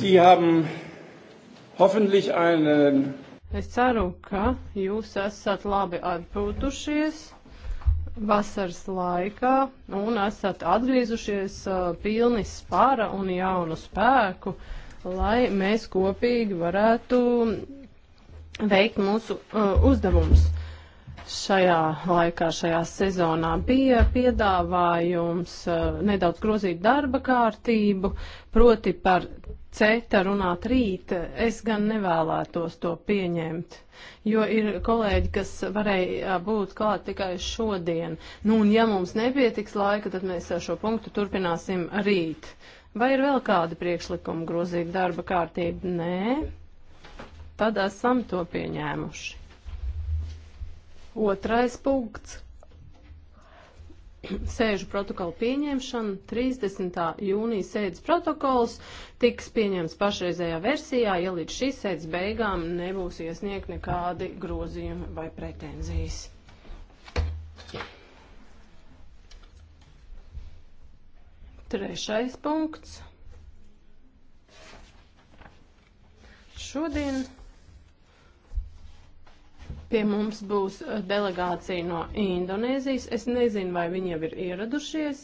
Sie haben hoffentlich einen. Es ceru, ka jūs esat labi atpūtušies vasaras laikā un esat atgriezušies uh, pilni spara un jaunu spēku, lai mēs kopīgi varētu veikt mūsu uh, uzdevumus. Šajā laikā, šajā sezonā bija piedāvājums uh, nedaudz grozīt darba kārtību, proti par CETA runāt rīt, es gan nevēlētos to pieņemt, jo ir kolēģi, kas varēja būt klāt tikai šodien. Nu, un ja mums nepietiks laika, tad mēs šo punktu turpināsim rīt. Vai ir vēl kādi priekšlikumi grozīt darba kārtību? Nē, tad esam to pieņēmuši. Otrais punkts sēžu protokolu pieņemšanu. 30. jūnija sēdes protokols tiks pieņemts pašreizējā versijā, ja līdz šīs sēdes beigām nebūs iesniegt nekādi grozījumi vai pretenzijas. Trešais punkts. Šodien Pie mums būs eh, delegācija no Indonēzijas. Es nezinu, vai viņi jau ir ieradušies.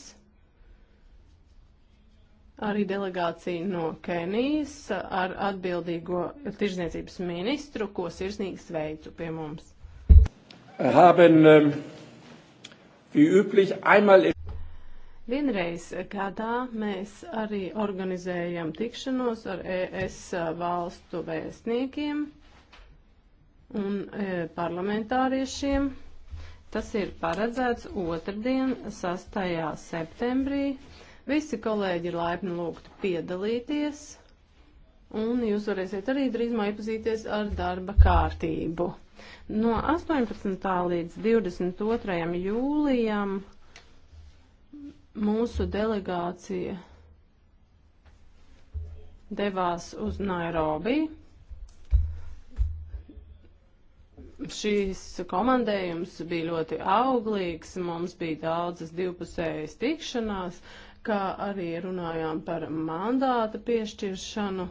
Arī delegācija no Kenijas ar atbildīgo tirzniecības ministru, ko sirsnīgi sveicu pie mums. Haben, um, wie üblich, einmal Vienreiz gadā mēs arī organizējam tikšanos ar ES valstu vēstniekiem un e, parlamentāriešiem. Tas ir paredzēts otrdien, 6. septembrī. Visi kolēģi ir laipni lūgti piedalīties, un jūs varēsiet arī drīzumā iepazīties ar darba kārtību. No 18. līdz 22. jūlijam mūsu delegācija devās uz Nairobi, šīs komandējums bija ļoti auglīgs, mums bija daudzas divpusējas tikšanās, kā arī runājām par mandāta piešķiršanu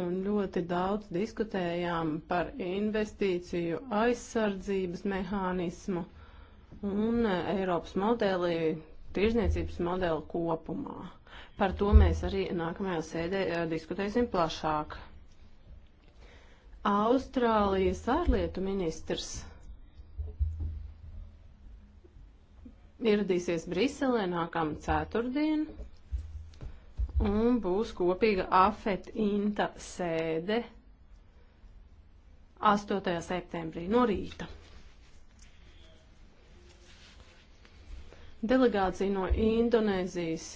un ļoti daudz diskutējām par investīciju aizsardzības mehānismu un Eiropas modeli, tirzniecības modeli kopumā. Par to mēs arī nākamajā sēdē eh, diskutēsim plašāk. Austrālijas ārlietu ministrs ieradīsies Briselē nākamā ceturtdien un būs kopīga afet inta sēde 8. septembrī no rīta. Delegācija no Indonēzijas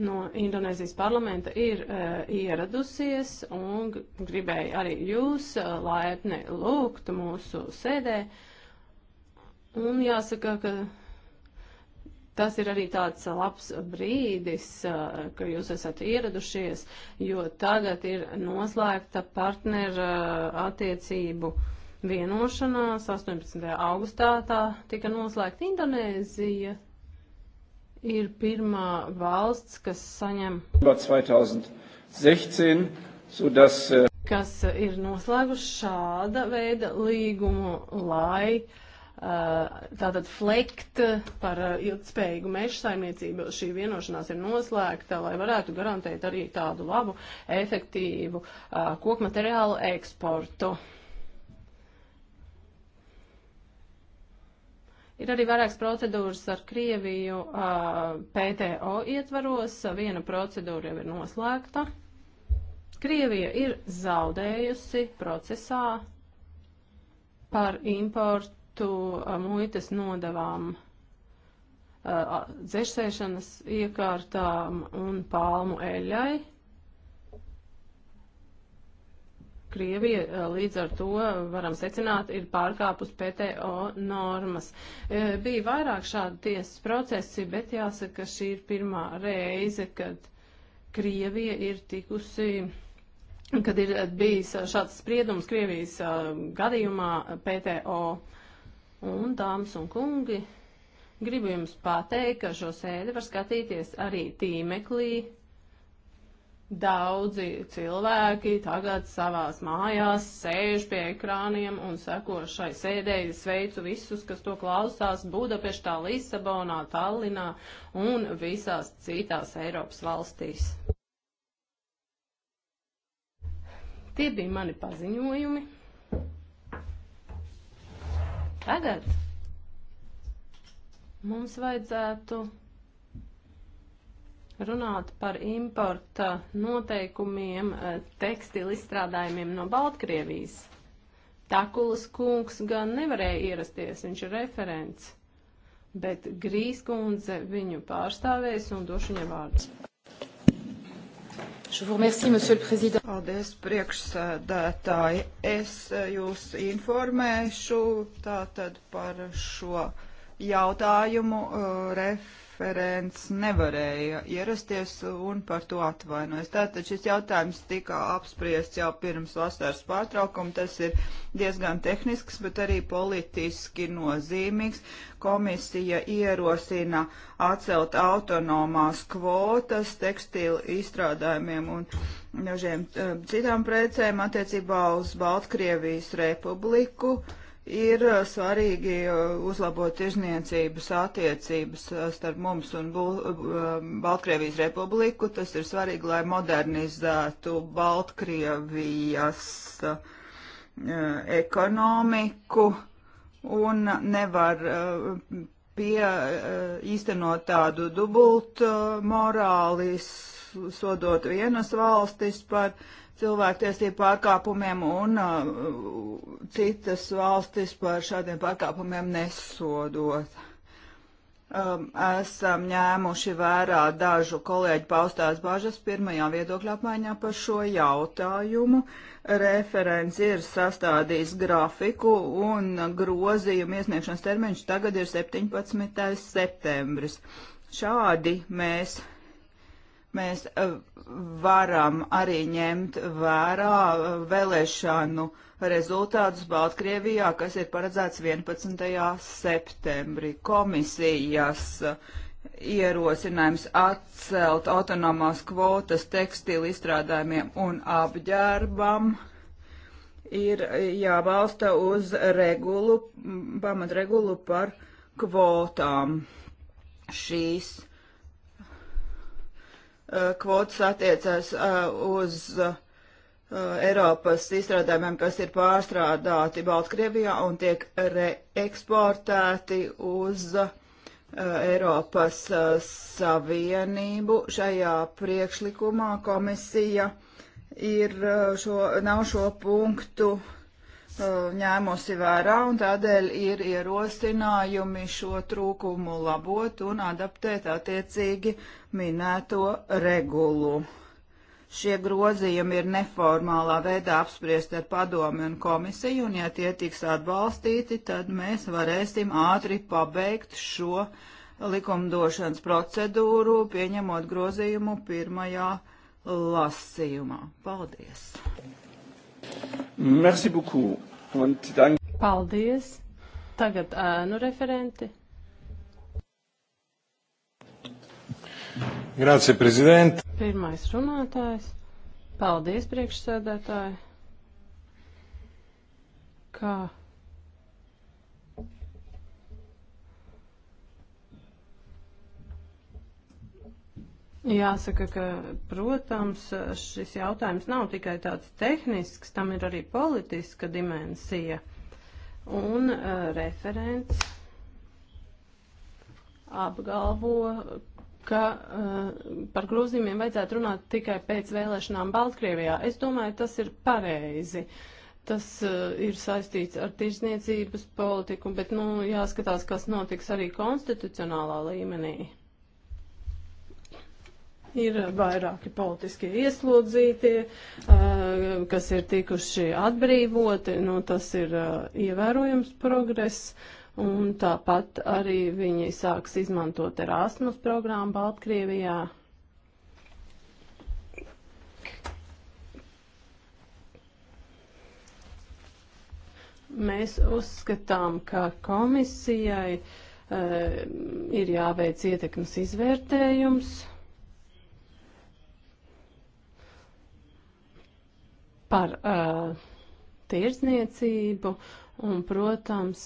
no Indonēzijas parlamenta ir uh, ieradusies un gribēja arī jūs uh, laipni lūgt mūsu sēdē. Un jāsaka, ka tas ir arī tāds labs brīdis, eh, ka jūs esat ieradušies, jo tagad ir noslēgta partneru attiecību vienošanās 18. augustā tā tika noslēgta Indonēzija ir pirmā valsts, kas saņem 2016, sodass, äh, kas ir noslēguši šāda veida līgumu, lai äh, tātad flekt par äh, ilgspējīgu meža saimniecību. Šī vienošanās ir noslēgta, lai varētu garantēt arī tādu labu, efektīvu kokmateriālu eksportu. Ir arī vairākas procedūras ar Krieviju PTO ietvaros. Viena procedūra jau ir noslēgta. Krievija ir zaudējusi procesā par importu muitas nodavām dzērsēšanas iekārtām un palmu eļai. Krievija eh, līdz ar to, varam secināt, ir pārkāpus PTO normas. Eh, bija vairāk šādi tiesas procesi, bet jāsaka, ka šī ir pirmā reize, kad Krievija ir tikusi, kad ir bijis šāds spriedums Krievijas eh, gadījumā PTO. Un, dāmas un kungi, gribu jums pateikt, ka šo sēdi var skatīties arī tīmeklī Daudzi cilvēki tagad savās mājās sēž pie ekrāniem un seko šai sēdēji. Sveicu visus, kas to klausās Budapeštā, Lisabonā, Tallinā un visās citās Eiropas valstīs. Tie bija mani paziņojumi. Tagad mums vajadzētu runāt par importa noteikumiem eh, tekstilu izstrādājumiem no Baltkrievijas. Takulas kungs gan nevarēja ierasties, viņš ir referents, bet Grīs kundze viņu pārstāvēs un došu viņai vārdus. Paldies, priekšsēdētāji. Es eh, jūs informēšu tātad par šo jautājumu uh, eh, referentu referents nevarēja ierasties un par to atvainojas. Tātad šis jautājums tika apspriests jau pirms vasaras pārtraukuma. Tas ir diezgan tehnisks, bet arī politiski nozīmīgs. Komisija ierosina atcelt autonomās kvotas tekstilu izstrādājumiem un dažiem eh, citām precēm attiecībā uz Baltkrievijas republiku. Uh, ir uh, svarīgi uh, uzlabot tirzniecības attiecības uh, starp mums un Bul um, Baltkrievijas republiku. Tas ir svarīgi, lai modernizētu Baltkrievijas ekonomiku un nevar pie īstenot tādu dubult morālis, sodot vienas valstis par uh, cilvēktiesību pārkāpumiem un uh, citas valstis par šādiem pārkāpumiem nesodot. Um, esam ņēmuši vērā dažu kolēģu paustās bažas pirmajā viedokļa apmaiņā par šo jautājumu. Referents ir sastādījis grafiku un grozījuma iesniegšanas termiņš tagad ir 17. septembris. Šādi mēs mēs eh, varam arī ņemt vērā eh, vēlēšanu rezultātus Baltkrievijā, kas ir paredzēts 11. septembrī. Komisijas eh, ierosinājums atcelt autonomās kvotas tekstilu izstrādājumiem un apģērbam ir jābalsta uz regulu, pamatregulu par kvotām. Šīs Uh, kvotas attiecas uh, uz uh, Eiropas izstrādājumiem, kas ir pārstrādāti Baltkrievijā un tiek reeksportēti uz Eiropas Savienību. Šajā priekšlikumā komisija ir šo, nav šo punktu uh, Uh, ņēmusi vērā un tādēļ ir ierosinājumi šo trūkumu labot un adaptēt attiecīgi minēto regulu. Šie grozījumi ir neformālā veidā apspriesti ar padomi un komisiju, un ja tie tiks atbalstīti, tad mēs varēsim ātri pabeigt šo likumdošanas procedūru, pieņemot grozījumu pirmajā lasījumā. Paldies! Merci beaucoup. Dank... Paldies. Tagad ēnu referenti. Grācija prezidenta. Pirmais runātājs. Paldies priekšsēdētāji. Kā Jāsaka, ka, protams, šis jautājums nav tikai tāds tehnisks, tam ir arī politiska dimensija. Un uh, referents apgalvo, ka uh, par grozījumiem vajadzētu runāt tikai pēc vēlēšanām Baltkrievijā. Es domāju, tas ir pareizi. Tas uh, ir saistīts ar tirzniecības politiku, bet, nu, jāskatās, kas notiks arī konstitucionālā līmenī ir vairāki politiskie ieslodzītie, kas ir tikuši atbrīvoti, nu tas ir ievērojams progress, un tāpat arī viņi sāks izmantot Erasmus programmu Baltkrievijā. Mēs uzskatām, ka komisijai uh, ir jāveic ietekmes izvērtējums. par uh, tirdzniecību un, protams,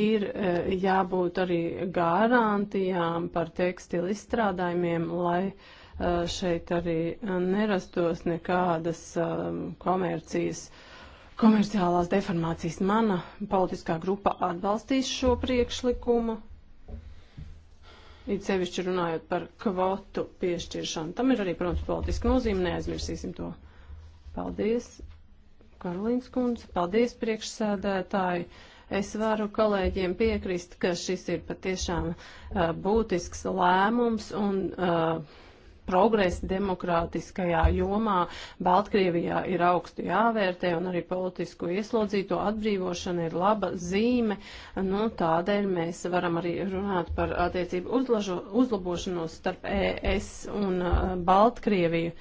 ir uh, jābūt arī garantijām par tekstilu izstrādājumiem, lai uh, šeit arī nerastos nekādas um, komercijas uh, komerciālās deformācijas mana politiskā grupa atbalstīs šo priekšlikumu it sevišķi runājot par kvotu piešķiršanu. Tam ir arī, protams, politiska nozīme, neaizmirsīsim to. Paldies, Karolīnas kundze, paldies priekšsēdētāji. Es varu kolēģiem piekrist, ka šis ir patiešām uh, būtisks lēmums un uh, progress demokrātiskajā jomā Baltkrievijā ir augstu jāvērtē un arī politisko ieslodzīto atbrīvošana ir laba zīme. Nu, tādēļ mēs varam arī runāt par attiecību uzlažo, uzlabošanos starp ES un uh, Baltkrieviju.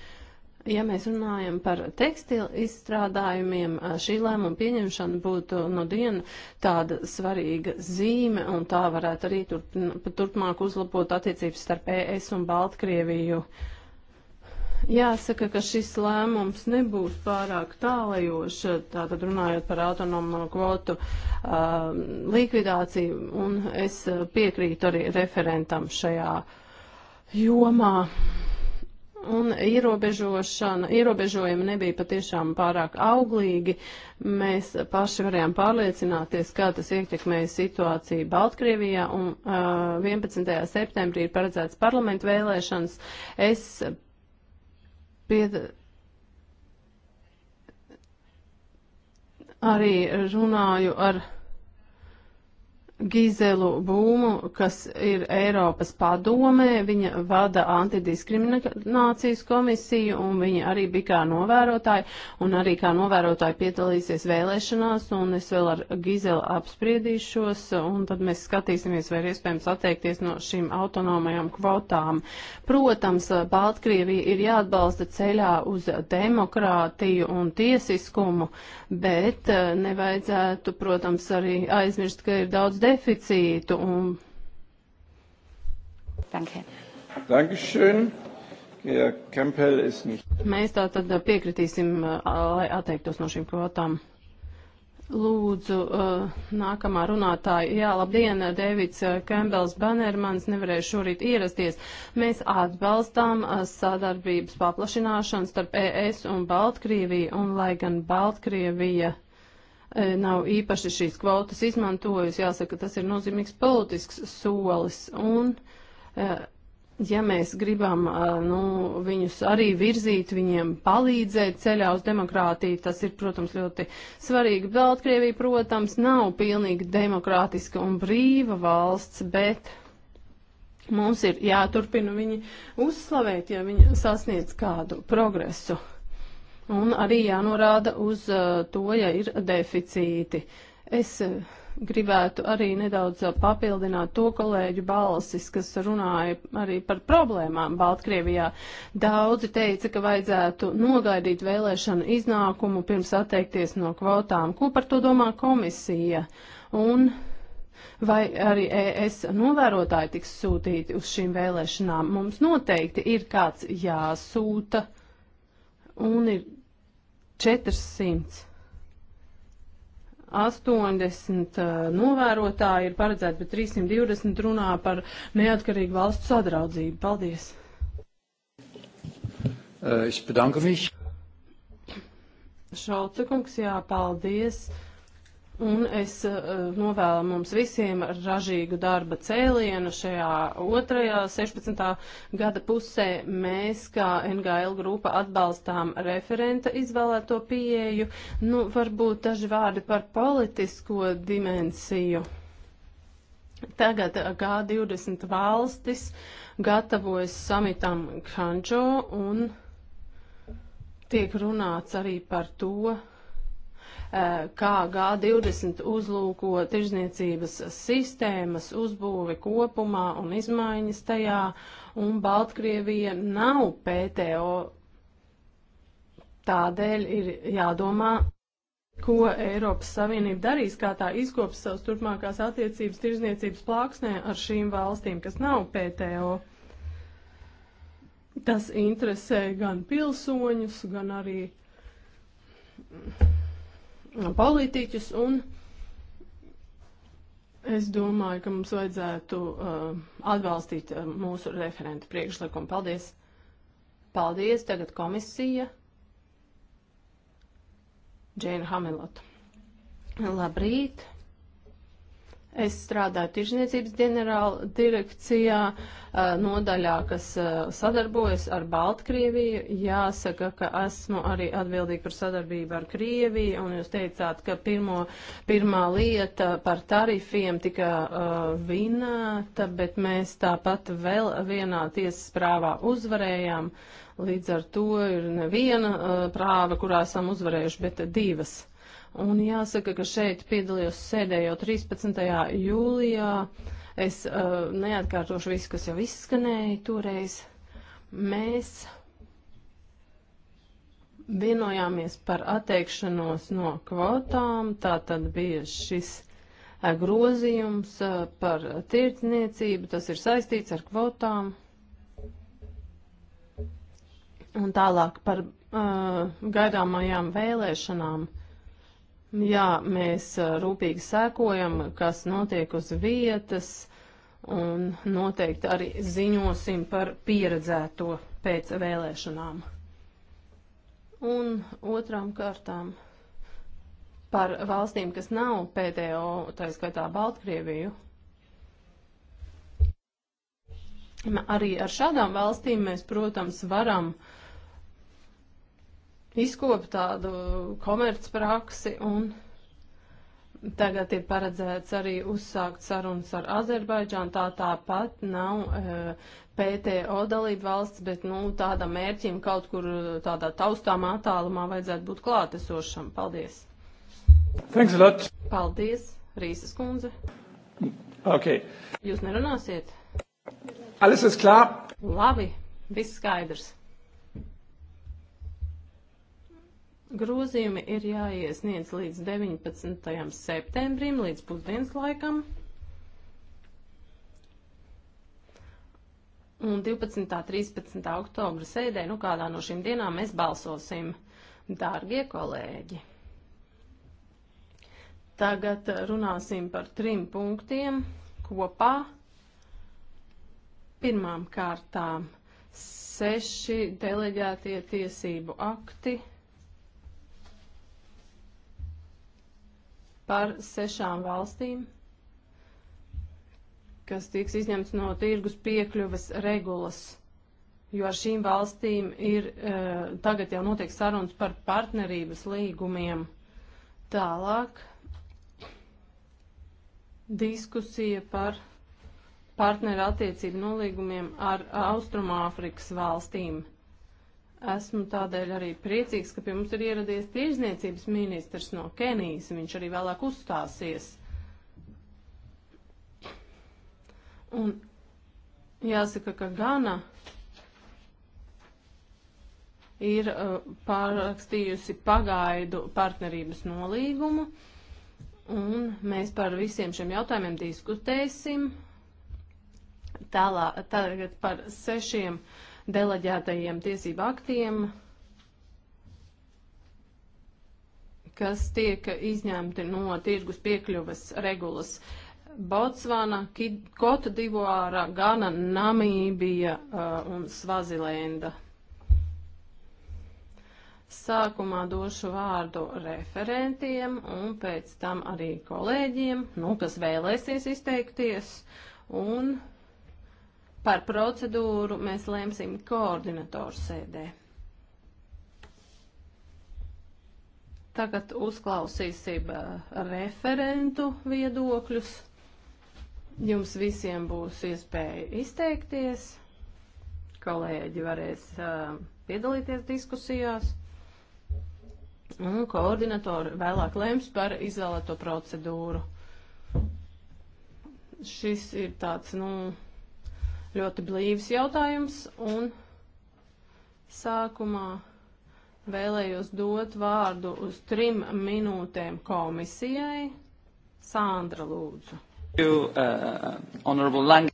Ja mēs runājam par tekstilu izstrādājumiem, šī lēmuma pieņemšana būtu no diena tāda svarīga zīme, un tā varētu arī turp, turpmāk uzlabot attiecības starp ES un Baltkrieviju. Jāsaka, ka šis lēmums nebūs pārāk tālajošs, tātad runājot par autonomo kvotu uh, likvidāciju, un es piekrītu arī referentam šajā jomā. Mm un ierobežošana, ierobežojumi nebija patiešām pārāk auglīgi. Mēs paši varējām pārliecināties, kā tas ietekmēja situāciju Baltkrievijā, un uh, 11. septembrī ir paredzēts parlamentu vēlēšanas. Es pied... arī runāju ar Gizelu Būmu, kas ir Eiropas padomē, viņa vada antidiskriminācijas komisiju un viņa arī bija kā novērotāja un arī kā novērotāja piedalīsies vēlēšanās un es vēl ar Gizelu apspriedīšos un tad mēs skatīsimies, vai ir iespējams atteikties no šīm autonomajām kvotām. Protams, Baltkrievija ir jāatbalsta ceļā uz demokrātiju un tiesiskumu, bet nevajadzētu, protams, arī aizmirst, ka ir daudz demokrātiju deficītu. Un... Danke. Dankeschön. Ja, Kempel ist nicht. Mēs tā tad piekritīsim, uh, lai atteiktos no šīm kvotām. Lūdzu, uh, nākamā runātāja. Jā, labdien, uh, Dēvids Kembels Banermans nevarēja šorīt ierasties. Mēs atbalstām sadarbības paplašināšanu starp ES un Baltkrieviju, un lai gan Baltkrievija E, nav īpaši šīs kvotas izmantojusi. Jāsaka, tas ir nozīmīgs politisks solis. Un, e, ja mēs gribam e, nu, viņus arī virzīt, viņiem palīdzēt ceļā uz demokrātiju, tas ir, protams, ļoti svarīgi. Baltkrievija, protams, nav pilnīgi demokrātiska un brīva valsts, bet mums ir jāturpina viņi uzslavēt, ja viņi sasniedz kādu progresu un arī jānorāda uz uh, to, ja ir deficīti. Es uh, gribētu arī nedaudz uh, papildināt to kolēģu balsis, kas runāja arī par problēmām Baltkrievijā. Daudzi teica, ka vajadzētu nogaidīt vēlēšanu iznākumu pirms atteikties no kvotām. Ko par to domā komisija? Un vai arī ES novērotāji tiks sūtīti uz šīm vēlēšanām? Mums noteikti ir kāds jāsūta un ir 400. 80 novērotāji ir paredzēti, bet 320 runā par neatkarīgu valstu sadraudzību. Paldies! Es bedanku viņš. Šauca kungs, jā, paldies! Un es eh, novēlu mums visiem ražīgu darba cēlienu šajā otrajā 16. gada pusē. Mēs, kā NGL grupa, atbalstām referenta izvēlēto pieeju. Nu, varbūt daži vārdi par politisko dimensiju. Tagad eh, G20 valstis gatavojas samitam Kančo un tiek runāts arī par to, kā G20 uzlūko tirzniecības sistēmas uzbūvi kopumā un izmaiņas tajā, un Baltkrievija nav PTO. Tādēļ ir jādomā, ko Eiropas Savienība darīs, kā tā izkops savas turpmākās attiecības tirzniecības plāksnē ar šīm valstīm, kas nav PTO. Tas interesē gan pilsoņus, gan arī politiķus un es domāju, ka mums vajadzētu uh, atbalstīt uh, mūsu referentu priekšlikumu. Paldies! Paldies! Tagad komisija. Džēna Hamilota. Labrīt! Es strādāju tirzniecības ģenerāla direkcijā, nodaļā, kas sadarbojas ar Baltkrieviju. Jāsaka, ka esmu arī atbildīga par sadarbību ar Krieviju, un jūs teicāt, ka pirmo, pirmā lieta par tarifiem tika uh, vinēta, bet mēs tāpat vēl vienā tiesas prāvā uzvarējām. Līdz ar to ir neviena uh, prāva, kurā esam uzvarējuši, bet divas. Uh, Un jāsaka, ka šeit piedalījos sēdē jau 13. jūlijā. Es uh, neatkārtošu visu, kas jau izskanēja toreiz. Mēs vienojāmies par atteikšanos no kvotām, tā tad bija šis uh, grozījums uh, par tirdzniecību, tas ir saistīts ar kvotām. Un tālāk par uh, gaidāmajām vēlēšanām. Uh, Jā, mēs uh, rūpīgi sekojam, kas notiek uz vietas, un noteikti arī ziņosim par pieredzēto pēc vēlēšanām. Un otrām kārtām par valstīm, kas nav PTO, tā skaitā Baltkrieviju. Arī ar šādām valstīm mēs, protams, varam uh, izkopa tādu komercpraksi un tagad ir paredzēts arī uzsākt sarunas ar Azerbaidžānu. Tā tāpat nav e, PTO dalība valsts, bet nu, tādam mērķim kaut kur e, tādā taustāmā attālumā vajadzētu būt klātesošam. Paldies! Thanks a lot! Paldies, Rīsas kundze! Okay. Jūs nerunāsiet? Alles ist klar! Labi, viss skaidrs! Grozījumi ir jāiesniedz līdz 19. septembrim, līdz pusdienas laikam. Un 12. un 13. oktobra sēdē, nu kādā no šīm dienām mēs balsosim, dārgie kolēģi. Tagad runāsim par trim punktiem kopā. Pirmām kārtām seši deleģētie tiesību akti par sešām valstīm, kas tiks izņemts no tirgus piekļuves regulas, jo ar šīm valstīm ir e, tagad jau notiek sarunas par partnerības līgumiem. Tālāk diskusija par partneru attiecību nolīgumiem ar Austrumāfrikas valstīm. Esmu tādēļ arī priecīgs, ka pie mums ir ieradies tirzniecības ministrs no Kenijas. Viņš arī vēlāk uzstāsies. Un jāsaka, ka Gana ir uh, pārrakstījusi pagaidu partnerības nolīgumu, un mēs par visiem šiem jautājumiem diskutēsim. Tālāk, tagad par sešiem uh, deleģētajiem tiesību aktiem, kas tiek izņemti no tirgus piekļuves regulas. Botsvana, Kota divuāra, Gana, Namībija uh, un Svazilenda. Sākumā došu vārdu referentiem un pēc tam arī kolēģiem, nu, kas vēlēsies izteikties, un Par procedūru mēs lēmsim koordinatoru sēdē. Tagad uzklausīsim uh, referentu viedokļus. Jums visiem būs iespēja izteikties. Kolēģi varēs uh, piedalīties diskusijās. Un koordinatori vēlāk lems par izvēlēto procedūru. Šis ir tāds, nu, ļoti blīvs jautājums, un sākumā vēlējos dot vārdu uz trim minūtēm komisijai. Sandra, lūdzu. You, uh,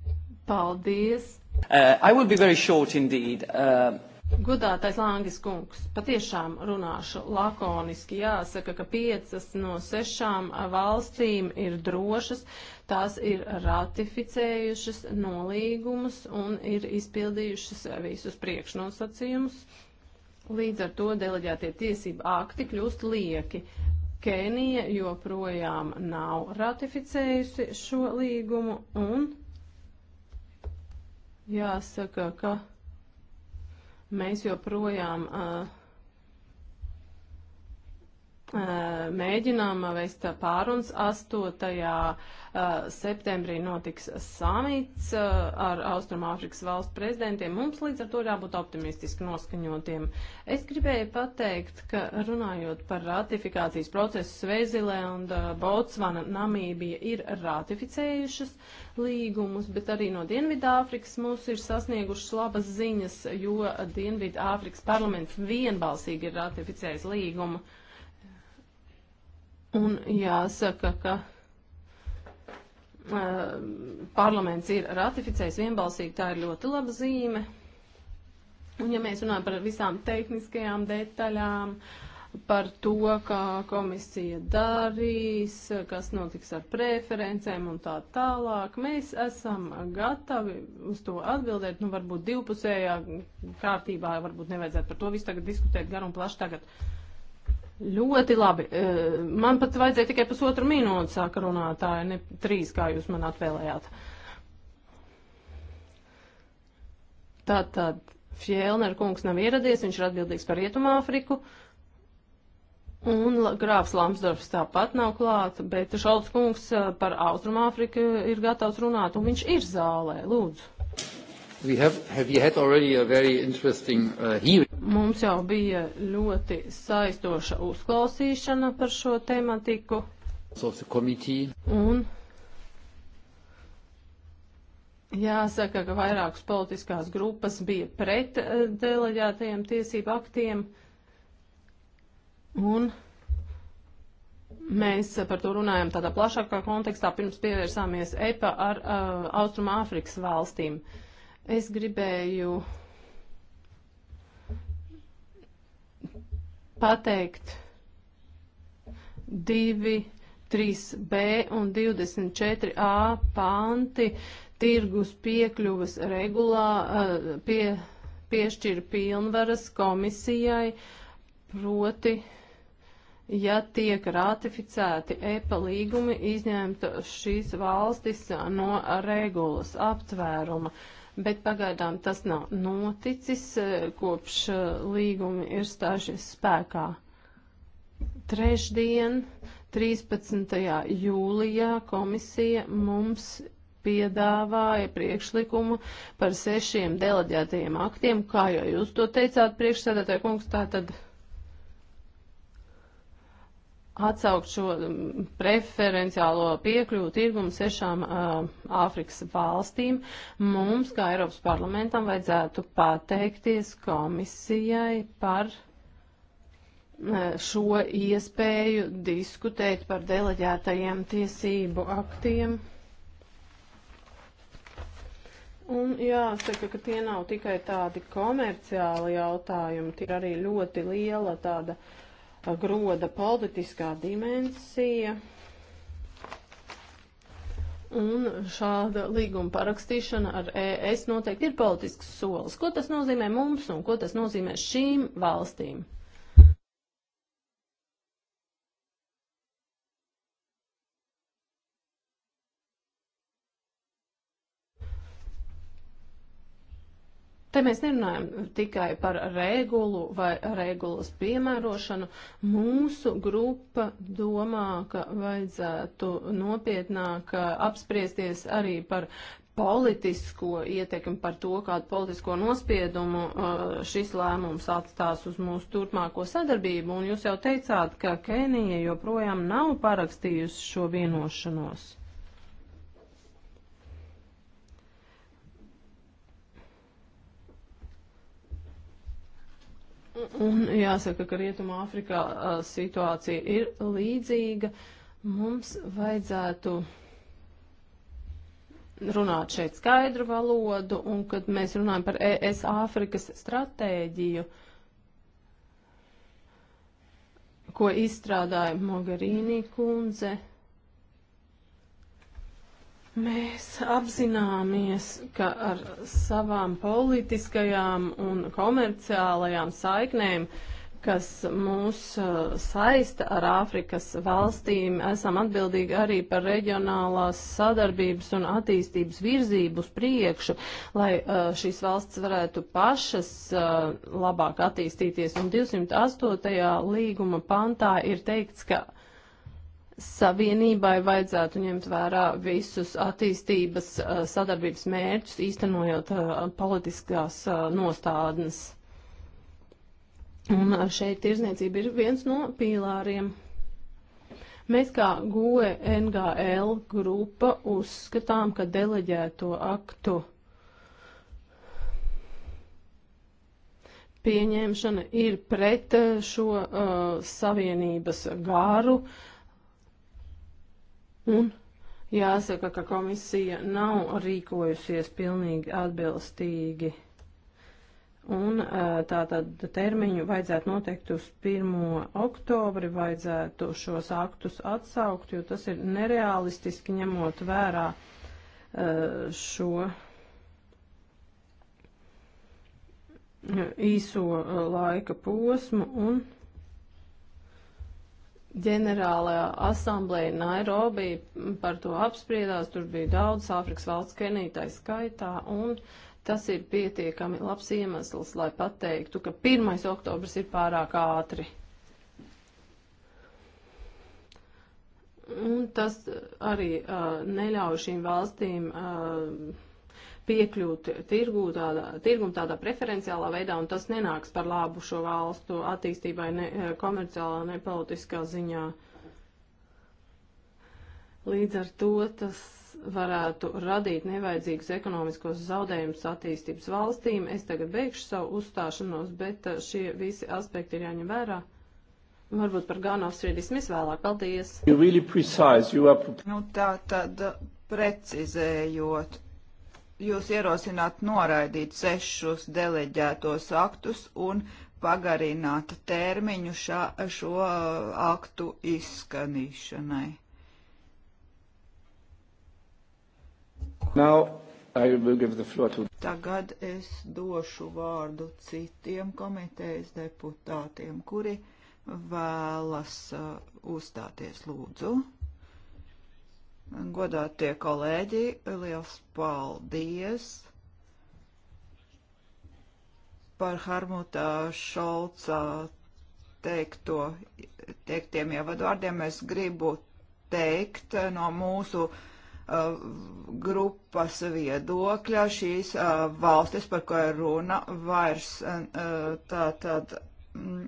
Paldies. Uh, I will be very short indeed. Uh, Godātais Langas kungs, patiešām runāšu lakoniski. Jāsaka, ka piecas no sešām valstīm ir drošas, tās ir ratificējušas nolīgumus un ir izpildījušas visus priekšnosacījumus. Līdz ar to deleģētie tiesību akti kļūst lieki. Kenija joprojām nav ratificējusi šo līgumu un jāsaka, ka Mēs joprojām. Uh, mēģinām veist pārunas 8. septembrī notiks samits ar Austrumāfrikas valstu prezidentiem. Mums līdz ar to jābūt optimistiski noskaņotiem. Es gribēju pateikt, ka runājot par ratifikācijas procesu, Svezilēnda, Botsvana, Namībija ir ratificējušas līgumus, bet arī no Dienvidāfrikas mūs ir sasniegušas labas ziņas, jo Dienvidāfrikas parlaments vienbalsīgi ir ratificējis līgumu. Un jāsaka, ka uh, parlaments ir ratificējis vienbalsīgi, tā ir ļoti laba zīme. Un ja mēs runājam par visām tehniskajām detaļām, par to, kā komisija darīs, kas notiks ar preferencēm un tā tālāk, mēs esam gatavi uz to atbildēt. Nu, varbūt divpusējā kārtībā, varbūt nevajadzētu par to visu tagad diskutēt gar un plaši tagad. Uh, Ļoti labi. E, man pat vajadzēja tikai pusotru minūti, saka runātāja, ne trīs, kā jūs man atvēlējāt. Tātad Fjellner kungs nav ieradies, viņš ir atbildīgs par Rietumāfriku. Un grāfs Lamsdorfs tāpat nav klāt, bet Šalts kungs e, par Austrumāfriku ir gatavs runāt, un viņš ir zālē. Lūdzu. Have, have interesting... Uh, Mums jau bija ļoti saistoša uzklausīšana par šo tematiku. Un jāsaka, ka vairākas politiskās grupas bija pret uh, deleģētajiem tiesību aktiem. Un Mēs par to runājam tādā plašākā kontekstā, pirms pievērsāmies EPA ar uh, Austrum Āfrikas valstīm. Uh, Es gribēju pateikt divi 3b un 24a panti tirgus piekļuvas regulā eh, pie, piešķir pilnvaras komisijai, proti, ja tiek ratificēti EPA līgumi, izņemta šīs valstis no regulas aptvēruma. Uh, bet pagaidām tas nav noticis, e, kopš e, līgumi ir stājušies spēkā. Trešdien, 13. jūlijā, komisija mums piedāvāja priekšlikumu par sešiem deleģētajiem aktiem, kā jau jūs to teicāt, priekšsēdētāji kungs, tā tad atsaukt šo mm, preferenciālo piekļuvu tirgumu sešām Āfrikas uh, valstīm, mums, kā Eiropas parlamentam, vajadzētu pateikties komisijai par uh, šo iespēju diskutēt par deleģētajiem tiesību aktiem. Un jāsaka, ka tie nav tikai tādi komerciāli jautājumi, tie ir arī ļoti liela tāda uh, groda politiskā dimensija. Un šāda līguma parakstīšana ar ES noteikti ir politisks solis. Ko tas nozīmē mums un ko tas nozīmē šīm valstīm? Te mēs nerunājam tikai par regulu vai regulas piemērošanu. Mūsu grupa domā, ka vajadzētu nopietnāk uh, apspriesties arī par politisko ietekmi par to, kādu politisko nospiedumu uh, šis lēmums atstās uz mūsu turpmāko sadarbību, un jūs jau teicāt, ka Kenija joprojām nav parakstījusi šo vienošanos. Un jāsaka, ka Rietumā Afrikā situācija ir līdzīga. Mums vajadzētu runāt šeit skaidru valodu, un kad mēs runājam par ES Āfrikas stratēģiju, ko izstrādāja Mogarīnī kundze. Mm Mēs apzināmies, ka ar savām politiskajām un komerciālajām saiknēm, kas mūs uh, saista ar Āfrikas valstīm, esam atbildīgi arī par reģionālās sadarbības un attīstības virzību uz priekšu, lai uh, šīs valsts varētu pašas uh, labāk attīstīties. Un 208. līguma pantā ir teikts, ka Savienībai vajadzētu ņemt vērā visus attīstības uh, sadarbības mērķus, īstenojot uh, politiskās uh, nostādnes. Un šeit tirzniecība ir viens no pīlāriem. Mēs kā GUE NGL grupa uzskatām, ka deleģēto aktu pieņemšana ir pret šo uh, savienības garu, uh, Un jāsaka, ka komisija nav rīkojusies pilnīgi atbilstīgi. Un tātad termiņu vajadzētu noteikt uz 1. oktobri, vajadzētu šos aktus atsaukt, jo tas ir nereālistiski ņemot vērā šo īso laika posmu un ģenerālajā asamblēja Nairobi par to apspriedās, tur bija daudz Āfrikas valsts kenītai skaitā, un tas ir pietiekami labs iemesls, lai pateiktu, ka 1. oktobrs ir pārāk ātri. Un tas arī uh, neļauj šīm valstīm uh, piekļūt tirgū tādā, tirgum tādā preferenciālā veidā, un tas nenāks par labu šo valstu attīstībai ne eh, komerciālā, ne politiskā ziņā. Līdz ar to tas varētu radīt nevajadzīgus ekonomiskos zaudējumus attīstības valstīm. Es tagad beigšu savu uzstāšanos, bet eh, šie visi aspekti ir jāņem vērā. Varbūt par Gānu apspriedīsim vēlāk. Paldies! You really precise, you are... Nu tā tad precizējot jūs ierosināt noraidīt sešus deleģētos aktus un pagarināt termiņu šā, šo uh, aktu izskanīšanai. Now I will give the floor to... Tagad es došu vārdu citiem komitejas deputātiem, kuri vēlas uh, uzstāties lūdzu. Godātie kolēģi, liels paldies par Harmutā Šolcā teikto, teiktiem ievadvārdiem. Es gribu teikt no mūsu uh, grupas viedokļa šīs uh, valstis, par ko ir runa, vairs uh, tā tad. Mm,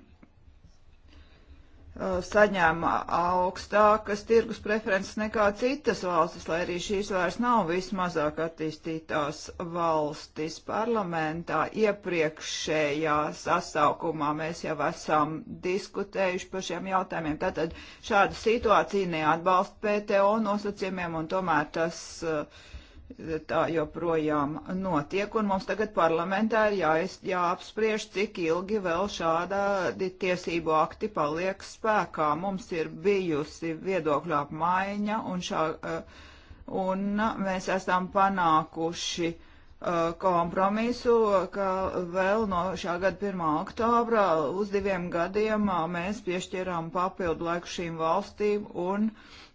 Uh, saņēma augstākas tirgus preferences nekā citas valstis, lai arī šīs vairs nav vismazāk attīstītās valstis. Parlamentā iepriekšējā sasaukumā mēs jau esam diskutējuši par šiem jautājumiem. Tātad šāda situācija neatbalsta PTO nosacījumiem un tomēr tas uh, tā joprojām notiek, un mums tagad parlamentā ir jā, jāapspriež, cik ilgi vēl šādi tiesību akti paliek spēkā. Mums ir bijusi viedokļu apmaiņa, un, šā, eh, un mēs esam panākuši eh, kompromisu, ka vēl no šā gada 1. oktobra uz diviem gadiem eh, mēs piešķirām papildu laiku šīm valstīm un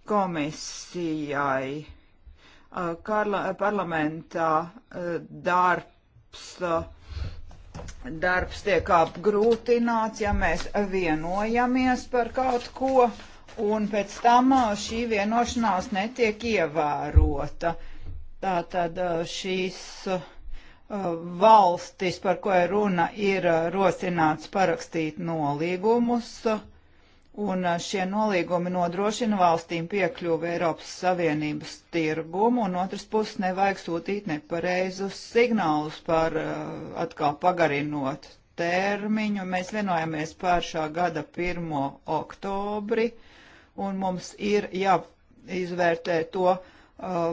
komisijai karla, parlamentā eh, darbs, eh, darbs tiek apgrūtināts, ja mēs vienojamies par kaut ko, un pēc tam eh, šī vienošanās netiek ievērota. Tātad šīs valstis, par ko ir runa, ir rosināts parakstīt nolīgumus un šie nolīgumi nodrošina valstīm piekļuvu Eiropas Savienības tirgumu, un otrs puses nevajag sūtīt nepareizus signālus par atkal pagarinot termiņu. Mēs vienojamies pār šā gada 1. oktobri, un mums ir jāizvērtē to,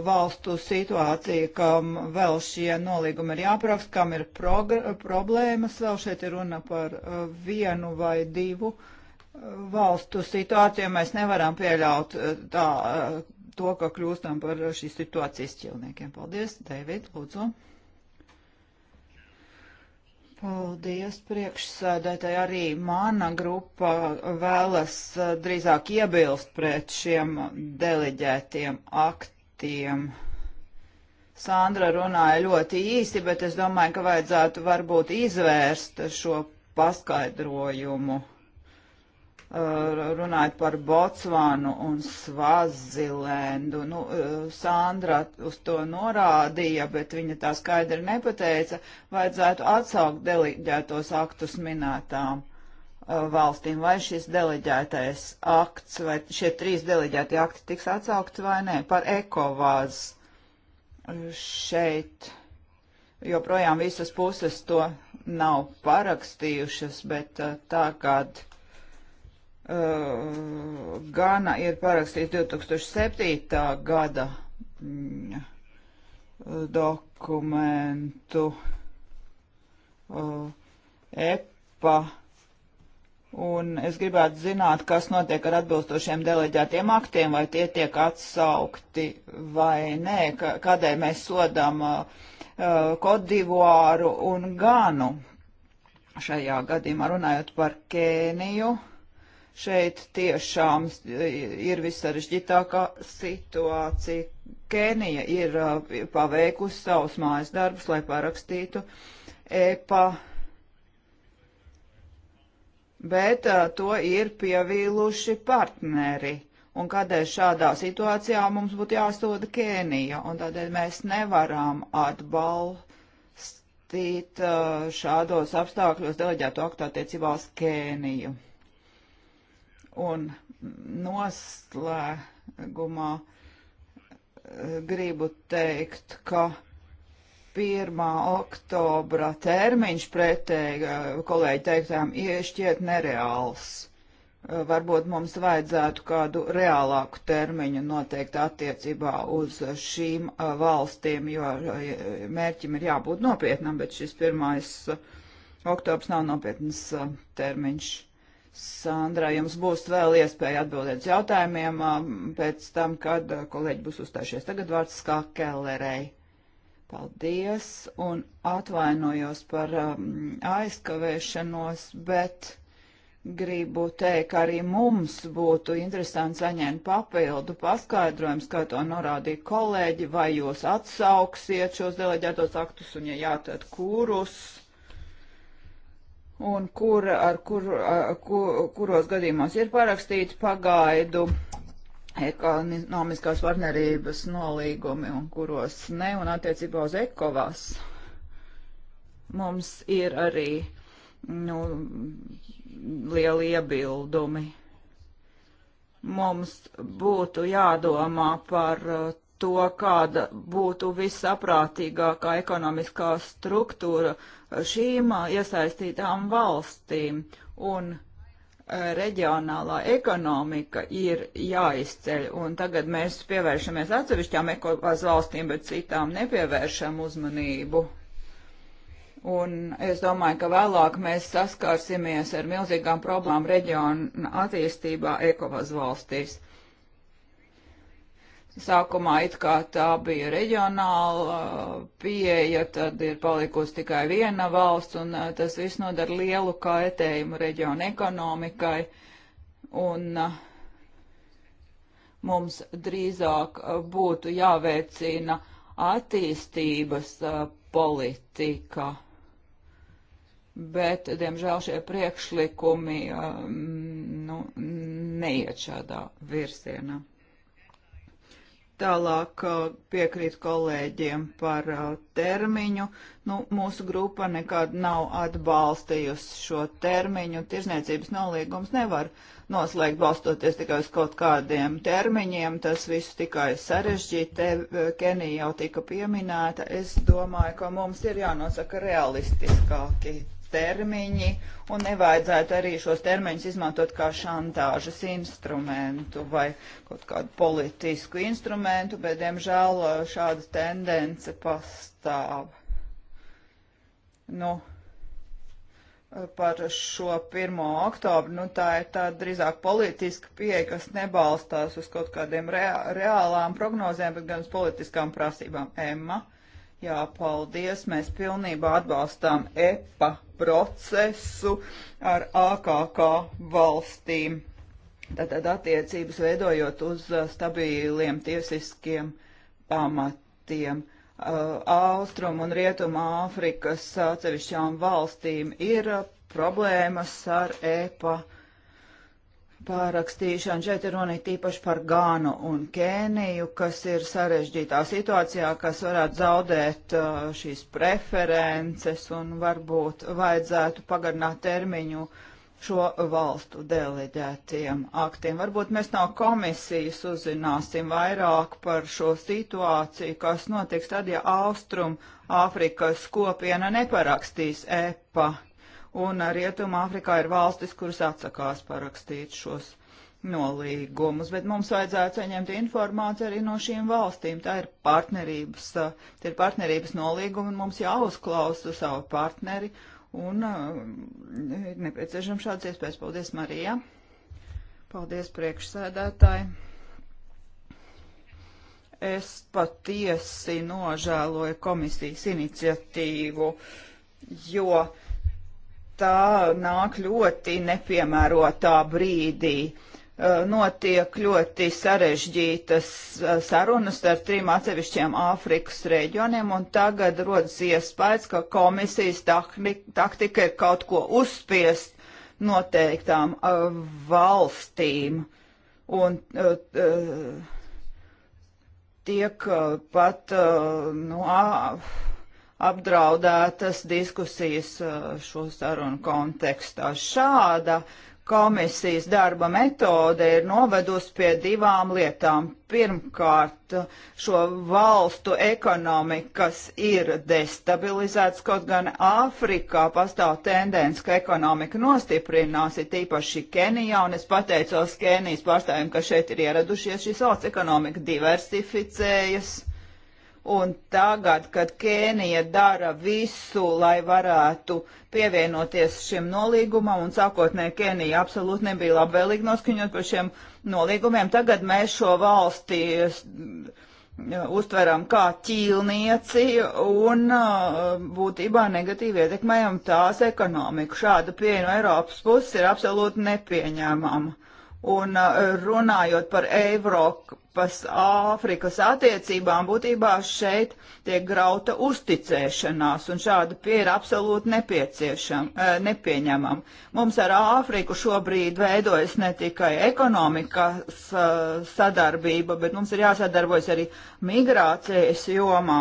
valstu situācija, kam vēl šie nolīgumi ir jāapraksta, kam ir problēmas, vēl šeit ir runa par vienu vai divu uh, valstu situāciju. Mēs nevaram pieļaut eh, tā, eh, to, ka kļūstam par šīs situācijas ķilniekiem. Paldies, David, lūdzu. Paldies, priekšsēdētāji. Arī mana grupa vēlas eh, drīzāk iebilst pret šiem deleģētiem aktiem. Sandra runāja ļoti īsi, bet es domāju, ka vajadzētu varbūt izvērst šo paskaidrojumu runājot par Botsvanu un Svazilendu. Nu, Sandra uz to norādīja, bet viņa tā skaidri nepateica, vajadzētu atsaukt deliģētos aktus minētām valstīm, vai šis deleģētais akts, vai šie trīs deleģētie akti tiks atsaukti vai nē, par ekovāz šeit joprojām visas puses to nav parakstījušas, bet tā kāda Uh, Gana ir parakstīts 2007. gada mm, dokumentu uh, EPA. Un es gribētu zināt, kas notiek ar atbilstošiem deleģētiem aktiem, vai tie tiek atsaukti vai nē, kādēļ mēs sodām uh, uh Kodivāru un Ganu. Šajā gadījumā runājot par Kēniju. Uh, Šeit tiešām ir visarežģītākā situācija. Kenija ir paveikusi savus mājas darbus, lai parakstītu EPA, bet to ir pievīluši partneri un kādēļ šādā situācijā mums būtu jāsoda Kēnija, un tādēļ mēs nevaram atbalstīt šādos apstākļos deleģēto aktu attiecībā uz Kēniju. Un noslēgumā eh, gribu teikt, ka 1. oktobra termiņš pretēji eh, kolēģi teiktām iešķiet nereāls. Eh, varbūt mums vajadzētu kādu reālāku termiņu noteikt attiecībā uz šīm valstīm, jo mērķim ir jābūt nopietnam, bet šis 1. oktobrs nav nopietnas termiņš. Sandra, jums būs vēl iespēja atbildēt uz jautājumiem um, pēc tam, kad uh, kolēģi būs uzstājušies. Tagad vārds kā Kellerei. Paldies un atvainojos par um, aizkavēšanos, bet gribu teikt, ka arī mums būtu interesanti saņemt papildu paskaidrojums, kā to norādīja kolēģi, vai jūs atsauksiet šos deleģētos aktus un, ja jā, tad kurus. Uh, un kur, ar kur, kur, kuros gadījumos ir parakstīti pagaidu ekonomiskās partnerības nolīgumi un kuros ne, un attiecībā uz ekovas mums ir arī nu, lieli iebildumi. Mums būtu jādomā par uh, to, kāda būtu visaprātīgākā ekonomiskā struktūra šīm iesaistītām valstīm. Un reģionālā ekonomika ir jāizceļ, un tagad mēs pievēršamies atsevišķām ekoloģijas valstīm, bet citām nepievēršam uzmanību. Un es domāju, ka vēlāk mēs saskārsimies ar milzīgām problēmām reģionu attīstībā ekovas valstīs. Sākumā it kā tā bija reģionāla pieeja, tad ir palikusi tikai viena valsts, un tas viss nodara lielu kaitējumu reģionu ekonomikai, un mums drīzāk būtu jāveicina attīstības politika. Bet, diemžēl, šie priekšlikumi nu, neiet šādā virsienā. Tālāk uh, piekrīt kolēģiem par uh, termiņu. Nu, mūsu grupa nekad nav atbalstījusi šo termiņu. Tirzniecības nolīgums nevar noslēgt balstoties tikai uz kaut kādiem termiņiem. Tas viss tikai sarežģīti. Uh, Kenija jau tika pieminēta. Es domāju, ka mums ir jānosaka realistiskāki termiņi, un nevajadzētu arī šos termiņus izmantot kā šantāžas instrumentu vai kaut kādu politisku instrumentu, bet, diemžēl, šāda tendence pastāv. Nu, par šo 1. oktobru, nu tā ir tāda drīzāk politiska pieeja, kas nebalstās uz kaut kādiem rea reālām prognozēm, bet gan uz politiskām prasībām. Emma. Uh, Jā, paldies. Mēs pilnībā atbalstām EPA procesu ar AKK valstīm. Tātad attiecības veidojot uz uh, stabiliem tiesiskiem pamatiem. Uh, Austrum un Rietuma Āfrikas atsevišķām valstīm ir uh, problēmas ar EPA procesu pārakstīšanu. Šeit ir runa tīpaši par Gānu un Kēniju, kas ir sarežģītā situācijā, kas varētu zaudēt uh, šīs preferences un varbūt vajadzētu pagarināt termiņu šo valstu deleģētiem aktiem. Varbūt mēs no komisijas uzzināsim vairāk par šo situāciju, kas notiks tad, ja Austrum Āfrikas kopiena neparakstīs EPA un Rietuma Afrikā ir valstis, kuras atsakās parakstīt šos nolīgumus, bet mums vajadzētu saņemt informāciju arī no šīm valstīm. Tā ir partnerības, tie ir partnerības nolīgumi, un mums jāuzklausa savu partneri, un ir eh, nepieciešams šāds iespējas. Paldies, Marija! Paldies, priekšsēdētāji! Es patiesi nožēloju komisijas iniciatīvu, jo uh, tā nāk ļoti nepiemērotā brīdī. Uh, notiek ļoti sarežģītas uh, sarunas ar trim atsevišķiem Āfrikas reģioniem, un tagad rodas iespējas, ka komisijas taktika ir kaut ko uzspiest noteiktām uh, valstīm. Un, tiek pat nu, apdraudētas diskusijas uh, šo sarunu kontekstā. Šāda komisijas darba metode ir novedusi pie divām lietām. Pirmkārt, šo valstu ekonomikas ir destabilizēts, kaut gan Āfrikā pastāv tendence, ka ekonomika nostiprinās, ir tīpaši Kenijā, un es pateicos Kenijas pārstāvjiem, ka šeit ir ieradušies šīs valsts ekonomika diversificējas Un tagad, kad Kēnija dara visu, lai varētu pievienoties šim nolīgumam, un sākotnēji Kēnija absolūti nebija labvēlīgi noskaņot par šiem nolīgumiem, tagad mēs šo valsti mm, uztveram kā ķīlnieci un uh, būtībā negatīvi ietekmējam tās ekonomiku. Šāda pieeja no Eiropas puses ir absolūti nepieņēmama Un uh, runājot par Eiropas Āfrikas attiecībām, būtībā šeit tiek grauta uzticēšanās, un šāda pieeja ir absolūti uh, nepieņemama. Mums ar Āfriku šobrīd veidojas ne tikai ekonomikas uh, sadarbība, bet mums ir jāsadarbojas arī migrācijas jomā.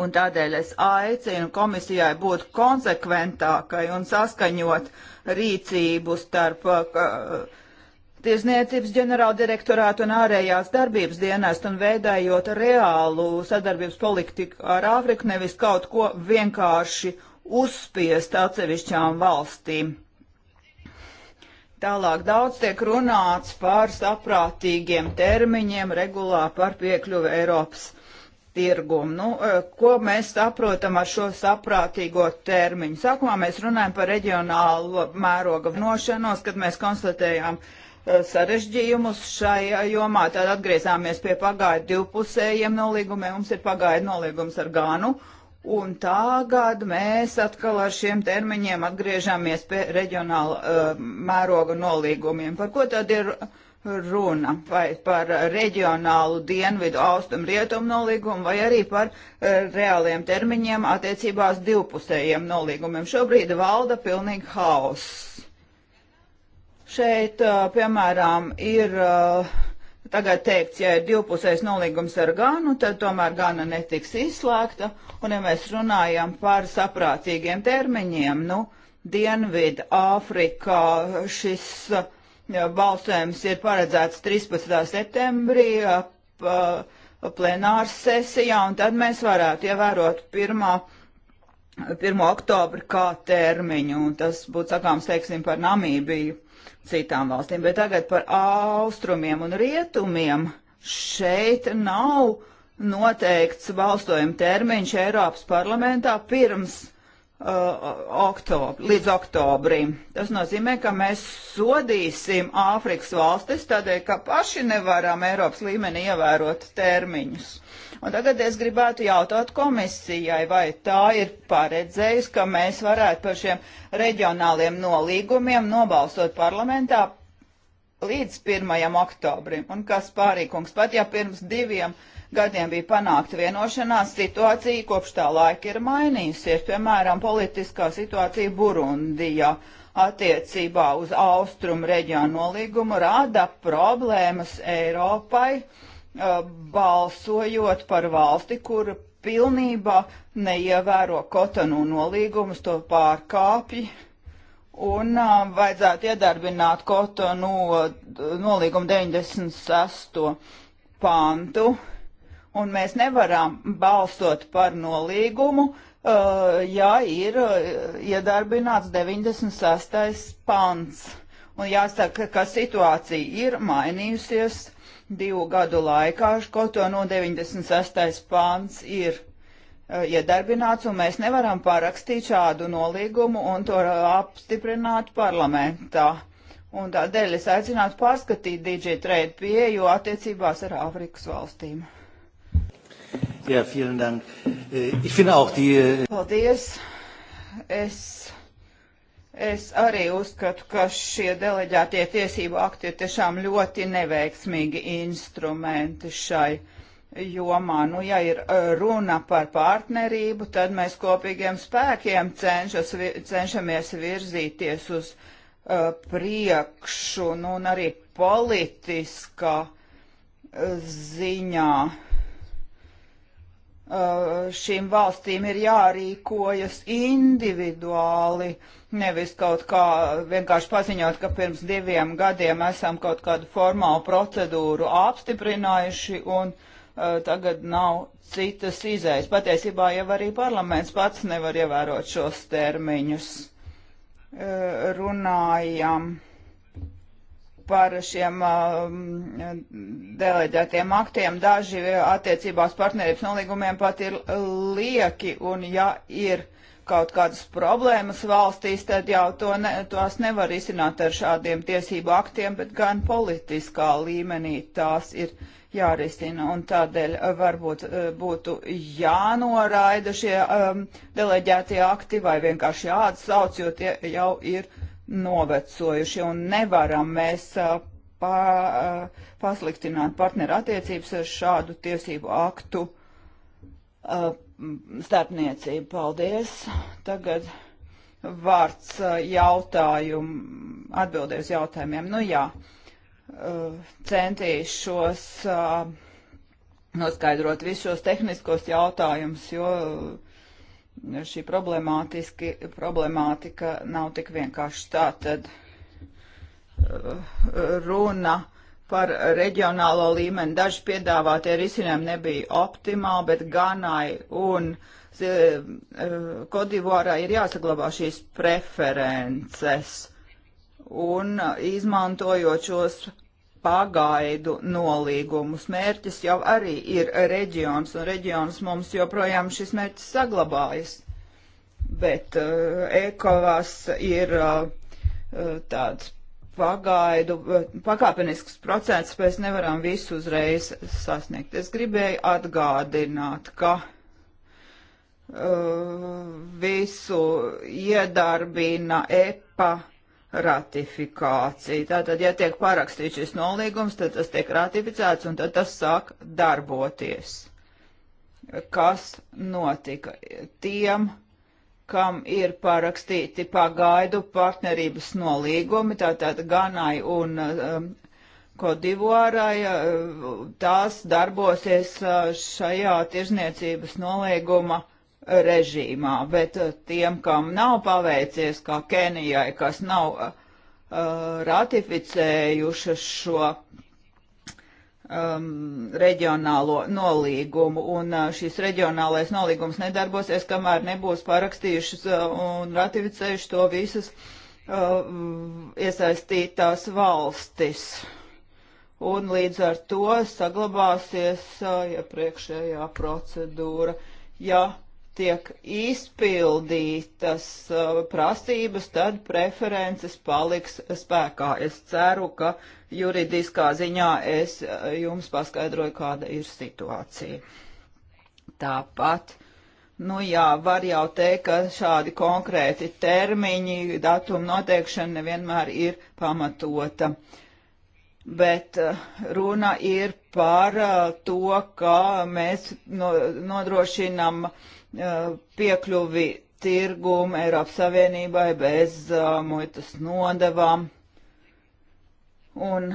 Un tādēļ es aicinu komisijai būt konsekventākai un saskaņot rīcību starp uh, Tiesniecības ģenerāldirektorātu un ārējās darbības dienestu un veidējot reālu sadarbības politiku ar Āfriku, nevis kaut ko vienkārši uzspiest atsevišķām valstīm. Tālāk daudz tiek runāts par saprātīgiem termiņiem regulā par piekļuvi Eiropas tirgumu. Nu, e, ko mēs saprotam ar šo saprātīgo termiņu? Sākumā mēs runājam par reģionālu mēroga vnošanos, kad mēs konstatējām, uh, Eh, sarežģījumus šajā eh, jomā. Tad atgriezāmies pie pagaidu divpusējiem nolīgumiem. Mums ir pagaidu nolīgums ar Gānu. Un tagad mēs atkal ar šiem termiņiem atgriežamies pie reģionāla uh, mēroga nolīgumiem. Par ko tad ir runa? Vai par reģionālu dienvidu austumu rietumu nolīgumu vai arī par uh, reāliem termiņiem attiecībās divpusējiem nolīgumiem? Šobrīd valda pilnīgi hauss Šeit, piemēram, ir tagad teikts, ja ir divpusējs nolīgums ar Ganu, tad tomēr Gana netiks izslēgta. Un, ja mēs runājam par saprātīgiem termiņiem, nu, Dienvidu Āfrikā šis balsojums ir paredzēts 13. septembrī plenārs sesijā, un tad mēs varētu ievērot pirmā 1. oktobra kā termiņu, un tas būtu sakāms, teiksim, par Namībiju citām valstīm. Bet tagad par austrumiem un rietumiem šeit nav noteikts balstojuma termiņš Eiropas parlamentā pirms uh, oktobr, līdz oktobrim. Tas nozīmē, ka mēs sodīsim Āfrikas valstis tādēļ, ka paši nevaram Eiropas līmenī ievērot termiņus. Un tagad es gribētu jautāt komisijai, vai tā ir paredzējusi, ka mēs varētu par šiem reģionāliem nolīgumiem nobalstot parlamentā līdz 1. oktobrim. Un kas pārīkums, pat ja pirms diviem gadiem bija panākta vienošanās, situācija kopš tā laika ir mainījusies. Piemēram, politiskā situācija Burundijā attiecībā uz austrumu reģionu nolīgumu rada problēmas Eiropai Uh, balsojot par valsti, kur pilnībā neievēro kotanu nolīgumus, to pārkāpj. Un uh, vajadzētu iedarbināt kotanu uh, nolīgumu 96. pantu. Un mēs nevaram balsot par nolīgumu, uh, ja ir uh, iedarbināts 96. pants. Un jāsaka, ka situācija ir mainījusies. Uh, divu gadu laikā, ko to no 96. pāns ir eh, iedarbināts, un mēs nevaram pārakstīt šādu nolīgumu un to apstiprināt parlamentā. Un tādēļ es aicinātu pārskatīt DJ trade pieeju attiecībās ar Āfrikas valstīm. Jā, ja, vielen dank. Eh, ich finde auch die... Eh, Paldies. Es Es arī uzskatu, ka šie deleģētie tiesību akti ir tiešām ļoti neveiksmīgi instrumenti šai jomā. Nu, ja ir e, runa par partnerību, tad mēs kopīgiem spēkiem cenšas, cenšamies virzīties uz uh, priekšu, nu, un arī politiskā e, ziņā. Uh, Uh, šīm valstīm ir jārīkojas individuāli, nevis kaut kā vienkārši paziņot, ka pirms diviem gadiem esam kaut kādu formālu procedūru apstiprinājuši un uh, tagad nav citas izējas. Patiesībā jau arī parlaments pats nevar ievērot šos termiņus. Uh, runājam par šiem um, deleģētiem aktiem. Daži uh, attiecībās partnerības nolīgumiem pat ir lieki, un ja ir kaut kādas problēmas valstīs, tad jau to ne, tās nevar izsināt ar šādiem tiesību aktiem, bet gan politiskā līmenī tās ir jārisina, un tādēļ uh, varbūt uh, būtu jānoraida šie um, deleģētie akti vai vienkārši jāatsauc, jo tie jau ir novecojuši un nevaram mēs pa, pasliktināt partneru attiecības ar šādu tiesību aktu starpniecību. Paldies! Tagad vārds jautājumu, atbildēs jautājumiem. Nu jā, centīšos noskaidrot visus šos tehniskos jautājumus, jo uh, šī problemātika nav tik vienkārši. Tā tad eh, runa par reģionālo līmeni. Daži piedāvātie risinājumi nebija optimāli, bet Ganai un eh, Kodivārā ir jāsaglabā šīs preferences. Un izmantojot šos pagaidu nolīgumus. Mērķis jau arī ir reģions, un reģions mums joprojām šis mērķis saglabājas. Bet uh, ekovās ir uh, uh, tāds pagaidu, uh, pakāpenisks procents, mēs nevaram visu uzreiz sasniegt. Es gribēju atgādināt, ka uh, visu iedarbina EPA ratifikāciju. Tātad, ja tiek parakstīts šis nolīgums, tad tas tiek ratificēts un tad tas sāk darboties. Kas notika? Tiem, kam ir parakstīti pagaidu partnerības nolīgumi, tātad Ganai un um, Kodivuārai, uh, tās darbosies uh, šajā tirzniecības nolīguma režīmā, bet uh, tiem, kam nav paveicies, kā Kenijai, kas nav uh, ratificējušas šo um, reģionālo nolīgumu, un uh, šis reģionālais nolīgums nedarbosies, kamēr nebūs parakstījušas uh, un ratificējušas to visas uh, iesaistītās valstis. Un līdz ar to saglabāsies uh, iepriekšējā procedūra. Ja tiek izpildītas uh, prasības, tad preferences paliks spēkā. Es ceru, ka juridiskā ziņā es uh, jums paskaidroju, kāda ir situācija. Tāpat, nu jā, var jau teikt, ka šādi konkrēti termiņi, datuma noteikšana nevienmēr ir pamatota. Bet uh, runa ir par uh, to, ka mēs no, nodrošinam uh, piekļuvi tirgumu Eiropas Savienībai bez muitas nodevām. Un,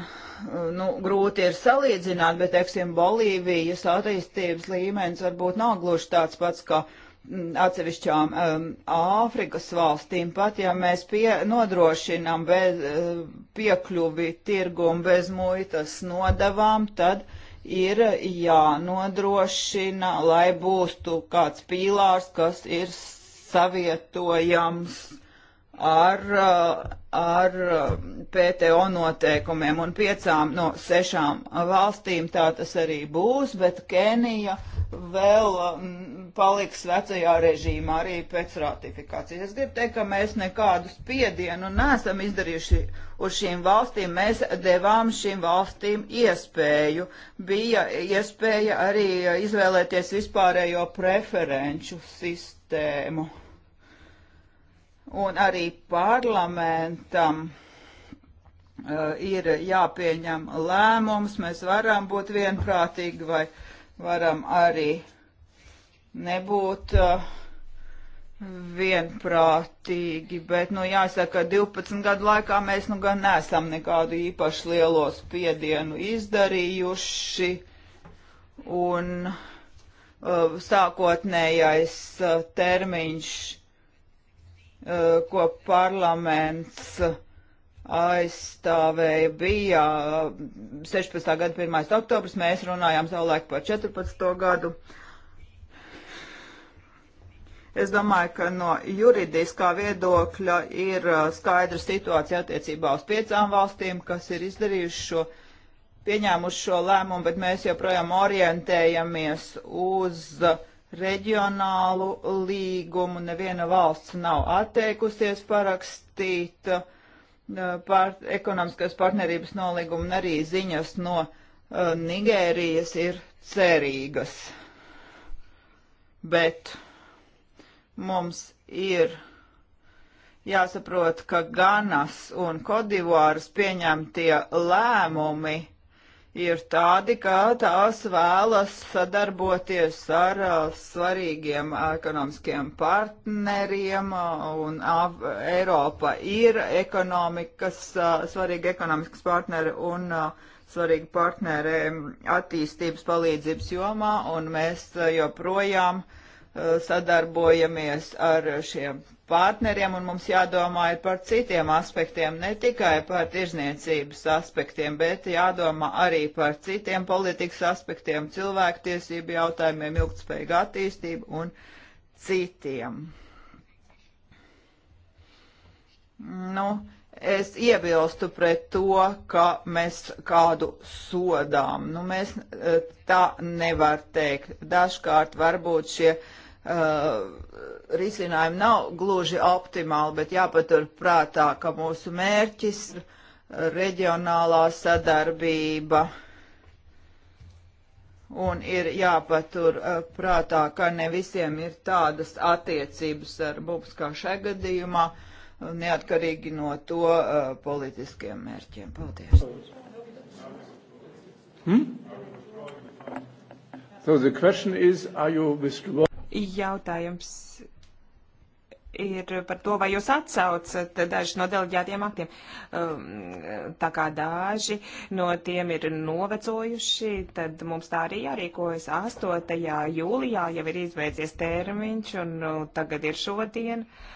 nu, grūti ir salīdzināt, bet, teiksim, Bolīvijas attīstības līmenis varbūt nav gluži tāds pats, kā atsevišķām um, Āfrikas valstīm, pat ja mēs pie, nodrošinām bez, piekļuvi tirgumu bez muitas nodavām, tad ir jānodrošina, lai būtu kāds pīlārs, kas ir savietojams ar, ar PTO noteikumiem un piecām no sešām valstīm tā tas arī būs, bet Kenija vēl um, paliks vecajā režīmā arī pēc ratifikācijas. Es gribu teikt, ka mēs nekādu spiedienu nesam izdarījuši uz šīm valstīm. Mēs devām šīm valstīm iespēju. Bija iespēja arī izvēlēties vispārējo preferenču sistēmu. Un arī parlamentam uh, ir jāpieņem lēmums, mēs varam būt vienprātīgi vai varam arī nebūt uh, vienprātīgi, bet, nu, jāsaka, 12 gadu laikā mēs, nu, gan nesam nekādu īpaši lielo spiedienu izdarījuši, un uh, sākotnējais uh, termiņš, uh, ko parlaments aizstāvēja bija 16. Um, gada 1. oktobris, mēs runājām savulaik par 14. gadu. Es domāju, ka no juridiskā viedokļa ir uh, skaidra situācija attiecībā uz piecām valstīm, kas ir izdarījuši šo, pieņēmuši šo lēmumu, bet mēs joprojām orientējamies uz reģionālu līgumu. Neviena valsts nav atteikusies parakstīt uh, pār, ekonomiskās partnerības nolīguma un arī ziņas no uh, Nigērijas ir cerīgas. Bet mums ir jāsaprot, ka Ganas un Kodivāras pieņemtie lēmumi ir tādi, ka tās vēlas sadarboties ar uh, svarīgiem uh, ekonomiskiem partneriem, uh, un Eiropa ir ekonomikas, svarīga ekonomikas partneri un svarīgi partneri attīstības palīdzības jomā, un mēs joprojām uh, sadarbojamies ar šiem partneriem, un mums jādomā ir par citiem aspektiem, ne tikai par tirzniecības aspektiem, bet jādomā arī par citiem politikas aspektiem, cilvēktiesību jautājumiem, ilgtspējīgu attīstību un citiem. Nu, es iebilstu pret to, ka mēs kādu sodām. Nu, mēs eh, tā nevar teikt. Dažkārt varbūt šie uh, Uh, risinājumi nav gluži optimāli, bet jāpatur prātā, ka mūsu mērķis ir reģionālā sadarbība. Un ir jāpatur uh, prātā, ka ne visiem ir tādas attiecības ar mums kā šajā gadījumā, neatkarīgi no to uh, politiskiem mērķiem. Paldies. Hmm? So the question is, are you withdrawing? Jautājums ir par to, vai jūs atsaucat dažus no deleģētiem aktiem. Um, tā kā daži no tiem ir novecojuši, tad mums tā arī jārīkojas 8. jūlijā, jau ir izbeidzies termiņš, un nu, tagad ir šodien. Uh,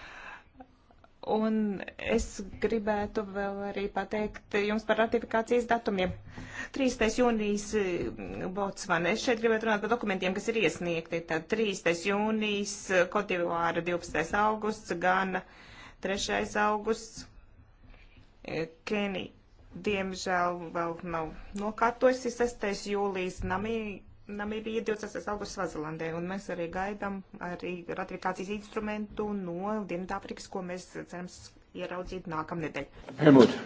Un es gribētu vēl arī pateikt jums par ratifikācijas datumiem. 3. jūnijas eh, Botsvana. Es šeit gribētu runāt par dokumentiem, kas ir iesniegti. Tad 3. jūnijas, Kotivāra 12. augusts, Gana 3. augusts, eh, Kenija. Diemžēl vēl nav nokārtojusi 6. jūlijas Namibija. Namībija 26. augusts Svazilandē, un mēs arī gaidām arī ratifikācijas instrumentu no Dienvidāfrikas, ko mēs cerams ieraudzīt nākamnedēļ. Helmut.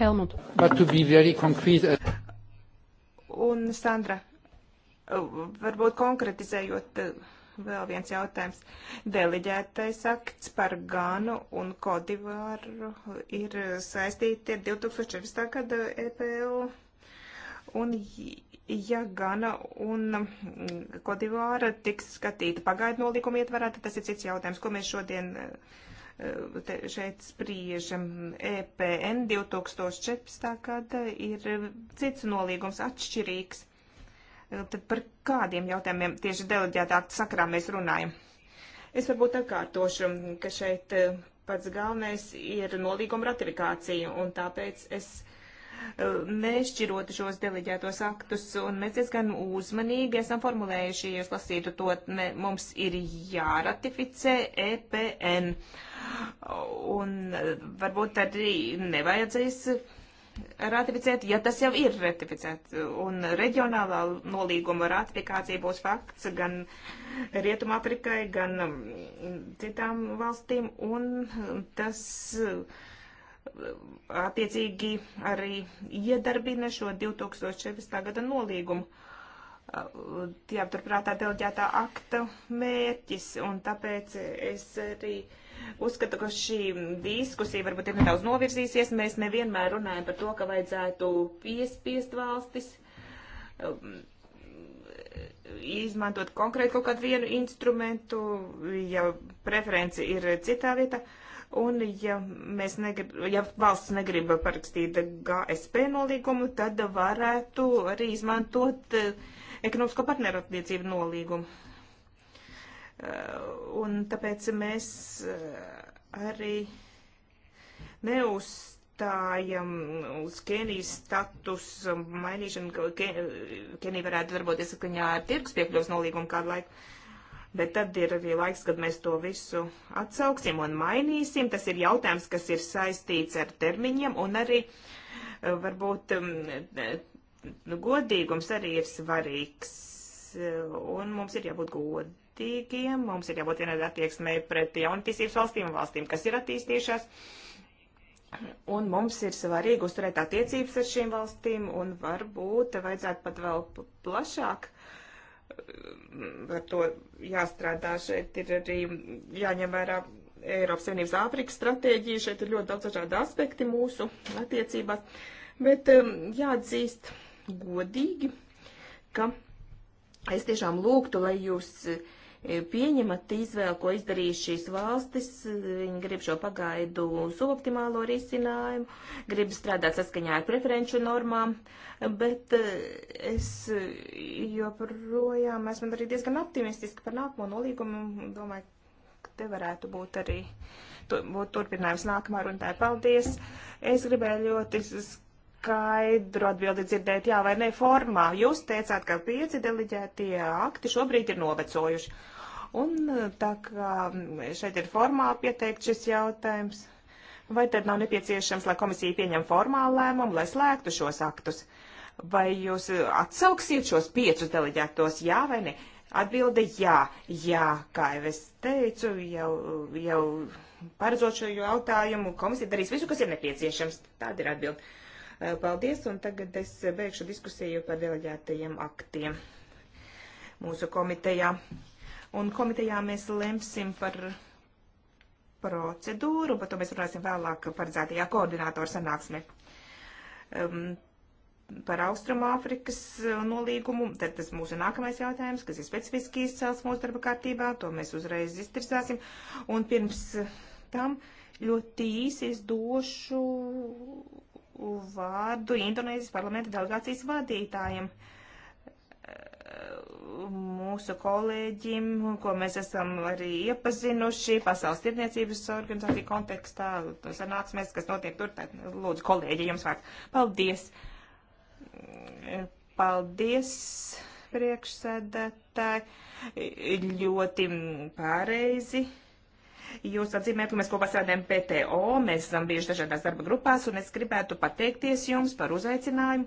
Helmut. But to be very concrete. Uh, un Sandra, varbūt konkretizējot uh, vēl viens jautājums. Deliģētais akts par Ganu un Kodivāru ir saistīti ar 2014. gada EPU. Un ja Gana un mm, Kodivāra tiks skatīta pagaidu nolīguma ietvarā, tad tas ir cits jautājums, ko mēs šodien eh, te, šeit spriežam. E EPN 2014. gada ir cits nolīgums, atšķirīgs. Eh, tad par kādiem jautājumiem tieši deleģētā akta sakrā mēs runājam? Es varbūt atkārtošu, ka šeit eh, pats galvenais ir nolīguma ratifikācija, un tāpēc es nešķirot šos deleģētos aktus, un mēs diezgan uzmanīgi esam formulējuši, ja jūs lasītu to, ne, mums ir jāratificē EPN, un varbūt arī nevajadzēs ratificēt, ja tas jau ir ratificēts. Un reģionālā nolīguma ratifikācija būs fakts gan Rietumāfrikai, gan um, citām valstīm, un tas. Uh, attiecīgi arī iedarbina šo 2014. gada nolīgumu. Jāpaturprātā deleģētā akta mērķis, un tāpēc es arī uzskatu, ka šī diskusija varbūt ir nedaudz novirzīsies. Mēs nevienmēr runājam par to, ka vajadzētu piespiest valstis um, izmantot konkrēti kaut kādu vienu instrumentu, ja preferenci ir citā vietā. Uh, Un ja, mēs negrib, ja valsts negrib parakstīt GSP nolīgumu, tad varētu arī izmantot eh, ekonomisko partneru attiecību nolīgumu. Eh, un tāpēc mēs eh, arī neuzstāvjam skatītājam uz Kenijas statusu mainīšanu, ka Kenija varētu darboties saskaņā ar tirgus piekļuvas nolīgumu kādu laiku. Bet tad ir arī laiks, kad mēs to visu atsauksim un mainīsim. Tas ir jautājums, kas ir saistīts ar termiņiem un arī eh, varbūt mm, eh, nu, godīgums arī ir svarīgs. Eh, un mums ir jābūt godīgiem, mums ir jābūt vienādā attieksmē pret jaunatīstības valstīm un valstīm, kas ir attīstījušās. Un mums ir svarīgi uzturēt attiecības ar šīm valstīm un varbūt vajadzētu pat vēl plašāk ar to jāstrādā. Šeit ir arī jāņem vērā Eiropas Savienības Āfrikas stratēģija. Šeit ir ļoti daudz dažādi aspekti mūsu attiecībās. Bet um, jāatzīst godīgi, ka es tiešām lūgtu, lai jūs uh, pieņemat izvēli, ko izdarīs šīs valstis. Viņi grib šo pagaidu suboptimālo risinājumu, grib strādāt saskaņā ar preferenču normām, bet eh, es joprojām esmu arī diezgan optimistiski par nākamo nolīgumu. Domāju, ka te varētu būt arī tu, būt turpinājums nākamā runātāja. Paldies! Es gribēju ļoti skaidru atbildi dzirdēt, jā vai nē, formā. Jūs teicāt, ka pieci deleģētie akti šobrīd ir novecojuši. Un eh, tā kā mm, šeit ir formāli pieteikt šis jautājums, vai tad nav nepieciešams, lai komisija pieņem formālu lēmumu, lai slēgtu šos aktus? Vai jūs eh, atsauksiet šos piecus deleģētos, jā vai nē? Atbilde jā, jā, kā jau es teicu, jau, jau paredzot šo jautājumu, komisija darīs visu, kas ir nepieciešams. Tāda ir atbilde. Eh, paldies, un tagad es beigšu diskusiju par deleģētajiem aktiem mūsu komitejā. Un komitejā mēs lemsim par procedūru, par to mēs runāsim vēlāk paredzētajā koordinātoru sanāksmē. Um, par Austrumāfrikas eh, nolīgumu, tad tas mūsu nākamais jautājums, kas ir specifiski izcēls mūsu darba kārtībā, to mēs uzreiz iztirzāsim. Un pirms tam ļoti īsi es došu vārdu Indonēzijas parlamenta delegācijas vadītājiem mūsu kolēģim, ko mēs esam arī iepazinuši pasaules tirniecības organizāciju kontekstā, sanāksmēs, kas notiek tur, tad lūdzu kolēģi jums vārds. Paldies! Paldies, priekšsēdētāji! Ļoti pareizi Jūs atzīmējat, ka mēs kopā strādājam PTO, mēs esam bijuši dažādās darba grupās, un es gribētu pateikties jums par uzaicinājumu,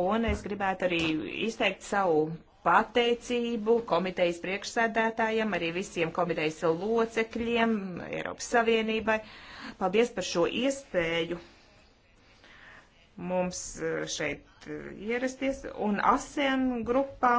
un es gribētu arī izteikt savu pateicību komitejas priekšsēdētājiem, arī visiem komitejas locekļiem, Eiropas Savienībai. Paldies par šo iespēju mums eh, šeit eh, ierasties. Un ASEAN grupā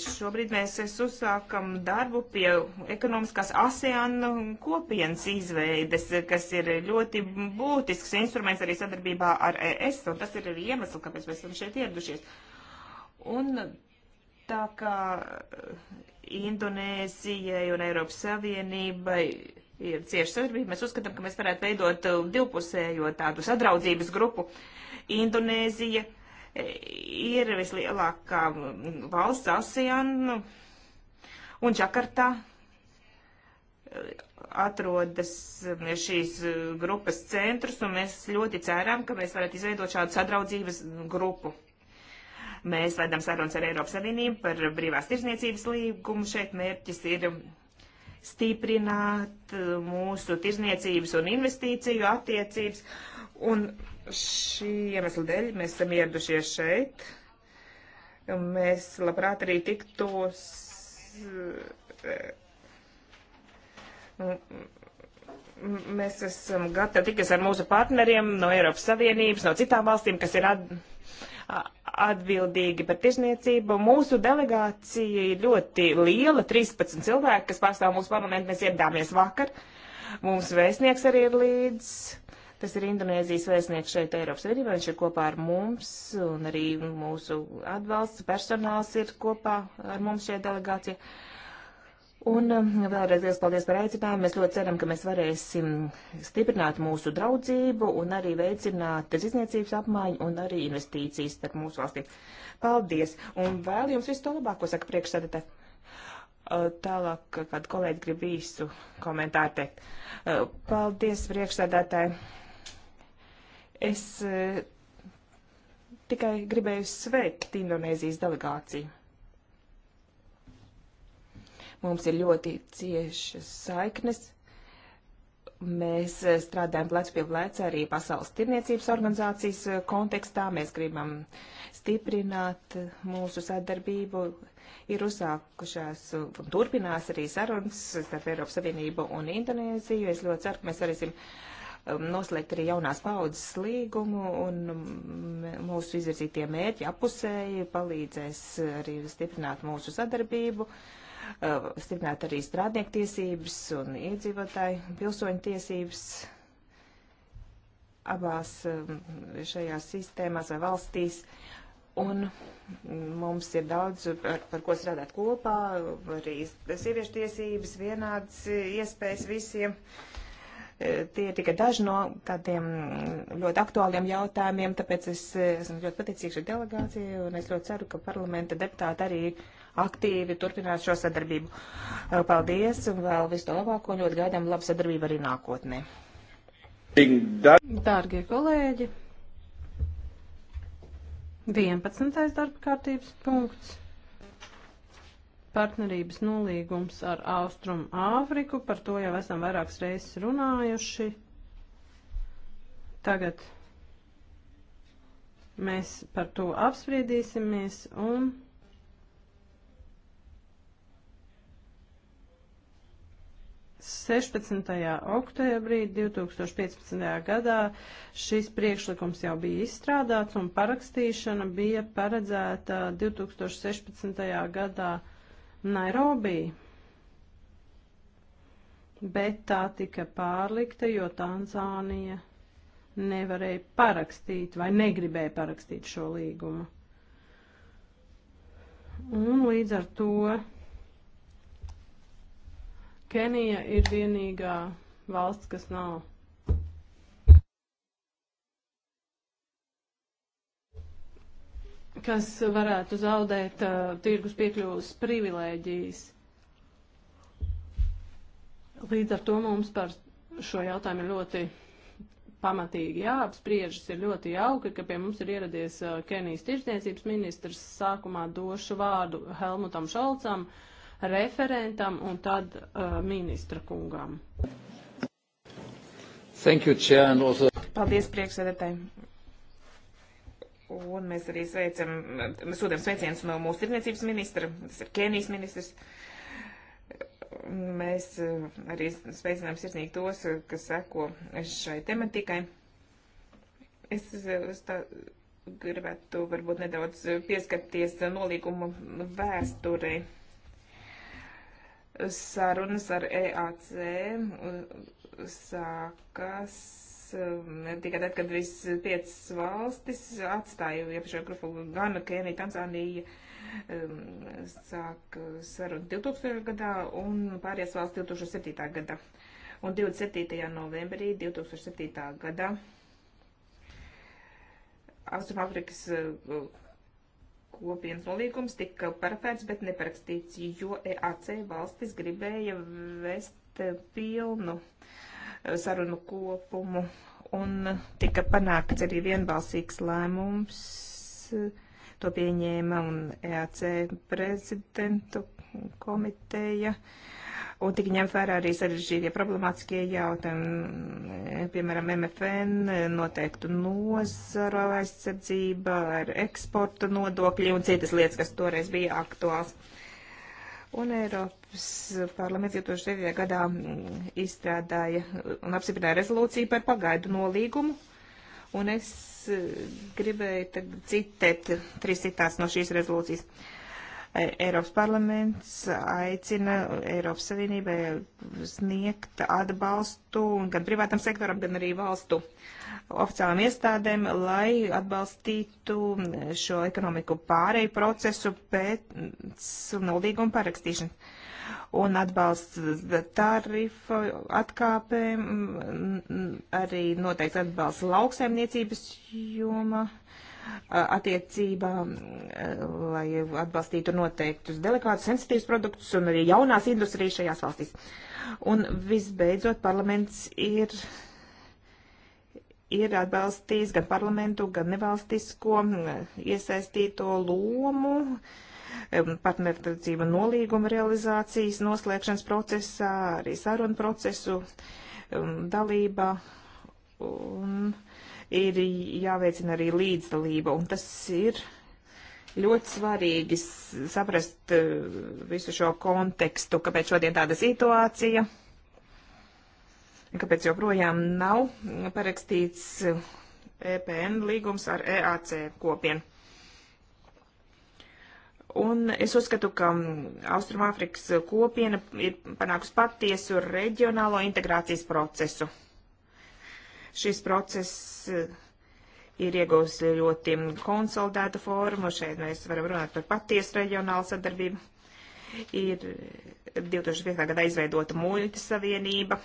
Šobrīd mēs uzsākam darbu pie ekonomiskās ASEAN kopienas izveides, kas ir ļoti būtisks instruments arī sadarbībā ar ES, un tas ir arī iemesls, kāpēc mēs esam šeit ieradušies. Un tā kā Indonēzijai un Eiropas Savienībai ir cieša sadarbība, mēs uzskatām, ka mēs varētu veidot divpusējo tādu sadraudzības grupu Indonēzija ir vislielākā valsts ASEAN nu, un Čakartā atrodas um, šīs uh, grupas centrs, un mēs ļoti ceram, ka mēs varētu izveidot šādu sadraudzības grupu. Mēs vedam sarunas ar Eiropas Savienību par brīvās tirzniecības līgumu. Šeit mērķis ir stiprināt uh, mūsu tirzniecības un investīciju attiecības. Un Šī iemesla dēļ mēs esam ieradušies šeit. Mēs labprāt arī tiktos. Eh, mēs esam gatavi tikties ar mūsu partneriem no Eiropas Savienības, no citām valstīm, kas ir at, atbildīgi par tirzniecību. Mūsu delegācija ir ļoti liela, 13 cilvēki, kas pārstāv mūsu parlamentu. Mēs ieradāmies vakar. Mums vēstnieks arī ir līdzi Tas ir Indonēzijas vēstnieks šeit Eiropas Savienībā, viņš ir kopā ar mums un arī mūsu atbalsts personāls ir kopā ar mums šajā delegācijā. Un um, vēlreiz liels paldies par aicinājumu. Mēs ļoti ceram, ka mēs varēsim stiprināt mūsu draudzību un arī veicināt izniecības apmaiņu un arī investīcijas starp mūsu valstīm. Paldies! Un vēl jums visu to labāko, saka priekšsēdētāji. Uh, tālāk, kad kolēģi grib īsu komentāru teikt. Uh, paldies, priekšsēdētāji! Es eh, tikai gribēju sveikt Indonēzijas delegāciju. Mums ir ļoti ciešas saiknes. Mēs eh, strādājam plec pie pleca arī Pasaules tirniecības organizācijas eh, kontekstā. Mēs gribam stiprināt mūsu sadarbību. Ir uzsākušās un turpinās arī sarunas starp Eiropas Savienību un Indonēziju. Es ļoti ceru, ka mēs varēsim uh, Um, noslēgt arī jaunās paudzes līgumu, un um, mūsu izvirzītie mērķi apusēji palīdzēs arī stiprināt mūsu sadarbību, uh, stiprināt arī strādnieku tiesības un iedzīvotāju pilsoņu tiesības abās um, šajās sistēmās vai valstīs. Un mums ir daudz, par, par ko strādāt kopā, arī sieviešu tiesības, vienādas iespējas visiem. Uh, Tie ir tikai daži no tādiem ļoti aktuāliem jautājumiem, tāpēc es esmu ļoti pateicīgs ar delegāciju un es ļoti ceru, ka parlamenta deputāti arī aktīvi turpinās šo sadarbību. Paldies un vēl visu to labāko un ļoti gaidām labu sadarbību arī nākotnē. Dārgie kolēģi, 11. darba kārtības punkts partnerības nolīgums ar Austrum Āfriku, par to jau esam vairākas reizes runājuši. Tagad mēs par to apspriedīsimies un. Sešpadsmitajā oktobrī 2015. gadā šis priekšlikums jau bija izstrādāts un parakstīšana bija paredzēta 2016. gadā. Nairobī, bet tā tika pārlikta, jo Tanzānija nevarēja parakstīt vai negribēja parakstīt šo līgumu. Un līdz ar to Kenija ir vienīgā valsts, kas nav kas varētu zaudēt uh, tirgus piekļuvas privilēģijas. Līdz ar to mums par šo jautājumu ir ļoti pamatīgi jāapspriežas. Ir ļoti jauki, ka pie mums ir ieradies uh, Kenijas tirsniecības ministrs. Sākumā došu vārdu Helmutam Šalcam, referentam un tad uh, ministra kungam. Thank you, Chair, and also... Paldies, priekšsēdētāji. Un mēs arī sveicam, sūtam sveicienus no mūsu tirniecības ministra, tas ir Kenijas ministrs. Mēs eh, arī sveicinām sirsnīgi tos, kas seko šai tematikai. Es eh, tā, gribētu varbūt nedaudz pieskarties nolīgumu vēsturei sarunas ar EAC eh, sākas Um, tikai tad, kad visas piecas valstis atstāja iepriekšējo grupu Gana, Kenija, Tanzānija um, sāk uh, sarunu 2000. gadā un pārējās valsts 2007. gadā. Un 27. novembrī 2007. gadā Austrumāfrikas uh, kopienas nolīgums tika parafēts, bet neparakstīts, jo EAC valstis gribēja vest pilnu uh, sarunu kopumu. Un tika panākts arī vienbalsīgs lēmums, to pieņēma un EAC prezidentu komiteja. Un tika ņemt vērā arī sarežģītie problemātiskie jautājumi, piemēram, MFN, noteiktu nozaru aizsardzība, eksporta nodokļi un citas lietas, kas toreiz bija aktuāls. Uh, Un Eiropas parlaments 2009. gadā mm, izstrādāja un apstiprināja rezolūciju par pagaidu nolīgumu. Un es e, gribēju citēt trīs citāts no šīs rezolūcijas. E, Eiropas parlaments aicina Eiropas Savienībai sniegt atbalstu gan privātam sektoram, gan arī valstu uh, oficiālām iestādēm, lai atbalstītu šo ekonomiku pārēju procesu pēc noldīguma parakstīšanas. Un atbalsts tarifu atkāpēm, mm, arī noteikti atbalsts lauksaimniecības joma attiecībā, lai atbalstītu noteiktus delikātus, sensitīvus produktus un arī jaunās industrijas šajās valstīs. Un visbeidzot, parlaments ir ir atbalstījis gan parlamentu, gan nevalstisko iesaistīto lomu partnertiecība nolīguma realizācijas noslēgšanas procesā, arī sarunu procesu dalība. Un ir jāveicina arī līdzdalība, un tas ir ļoti svarīgi saprast eh, visu šo kontekstu, kāpēc šodien tāda situācija kāpēc joprojām nav parakstīts EPN līgums ar EAC kopienu. Un es uzskatu, ka Austrumāfrikas kopiena ir panākusi patiesu reģionālo integrācijas procesu. Šis process eh, ir iegūs ļoti konsolidētu formu. Šeit mēs varam runāt par patiesu reģionālu sadarbību. Ir 2005. Eh, gadā izveidota muļķa savienība,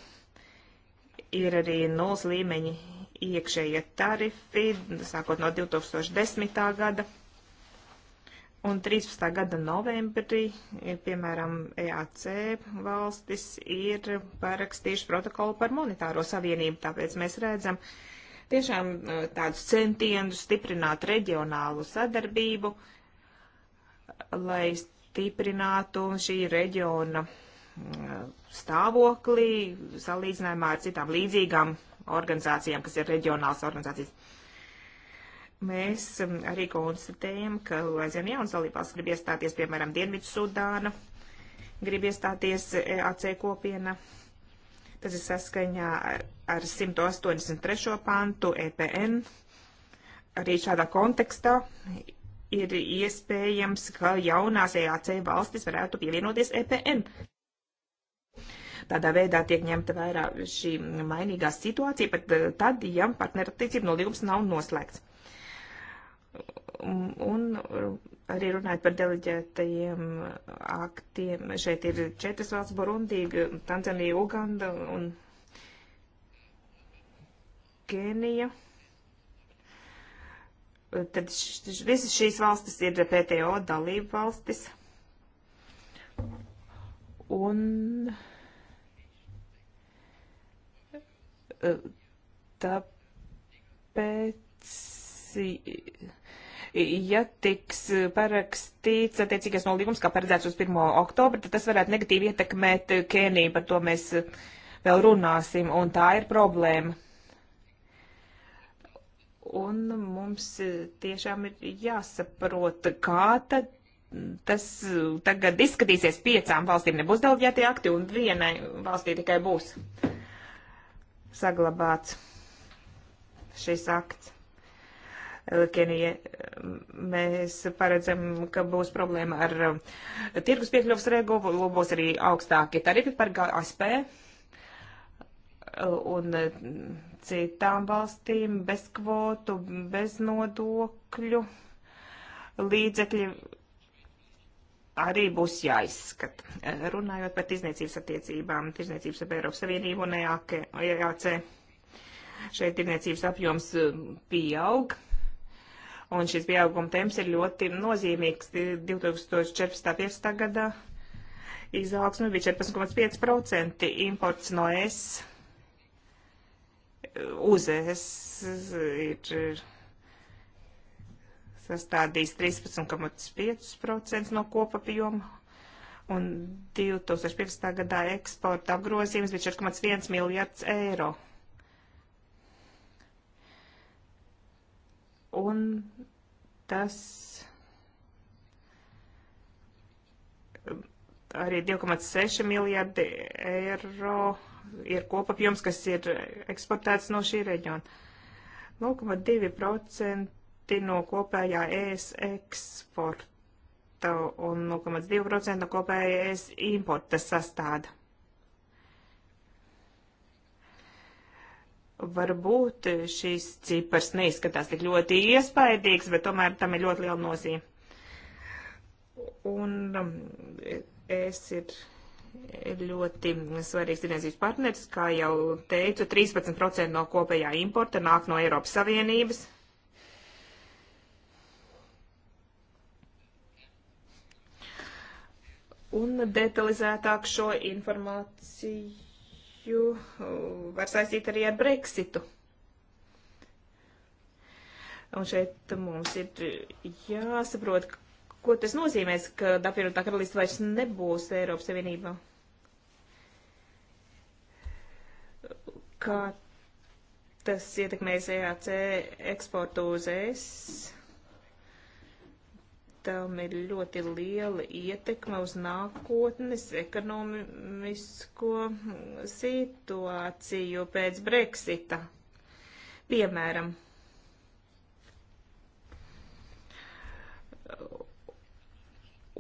ir arī nulles līmeņi iekšējie tarifi, sākot no 2010. gada. Un 13. gada novembrī, piemēram, EAC valstis ir parakstījuši protokolu par monetāro savienību, tāpēc mēs redzam tiešām e, tādus centienus stiprināt reģionālu sadarbību, lai stiprinātu šī reģiona uh, stāvoklī salīdzinājumā ar citām līdzīgām organizācijām, kas ir reģionāls organizācijas. Mēs um, arī konstatējam, ka aizvien jaunas dalībās grib iestāties, piemēram, Dienvidu Sudāna, grib iestāties e AC kopiena. Tas ir saskaņā ar 183. pantu EPN. Arī šādā kontekstā ir iespējams, ka jaunās EAC valstis varētu pievienoties EPN. Tādā veidā tiek ņemta vērā šī mainīgā situācija, pat eh, tad, ja partnerattiecību nolīgums nav noslēgts. Un eh, arī runājot par deleģētajiem aktiem, šeit ir četras valsts - Burundi, Tanzanija, Uganda un Kenija tad š, visas šīs valstis ir PTO dalība valstis. Un Eh, tāpēc, ja tiks parakstīts attiecīgais nolīgums, kā paredzēts uz 1. oktobra, tad tas varētu negatīvi ietekmēt Keniju, par to mēs vēl runāsim, un tā ir problēma. Un mums tiešām ir jāsaprot, kā tad tas tagad izskatīsies piecām valstīm. Nebūs delģēti akti un vienai valstī tikai būs. Uh, saglabāts šis akts. Kenija, mēs paredzam, ka būs problēma ar uh, tirgus piekļuvas regulu, būs arī augstākie tarifi par GSP uh, un uh, citām valstīm bez kvotu, bez nodokļu līdzekļi arī būs jāizskata. Runājot par tirzniecības attiecībām, tirzniecības ar Eiropas Savienību un EAC, e šeit tirzniecības apjoms um, pieaug. Un šis pieauguma temps ir ļoti nozīmīgs. 2014. gadā izaugsme bija 14,5%, imports no es uh, uz es uh, ir sastādīs 13,5% no kopapjoma, un 2015. gadā eksporta apgrozījums bija 4,1 miljards eiro. Un tas arī 2,6 miljardi eiro ir kopapjoms, kas ir eksportēts no šī reģiona. 0,2% E procenti no kopējā ES eksporta un 0,2% no kopējā ES importa sastāda. Varbūt šīs cipars neizskatās tik ļoti iespaidīgs, bet tomēr tam ir ļoti liela nozīme. Un um, es ir ļoti svarīgs tirdzniecības partneris. Kā jau teicu, 13% no kopējā importa nāk no Eiropas Savienības. un detalizētāk šo informāciju uh, var saistīt arī ar Brexitu. Un šeit mums ir jāsaprot, ko tas nozīmēs, ka apvienotā karalista vairs nebūs Eiropas Savienībā. Kā tas ietekmēs EAC eksportu uz ES? tam ir ļoti liela ietekme uz nākotnes ekonomisko situāciju pēc Brexita. Piemēram,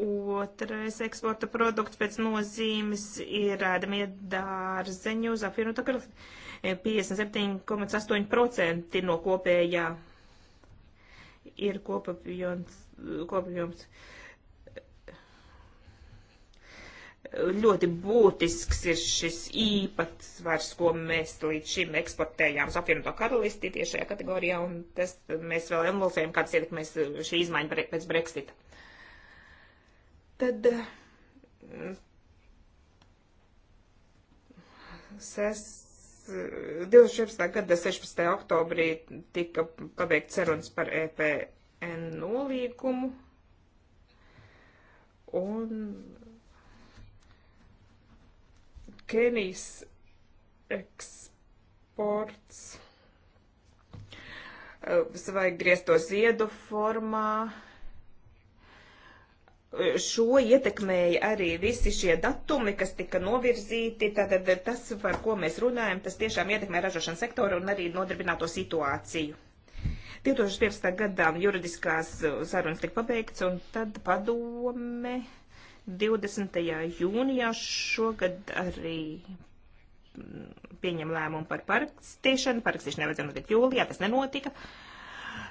Otrais eksporta produkts pēc nozīmes ir ēdamie dārzeņi uz apvienotu karalisti. 57,8% no kopējā ir kopapjons, kopjums ļoti būtisks ir šis īpatsvars, ko mēs līdz šim eksportējām uz apvienoto karalisti tiešajā kategorijā, un tas mēs vēl emulsējam, kāds ietekmēs šī izmaiņa pēc Brexita. Tad eh, ses, 2014. gada 16. oktobrī tika pabeigts sarunas par EPN nolīgumu. Un Kenijas eksports eh, vai griezto ziedu formā šo ietekmēja arī visi šie datumi, kas tika novirzīti. Tātad tas, par ko mēs runājam, tas tiešām ietekmē ražošanas sektoru un arī nodarbināto situāciju. 2015. gadā juridiskās sarunas tika pabeigts, un tad padome 20. jūnijā šogad arī pieņem lēmumu par parakstīšanu. Parakstīšana nevajadzēja notikt jūlijā, tas nenotika.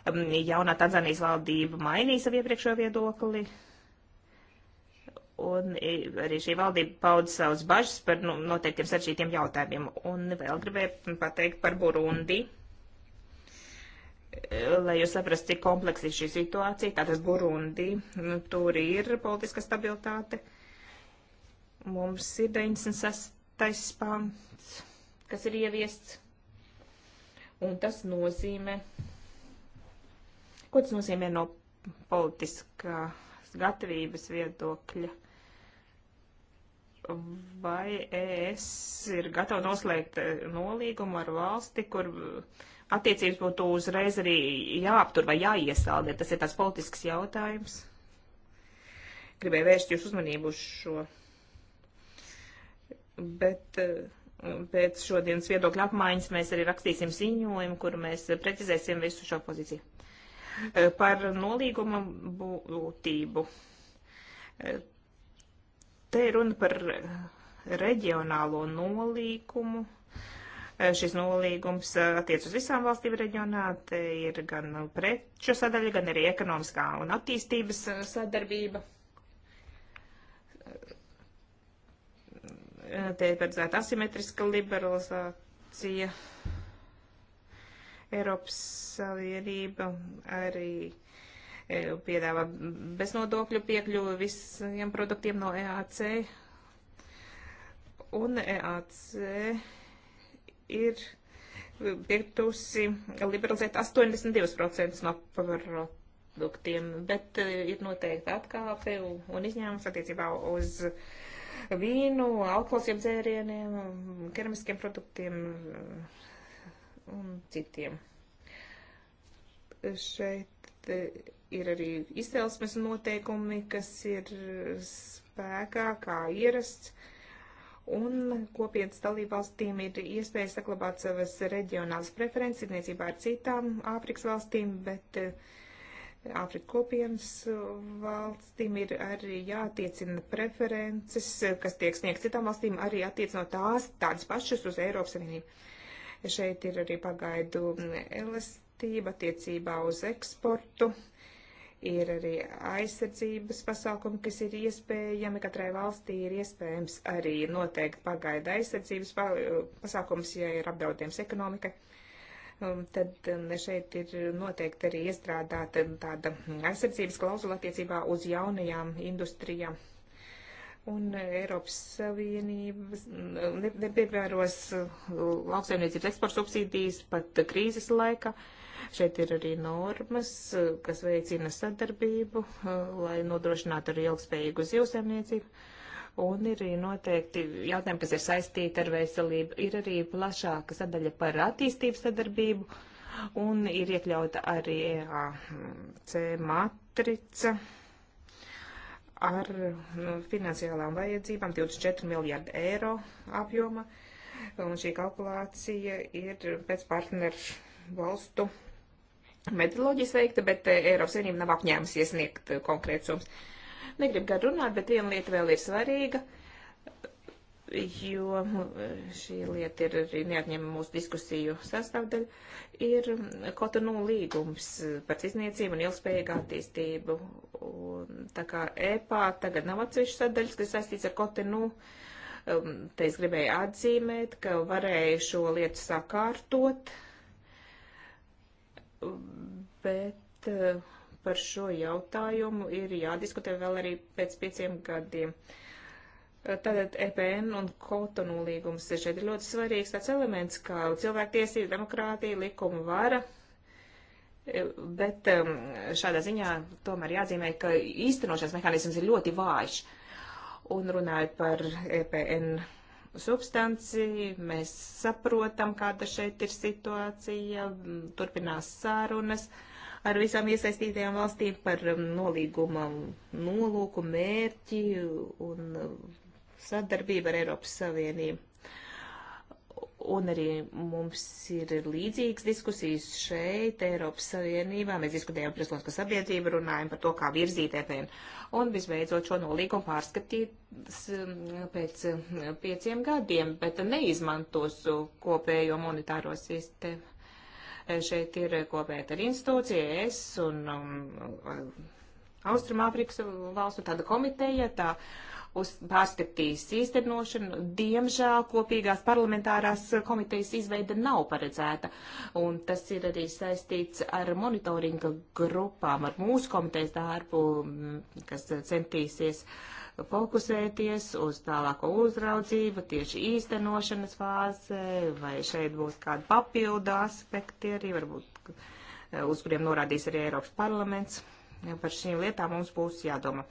Jaunā Tanzānijas valdība mainīja savu iepriekšējo viedokli, Un arī šī valdība pauda savus bažas par nu, noteiktiem saržītiem jautājumiem. Un vēl gribēju pateikt par Burundi, lai jūs saprastu, cik kompleks ir šī situācija. Tātad Burundi, nu, tur ir politiska stabilitāte. Mums ir 96. pants, kas ir ieviests. Un tas nozīmē, ko tas nozīmē no politiskā gatavības viedokļa? vai ES ir gatava noslēgt e, nolīgumu ar valsti, kur e, attiecības būtu uzreiz arī jāaptur vai jāiesaldē. Tas ir tāds politisks jautājums. Gribēju vērst jūs uzmanību uz šo. Bet e, pēc šodienas viedokļa apmaiņas mēs arī rakstīsim ziņojumu, kur mēs precizēsim visu šo pozīciju. Par nolīguma būtību Te ir runa par eh, reģionālo nolīkumu. Eh, šis nolīgums eh, attiec uz visām valstīm reģionā. Te ir gan preču sadaļa, gan arī ekonomiskā un attīstības sadarbība. Te ir paredzēta asimetriska liberalizācija. Eiropas Savienība arī E, piedāvā beznodokļu piekļuvi visiem produktiem no EAC. Un EAC ir piektusi liberalizēt 82% no produktiem, bet e, ir noteikta atkāpe un izņēmums attiecībā uz vīnu, alkoholiskiem dzērieniem, keramiskiem produktiem un citiem. Šeit ir arī izcelsmes noteikumi, kas ir spēkā kā ierasts, un kopienas dalībvalstīm ir iespēja saglabāt savas reģionālas preferences tirniecībā ar citām Āfrikas valstīm, bet eh, Āfrikas kopienas eh, valstīm ir arī jātiecina preferences, kas tiek sniegts citām valstīm, arī attiecinot tās tādas pašas uz Eiropas Savienību. Šeit ir arī pagaidu mm, elastību kārtība attiecībā uz eksportu. Ir arī aizsardzības pasākumi, kas ir iespējami. Katrai valstī ir iespējams arī noteikti pagaida aizsardzības pasākums, ja ir apdraudējums ekonomikai. Tad um, šeit ir noteikti arī iestrādāta tāda aizsardzības klauzula attiecībā uz jaunajām industrijām un uh, Eiropas Savienības mm, nepievēros uh, lauksaimniecības eksporta subsīdijas pat krīzes laika. Uh, Šeit ir arī normas, eh, kas veicina sadarbību, eh, lai nodrošinātu arī ilgspējīgu zivsaimniecību. Un ir arī noteikti jautājumi, kas ir saistīti ar veselību. Ir arī plašāka sadaļa par attīstības sadarbību, un ir iekļauta arī e C matrica ar nu, finansiālām vajadzībām 24 miljārdu eiro apjoma. Un šī kalkulācija ir pēc partneru valstu metodoloģijas veikta, bet eh, Eiropas Savienība nav apņēmusies sniegt eh, konkrēts summas. Negribu gan runāt, bet viena lieta vēl ir svarīga, jo šī lieta ir arī neatņemama mūsu diskusiju sastāvdaļa, ir Kotonu līgums par izniecību un ilgspējīgu attīstību. Un, tā kā EPA tagad nav atsevišķas sadaļas, kas saistīts ar Kotonu. Um, te es gribēju atzīmēt, ka varēju šo lietu sakārtot, bet eh, par šo jautājumu ir jādiskutē vēl arī pēc pieciem gadiem. Eh, tātad EPN un Kotonu līgums šeit ir ļoti svarīgs tāds elements, kā cilvēktiesība, demokrātija, likuma vara, eh, bet šādā ziņā tomēr jāatzīmē, ka īstenošanas mehānisms ir ļoti vājš. Un runājot par EPN substanci, mēs saprotam, kāda šeit ir situācija, turpinās sārunas ar visām iesaistītajām valstīm par nolīguma nolūku, mērķi un sadarbību ar Eiropas Savienību. Un arī mums ir līdzīgas diskusijas šeit, Eiropas Savienībā. Mēs diskutējam par pilsonisko sabiedrību, runājam par to, kā virzīt EPN. Un visbeidzot šo nolīgumu pārskatīt um, pēc um, pieciem gadiem, bet neizmantos kopējo monetāro sistēmu. E, šeit ir kopēta ar institūciju, es un um, Austrumāfrikas valstu tāda komiteja, tā uz pārskatīs īstenošanu. Diemžēl kopīgās parlamentārās komitejas izveida nav paredzēta, un tas ir arī saistīts ar monitoringa grupām, ar mūsu komitejas darbu, mm, kas centīsies fokusēties uz tālāko uzraudzību, tieši īstenošanas fāze, vai šeit būs kādi papildu aspekti arī, varbūt, uz kuriem norādīs arī Eiropas parlaments. Par šīm lietām mums būs jādomā.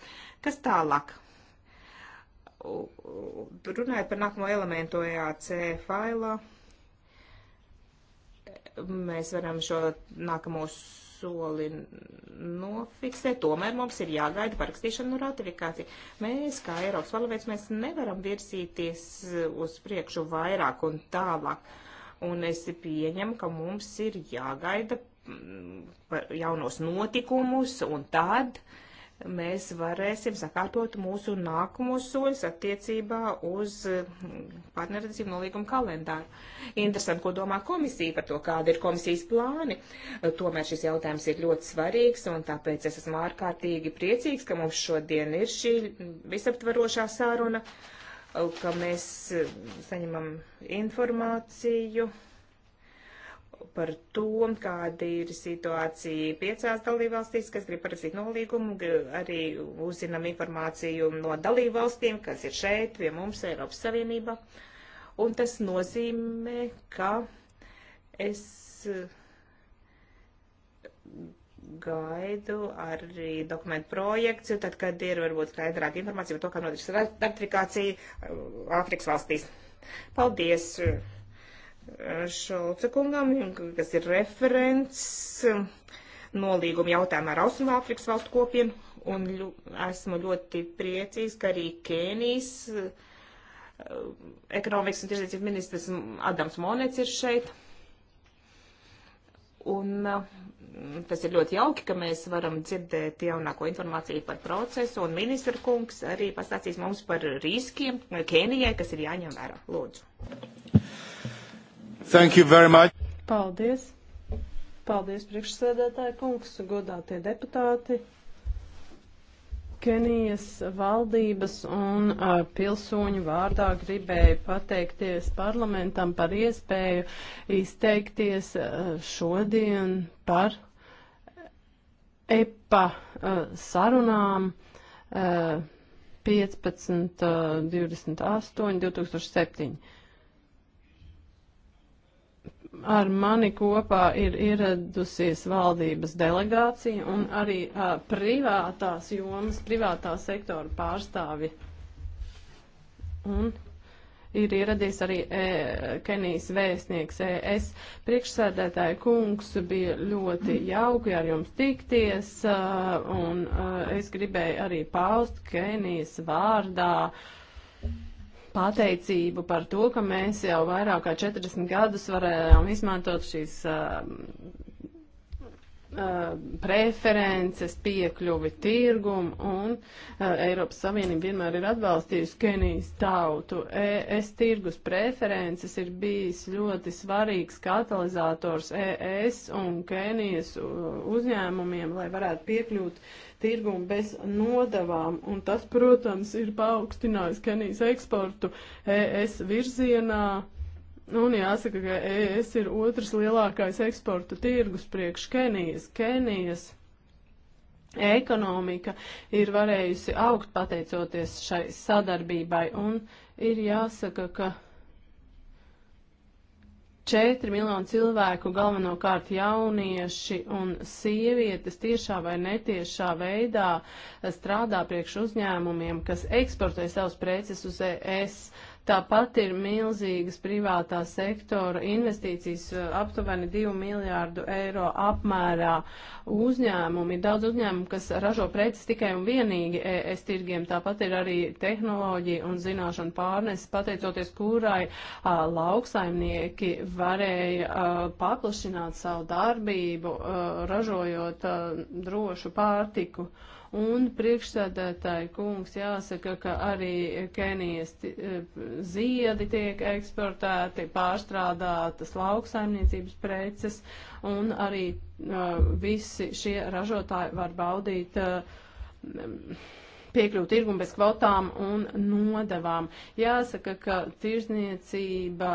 Kas tālāk? Runājot par nākamo elementu EAC failā, mēs varam šo nākamo soli nofiksēt, tomēr mums ir jāgaida parakstīšana un ratifikācija. Mēs, kā Eiropas parlaments, mēs nevaram virsīties uz priekšu vairāk un tālāk. Un es pieņemu, ka mums ir jāgaida jaunos notikumus, un tad mēs varēsim sakārtot mūsu nākamos soļus attiecībā uz mm, partnerattiecību nolīgumu kalendāru. Interesanti, ko domā komisija par to, kāda ir komisijas plāni. Tomēr šis jautājums ir ļoti svarīgs, un tāpēc es esmu ārkārtīgi priecīgs, ka mums šodien ir šī visaptvarošā sāruna, ka mēs mm, saņemam informāciju par to, kāda ir situācija piecās dalībvalstīs, kas grib parakstīt nolīgumu, arī uzzinam informāciju no dalībvalstīm, kas ir šeit pie mums Eiropas Savienībā. Un tas nozīmē, ka es eh, gaidu arī dokumentu projekciju, tad, kad ir varbūt skaidrāka informācija par to, kā notiks ratifikācija eh, Āfrikas valstīs. Paldies! Šulce kungam, kas ir referents nolīguma jautājumā ar Austrumāfrikas valstu kopiem, un ļu, esmu ļoti priecīgs, ka arī Kēnijas eh, ekonomikas un tirdzniecības ministrs Adams Monets ir šeit. Un eh, tas ir ļoti jauki, ka mēs varam dzirdēt jaunāko informāciju par procesu, un ministra kungs arī pastāstīs mums par riskiem Kēnijai, kas ir jāņem vērā. Lūdzu. Thank you very much. Paldies. Paldies, priekšsēdētāji kungs, godātie deputāti. Kenijas valdības un uh, pilsoņu vārdā gribēju pateikties parlamentam par iespēju izteikties uh, šodien par EPA uh, sarunām. Uh, 15, uh, 28, 2007. Ar mani kopā ir ieradusies valdības delegācija un arī uh, privātās jomas, privātā sektora pārstāvi. Un ir ieradies arī e, Kenijas vēstnieks ES. Priekšsēdētāja kungs bija ļoti jauki ar jums tikties, uh, un uh, es gribēju arī paust Kenijas vārdā. Uh, pateicību par to, ka mēs jau vairāk kā 40 gadus varējām izmantot šīs uh, uh, preferences, piekļuvi tirgumu, un uh, Eiropas Savienība vienmēr ir atbalstījusi Kenijas tautu. E, ES tirgus preferences ir bijis ļoti svarīgs katalizators ES un Kenijas uh, uzņēmumiem, lai varētu piekļūt uh, tirgumu bez nodavām. Un tas, protams, ir paaugstinājis Kenijas eksportu ES virzienā. Un jāsaka, ka ES ir otrs lielākais eksporta tirgus priekš Kenijas. Kenijas ekonomika ir varējusi augt pateicoties šai sadarbībai. Un ir jāsaka, ka 4 miljoni cilvēku, galvenokārt jaunieši un sievietes, tiešā vai netiešā veidā strādā priekš uzņēmumiem, kas eksportē savus preces uz ES. Uh, Tāpat ir milzīgas privātā sektora investīcijas, eh, aptuveni 2 miljārdu eiro apmērā uzņēmumi. Ir daudz uzņēmumu, kas ražo preces tikai un vienīgi ES tirgiem. Tāpat ir arī tehnoloģija un zināšana pārneses, pateicoties kurai a, lauksaimnieki varēja a, paplašināt savu darbību, a, ražojot a, drošu pārtiku. A, Un priekšsēdētāji kungs jāsaka, ka arī Kenijas e, ziedi tiek eksportēti, pārstrādātas lauksaimniecības preces, un arī uh, visi šie ražotāji var baudīt uh, piekļūt tirgumu bez kvotām un nodavām. Jāsaka, ka tirzniecība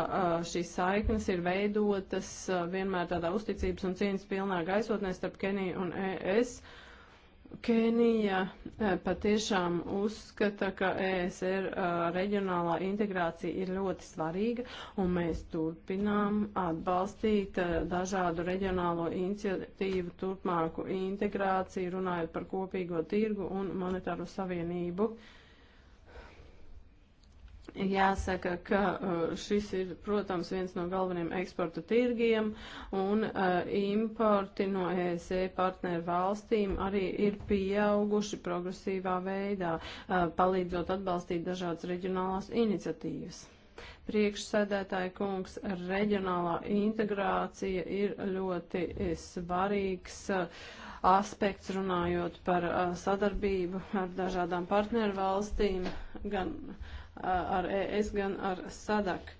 šīs saiknes ir veidotas vienmēr tādā uzticības un cieņas pilnā gaisotnē starp Keniju un ES. Uh, Kenija e, patiešām uzskata, ka ESR e, reģionālā integrācija ir ļoti svarīga, un mēs turpinām atbalstīt e, dažādu reģionālo iniciatīvu turpmāku integrāciju, runājot par kopīgo tirgu un monetāru savienību. Uh, Jāsaka, ka uh, šis ir, protams, viens no galvenajiem eksporta tirgiem, un uh, importi no ESE e partneru valstīm arī ir pieauguši progresīvā veidā, uh, palīdzot atbalstīt dažādas reģionālās iniciatīvas. Priekšsēdētāja kungs, reģionālā integrācija ir ļoti eh, svarīgs. Uh, aspekts, runājot par uh, sadarbību ar dažādām partneru valstīm, gan uh, ar ES, gan ar SADAK.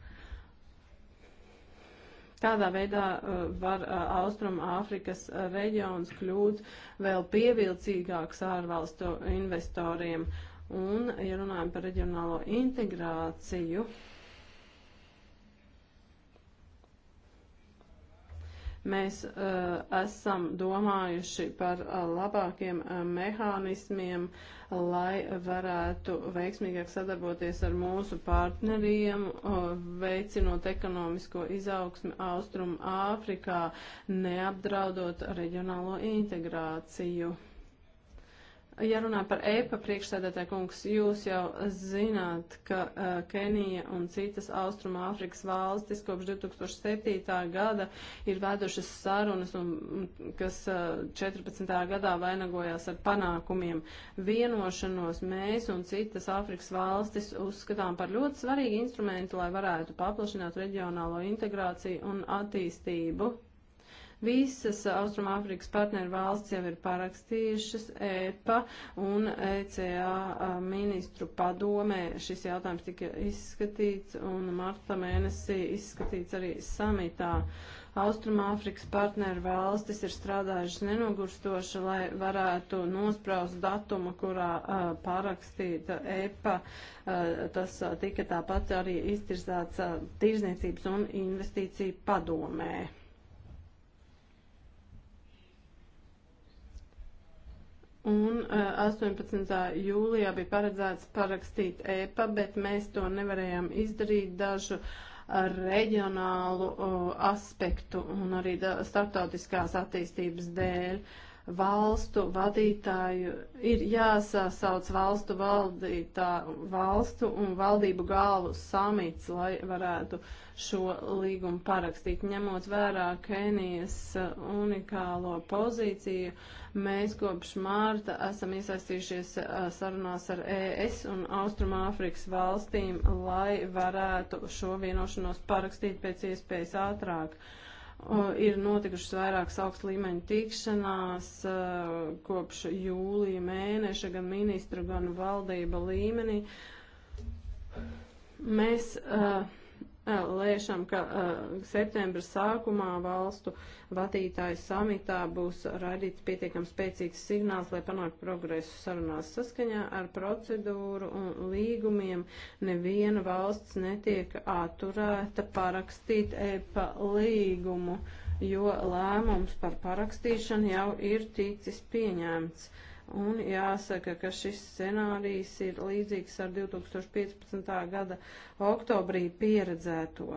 Tādā veidā uh, var uh, Austrum Āfrikas uh, reģions kļūt vēl pievilcīgāks ārvalstu investoriem. Un, ja runājam par reģionālo integrāciju, mēs uh, esam domājuši par uh, labākiem uh, mehānismiem, uh, lai varētu veiksmīgāk sadarboties ar mūsu partneriem, veicinot ekonomisko izaugsmi Austrum Āfrikā, neapdraudot reģionālo integrāciju ja runā par EPA priekšsēdētāju kungs, jūs jau zināt, ka uh, Kenija un citas Austrumāfrikas valstis kopš 2007. gada ir vedušas sarunas, un, kas uh, 14. gadā vainagojās ar panākumiem. Vienošanos mēs un citas Āfrikas valstis uzskatām par ļoti svarīgu instrumentu, lai varētu paplašināt reģionālo integrāciju un attīstību Visas Austrumāfrikas partneru valsts jau ir parakstījušas EPA un ECA ministru padomē. Šis jautājums tika izskatīts un marta mēnesī izskatīts arī samitā. Austrumāfrikas partneru valstis ir strādājušas nenogurstoši, lai varētu nospraust datumu, kurā uh, parakstīta e EPA. Uh, tas uh, tika tāpat arī iztirzāts uh, tirzniecības un investīciju padomē. Un 18. Eh, jūlijā bija paredzēts parakstīt EPA, bet mēs to nevarējām izdarīt dažu eh, reģionālu eh, aspektu un arī starptautiskās attīstības dēļ. Uh, valstu vadītāju, ir jāsasauc valstu valdītā, valstu un valdību galvu samits, lai varētu šo līgumu parakstīt. Ņemot vērā Kenijas uh, unikālo pozīciju, mēs kopš mārta esam iesaistījušies uh, sarunās ar ES un Austrumāfrikas valstīm, lai varētu šo vienošanos parakstīt pēc iespējas ātrāk. Ir notikušas vairākas augsta līmeņa tikšanās e, kopš jūlija mēneša gan ministru, gan valdība līmenī. Mēs uh, lēšam, ka septembra sākumā valstu vadītāju samitā būs radīts pietiekams spēcīgs signāls, lai panāktu progresu sarunās saskaņā ar procedūru un līgumiem. Neviena valsts netiek atturēta parakstīt EPA līgumu, jo lēmums par parakstīšanu jau ir ticis pieņemts. Uh, Un jāsaka, ka šis scenārijs ir līdzīgs ar 2015. gada oktobrī pieredzēto.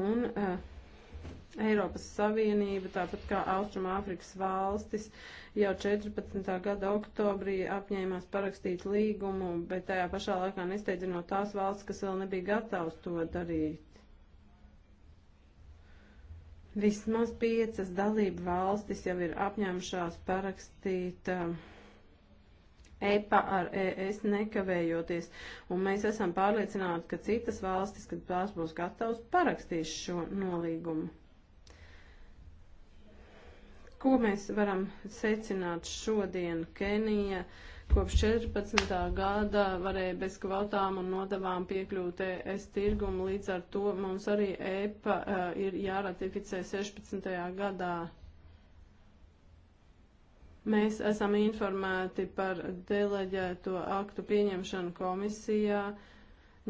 Un uh, Eiropas Savienība, tāpat kā Austrumāfrikas valstis, jau 14. gada oktobrī apņēmās parakstīt līgumu, bet tajā pašā laikā nesteidzinot tās valsts, kas vēl nebija gatavas to darīt. Vismaz piecas dalību valstis jau ir apņēmušās parakstīt um, EPA ar ES nekavējoties, un mēs esam pārliecināti, ka citas valstis, kad tās būs gatavas, parakstīs šo nolīgumu. Ko mēs varam secināt šodien Kenija? Kopš 14. gada varēja bez kvotām un nodavām piekļūt ES tirgumu, līdz ar to mums arī EPA uh, eh, ir jāratificē 16. gadā. Mēs esam informēti par deleģēto aktu pieņemšanu komisijā. Uh,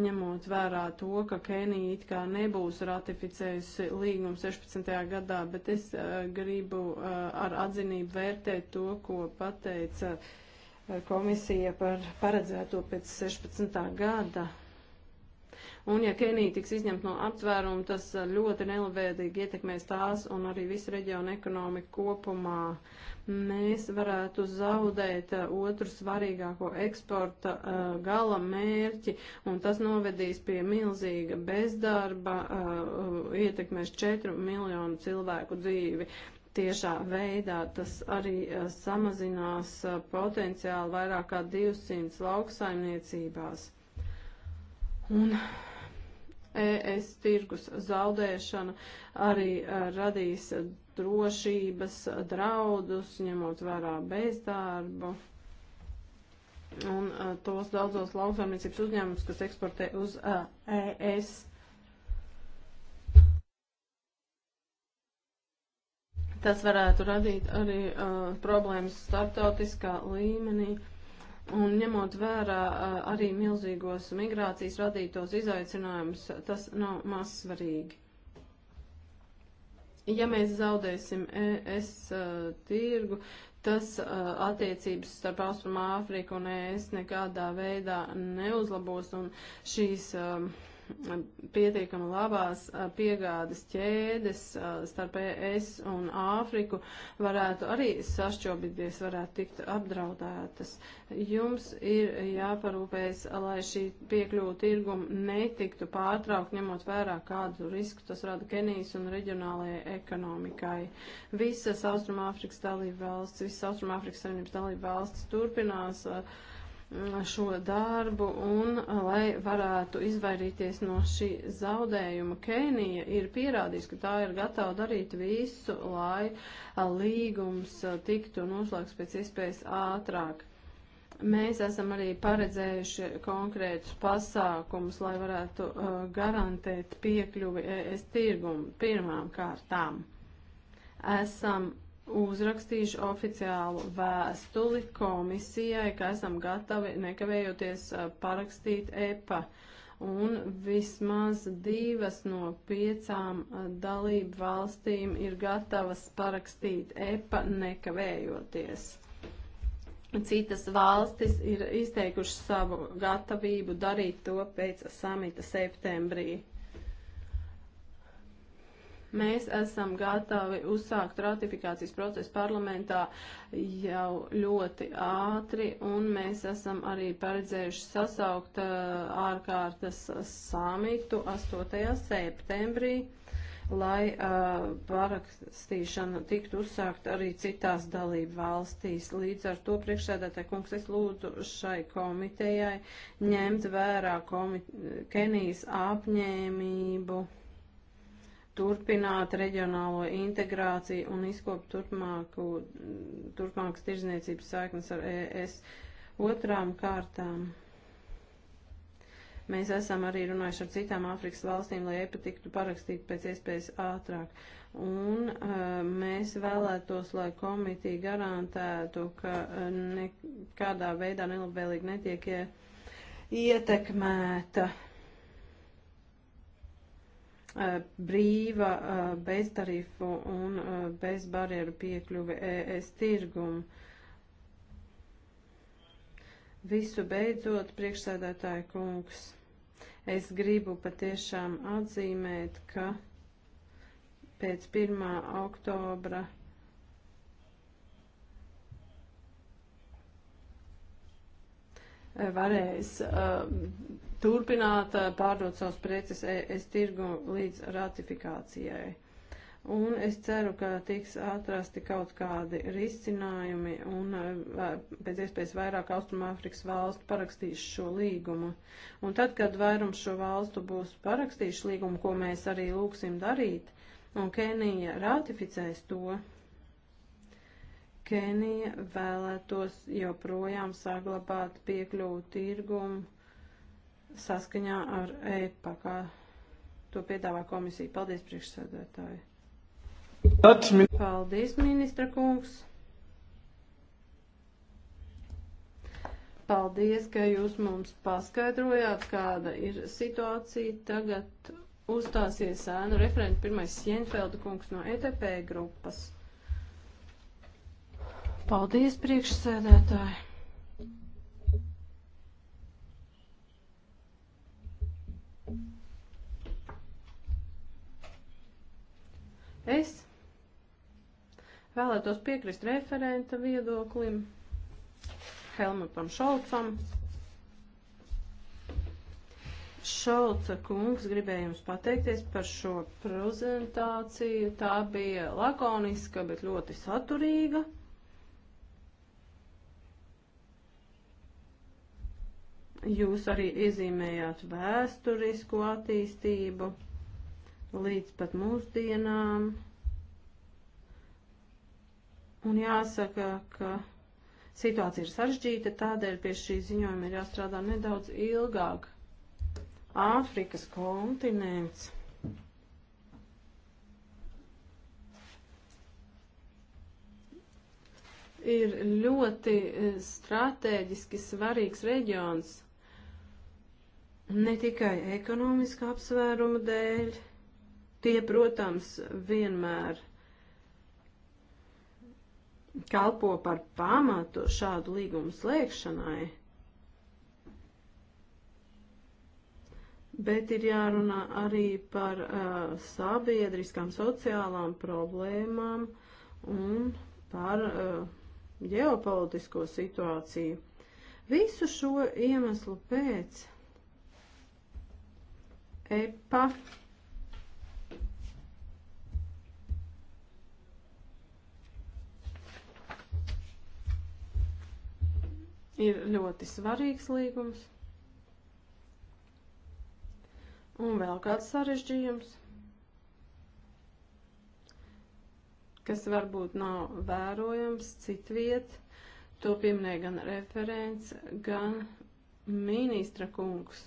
ņemot vērā to, ka Kenija it kā nebūs ratificējusi līgumu 16. gadā, bet es uh, gribu uh, ar atzinību vērtēt to, ko pateica eh, komisija par paredzēto pēc 16. gada Un ja Kenija tiks izņemt no aptvēruma, tas eh, ļoti nelabvēlīgi ietekmēs tās un arī visu reģionu ekonomiku kopumā. Mēs varētu zaudēt eh, otru svarīgāko eksporta eh, gala mērķi, un tas novedīs pie milzīga bezdarba, ietekmēs 4 miljonu cilvēku dzīvi tiešā veidā tas arī uh, samazinās uh, potenciāli vairāk kā 200 lauksaimniecībās. Un ES tirgus zaudēšana arī e, radīs drošības draudus, ņemot vērā bezdarbu. Un e, tos daudzos lauksaimniecības uzņēmumus, kas eksportē uz ES. E Tas varētu radīt arī uh, problēmas starptautiskā līmenī. Uh, Un ņemot vērā arī milzīgos migrācijas radītos izaicinājumus, tas nav maz svarīgi. Ja mēs zaudēsim ES tirgu, tas attiecības starp Austrumāfriku un ES nekādā veidā neuzlabos un šīs uh, pietiekami labās piegādes ķēdes starp ES un Āfriku varētu arī sašķobīties, varētu tikt apdraudētas. Jums ir jāparūpējas, lai šī piekļuva tirguma netiktu pārtraukt, ņemot vērā kādu risku tas rada Kenijas un reģionālajai ekonomikai. Visas Austrumāfrikas dalība valsts, visas Austrumāfrikas savienības dalība valsts turpinās uh, šo darbu un lai varētu izvairīties no šī zaudējuma. Kenija ir pierādījis, ka tā ir gatava darīt visu, lai līgums tiktu noslēgts pēc iespējas ātrāk mēs esam arī paredzējuši konkrētus pasākumus, lai varētu uh, garantēt piekļuvi ES tirgumu pirmām kārtām. Esam uzrakstījuši oficiālu vēstuli komisijai, ka esam gatavi nekavējoties uh, parakstīt EPA. Un vismaz divas no piecām uh, dalību valstīm ir gatavas parakstīt EPA nekavējoties. Citas valstis ir izteikušas savu gatavību darīt to pēc samita septembrī. Mēs esam gatavi uzsākt ratifikācijas procesu parlamentā jau ļoti ātri, un mēs esam arī paredzējuši sasaukt eh, ārkārtas samitu 8. septembrī lai uh, parakstīšana tiktu uzsākta arī citās dalību valstīs. Līdz ar to priekšsēdētāji kungs es lūdzu šai komitejai ņemt vērā komi Kenijas apņēmību turpināt reģionālo integrāciju un izkopt turpmāku, turpmākas tirzniecības saiknes ar ES. Otrām kārtām mēs esam arī runājuši ar citām Āfrikas valstīm, lai EPA tiktu parakstīta pēc iespējas ātrāk. Un uh, mēs vēlētos, lai komitija garantētu, ka eh, nekādā veidā nelabvēlīgi netiek ietekmēta uh, Eh, brīva eh, beztarifu un eh, bezbarjeru piekļuvi ES tirgumu. Visu beidzot, priekšsēdētāja kungs, es gribu patiešām atzīmēt, ka pēc 1. oktobra varēs uh, turpināt eh, pārdot savus preces ES tirgu līdz ratifikācijai. Un es ceru, ka tiks atrasti kaut kādi risinājumi un eh, pēc iespējas vairāk Austrumāfrikas valstu parakstīs šo līgumu. Un tad, kad vairums šo valstu būs parakstījuši līgumu, ko mēs arī lūksim darīt, un Kenija ratificēs to, Kenija vēlētos joprojām saglabāt piekļuvu tirgumu saskaņā ar EPA, kā to piedāvā komisija. Paldies, priekšsēdētāji. Paldies, ministra kungs. Paldies, ka jūs mums paskaidrojāt, kāda ir situācija tagad uzstāsies ēnu referenti pirmais Sienfelda kungs no ETP grupas. Paldies, priekšsēdētāji! Es vēlētos piekrist referenta viedoklim, Helmutam Šolcam. Šolca kungs gribēja jums pateikties par šo prezentāciju. Tā bija lakoniska, bet ļoti saturīga. Jūs arī iezīmējāt vēsturisko attīstību līdz pat mūsdienām. Un jāsaka, ka situācija ir sarežģīta, tādēļ pie šī ziņojuma ir jāstrādā nedaudz ilgāk. Āfrikas kontinents. Ir ļoti e, strateģiski svarīgs reģions, ne tikai ekonomiska apsvēruma dēļ, Tie, protams, vienmēr kalpo par pamatu šādu līgumu slēgšanai, bet ir jārunā arī par uh, sabiedriskām, sociālām problēmām un par uh, ģeopolitisko situāciju. Visu šo iemeslu pēc EPA ir ļoti svarīgs līgums. Un vēl kāds sarežģījums, kas varbūt nav vērojams citviet, to pieminēja gan referents, gan ministra kungs.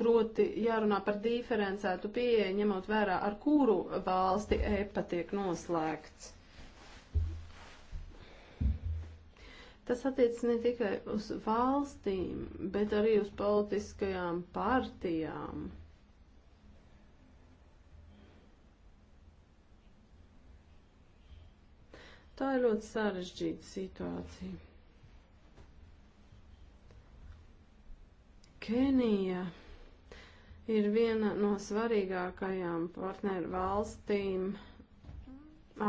Proti jārunā par diferencētu pieeju, ņemot vērā, ar kuru valsti EPA tiek noslēgts. Tas attiecas ne tikai uz valstīm, bet arī uz politiskajām partijām. Tā ir ļoti sarežģīta situācija. Kenija ir viena no svarīgākajām partneru valstīm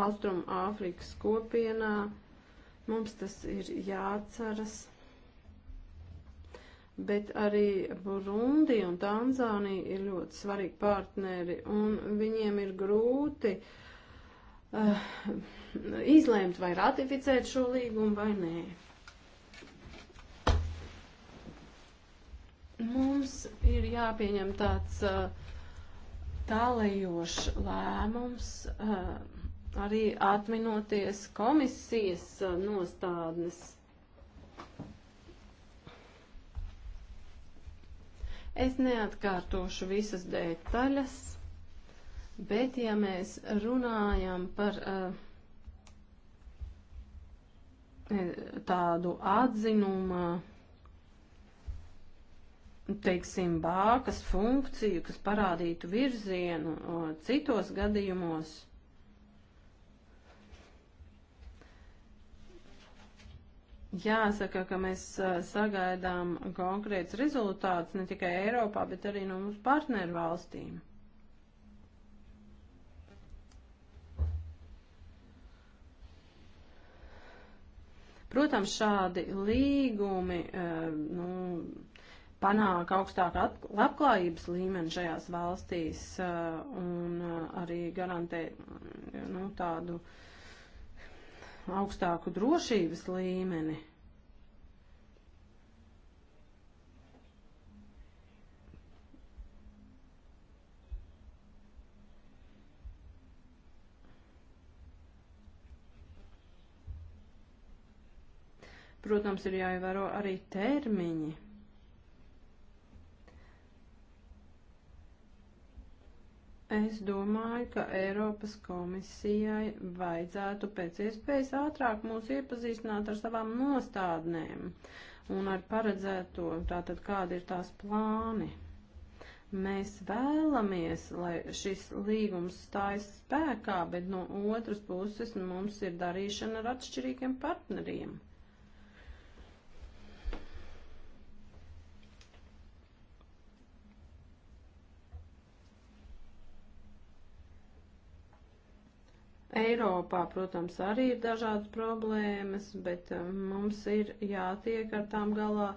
Austrum Āfrikas kopienā. Mums tas ir jāatceras. Bet arī Burundi un Tanzānija ir ļoti svarīgi partneri, un viņiem ir grūti uh, izlēmt, vai ratificēt šo līgumu vai nē. Mums ir jāpieņem tāds uh, eh, tālējošs lēmums. Uh, arī atminoties komisijas uh, nostādnes. Es neatkārtošu visas detaļas, bet ja mēs runājam par uh, e, tādu atzinumu, teiksim, bākas funkciju, kas parādītu virzienu uh, citos gadījumos. Jāsaka, ka mēs sagaidām konkrēts rezultāts ne tikai Eiropā, bet arī no mūsu partneru valstīm. Protams, šādi līgumi nu, panāk augstāku labklājības līmeni šajās valstīs un arī garantē nu, tādu uh, augstāku drošības līmeni. Protams, ir jāievēro arī termiņi. Es domāju, ka Eiropas komisijai vajadzētu pēc iespējas ātrāk mūs iepazīstināt ar savām nostādnēm un ar paredzēto, tātad kādi ir tās plāni. Mēs vēlamies, lai šis līgums stājas spēkā, bet no otras puses mums ir darīšana ar atšķirīgiem partneriem. Eiropā, protams, arī ir dažādas problēmas, bet eh, mums ir jātiek ar tām galā,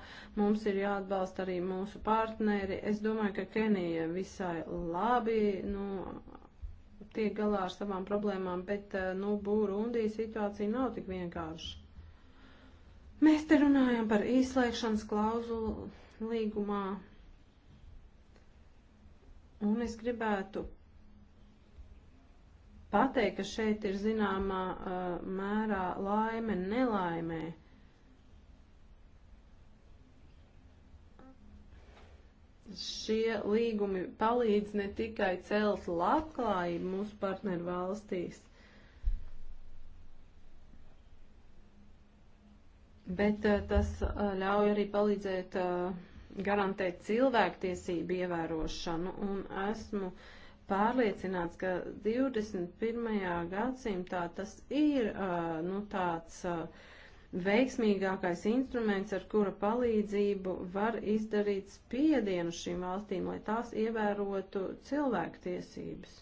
mums ir jāatbalsta arī mūsu partneri. Es domāju, ka Kenija visai labi, nu, tiek galā ar savām problēmām, bet, eh, nu, Būrundī situācija nav tik vienkārša. Mēs te runājam par izslēgšanas klauzulu līgumā, un es gribētu pateikt, ka šeit ir zināmā uh, mērā laime nelaimē. Šie līgumi palīdz ne tikai celt labklājību mūsu partneru valstīs, bet uh, tas uh, ļauj arī palīdzēt garantēt cilvēktiesību ievērošanu un esmu uh, pārliecināts, ka 21. gadsimtā tas ir uh, nu, tāds uh, veiksmīgākais instruments, ar kura palīdzību var izdarīt spiedienu šīm valstīm, lai tās ievērotu cilvēktiesības.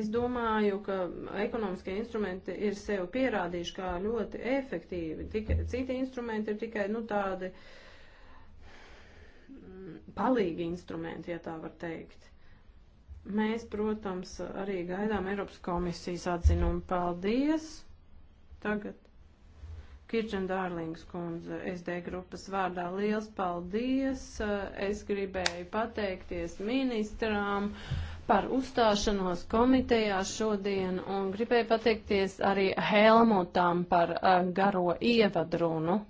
Es domāju, ka ekonomiskie instrumenti ir sev pierādījuši kā ļoti efektīvi. Tikai, citi instrumenti ir tikai nu, tādi mm, palīgi instrumenti, ja tā var teikt. Mēs, protams, arī gaidām Eiropas komisijas atzinumu. Paldies! Tagad Kirčena Dārlings kundze SD grupas vārdā liels paldies. Es gribēju pateikties ministrām par uzstāšanos komitejā šodien un gribēju pateikties arī Helmutam par eh, garo ievadrunu.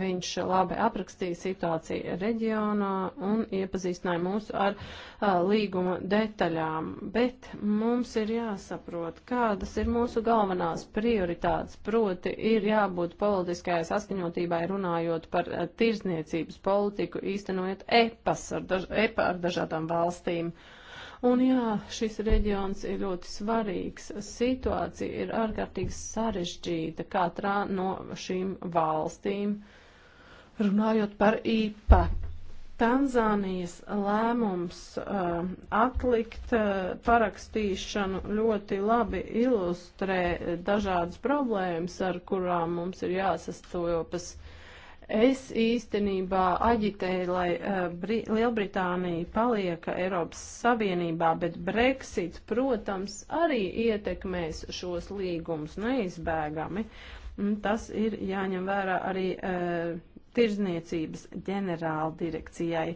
Viņš labi aprakstīja situāciju reģionā un iepazīstināja mūs ar a, līguma detaļām. Bet mums ir jāsaprot, kādas ir mūsu galvenās prioritātes. Proti ir jābūt politiskajai saskaņotībai runājot par a, tirzniecības politiku, īstenojot EPAS ar, daž, EPA ar dažādām valstīm. Uh, Un jā, šis reģions ir ļoti svarīgs. Situācija ir ārkārtīgi sarežģīta katrā no šīm valstīm. Runājot par IPA, Tanzānijas lēmums uh, atlikt uh, parakstīšanu ļoti labi ilustrē dažādas problēmas, ar kurām mums ir jāsastopas. Uh, Es īstenībā aģitēju, lai uh, Bri Lielbritānija palieka Eiropas Savienībā, bet Brexit, protams, arī ietekmēs šos līgumus neizbēgami. Un tas ir jāņem vērā arī uh, tirzniecības ģenerāla direkcijai.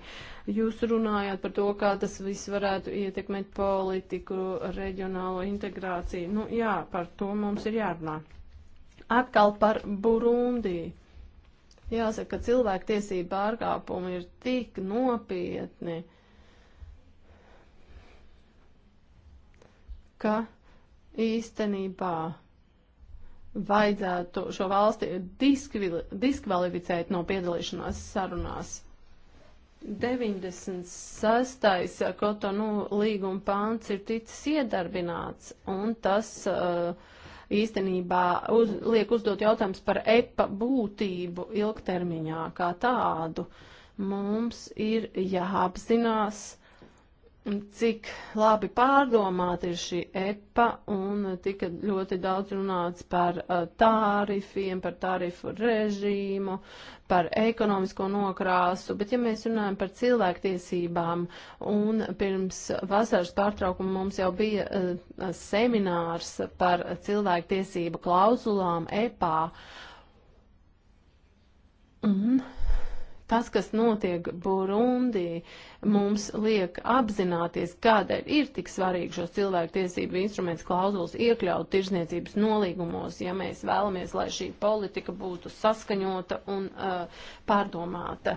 Jūs runājāt par to, kā tas viss varētu ietekmēt politiku, reģionālo integrāciju. Nu jā, par to mums ir jārunā. Atkal par Burundiju Jāsaka, ka cilvēktiesība pārkāpumi ir tik nopietni, ka īstenībā vajadzētu šo valsti diskvil, diskvalificēt no piedalīšanās sarunās. 96. Kotonu līguma pāns ir ticis iedarbināts, un tas uh, īstenībā uz, liek uzdot jautājums par EPA būtību ilgtermiņā kā tādu. Mums ir jāapzinās, cik labi pārdomāti ir šī EPA un tika ļoti daudz runāts par uh, tārifiem, par tārifu režīmu, par ekonomisko nokrāsu, bet ja mēs runājam par cilvēktiesībām un pirms vasaras pārtraukuma mums jau bija uh, seminārs par cilvēktiesību klauzulām EPA. Un mm -hmm Tas, kas notiek Burundī, mums liek apzināties, kādēļ ir tik svarīgi šos cilvēku tiesību instruments klauzulas iekļaut tirzniecības nolīgumos, ja mēs vēlamies, lai šī politika būtu saskaņota un uh, pārdomāta.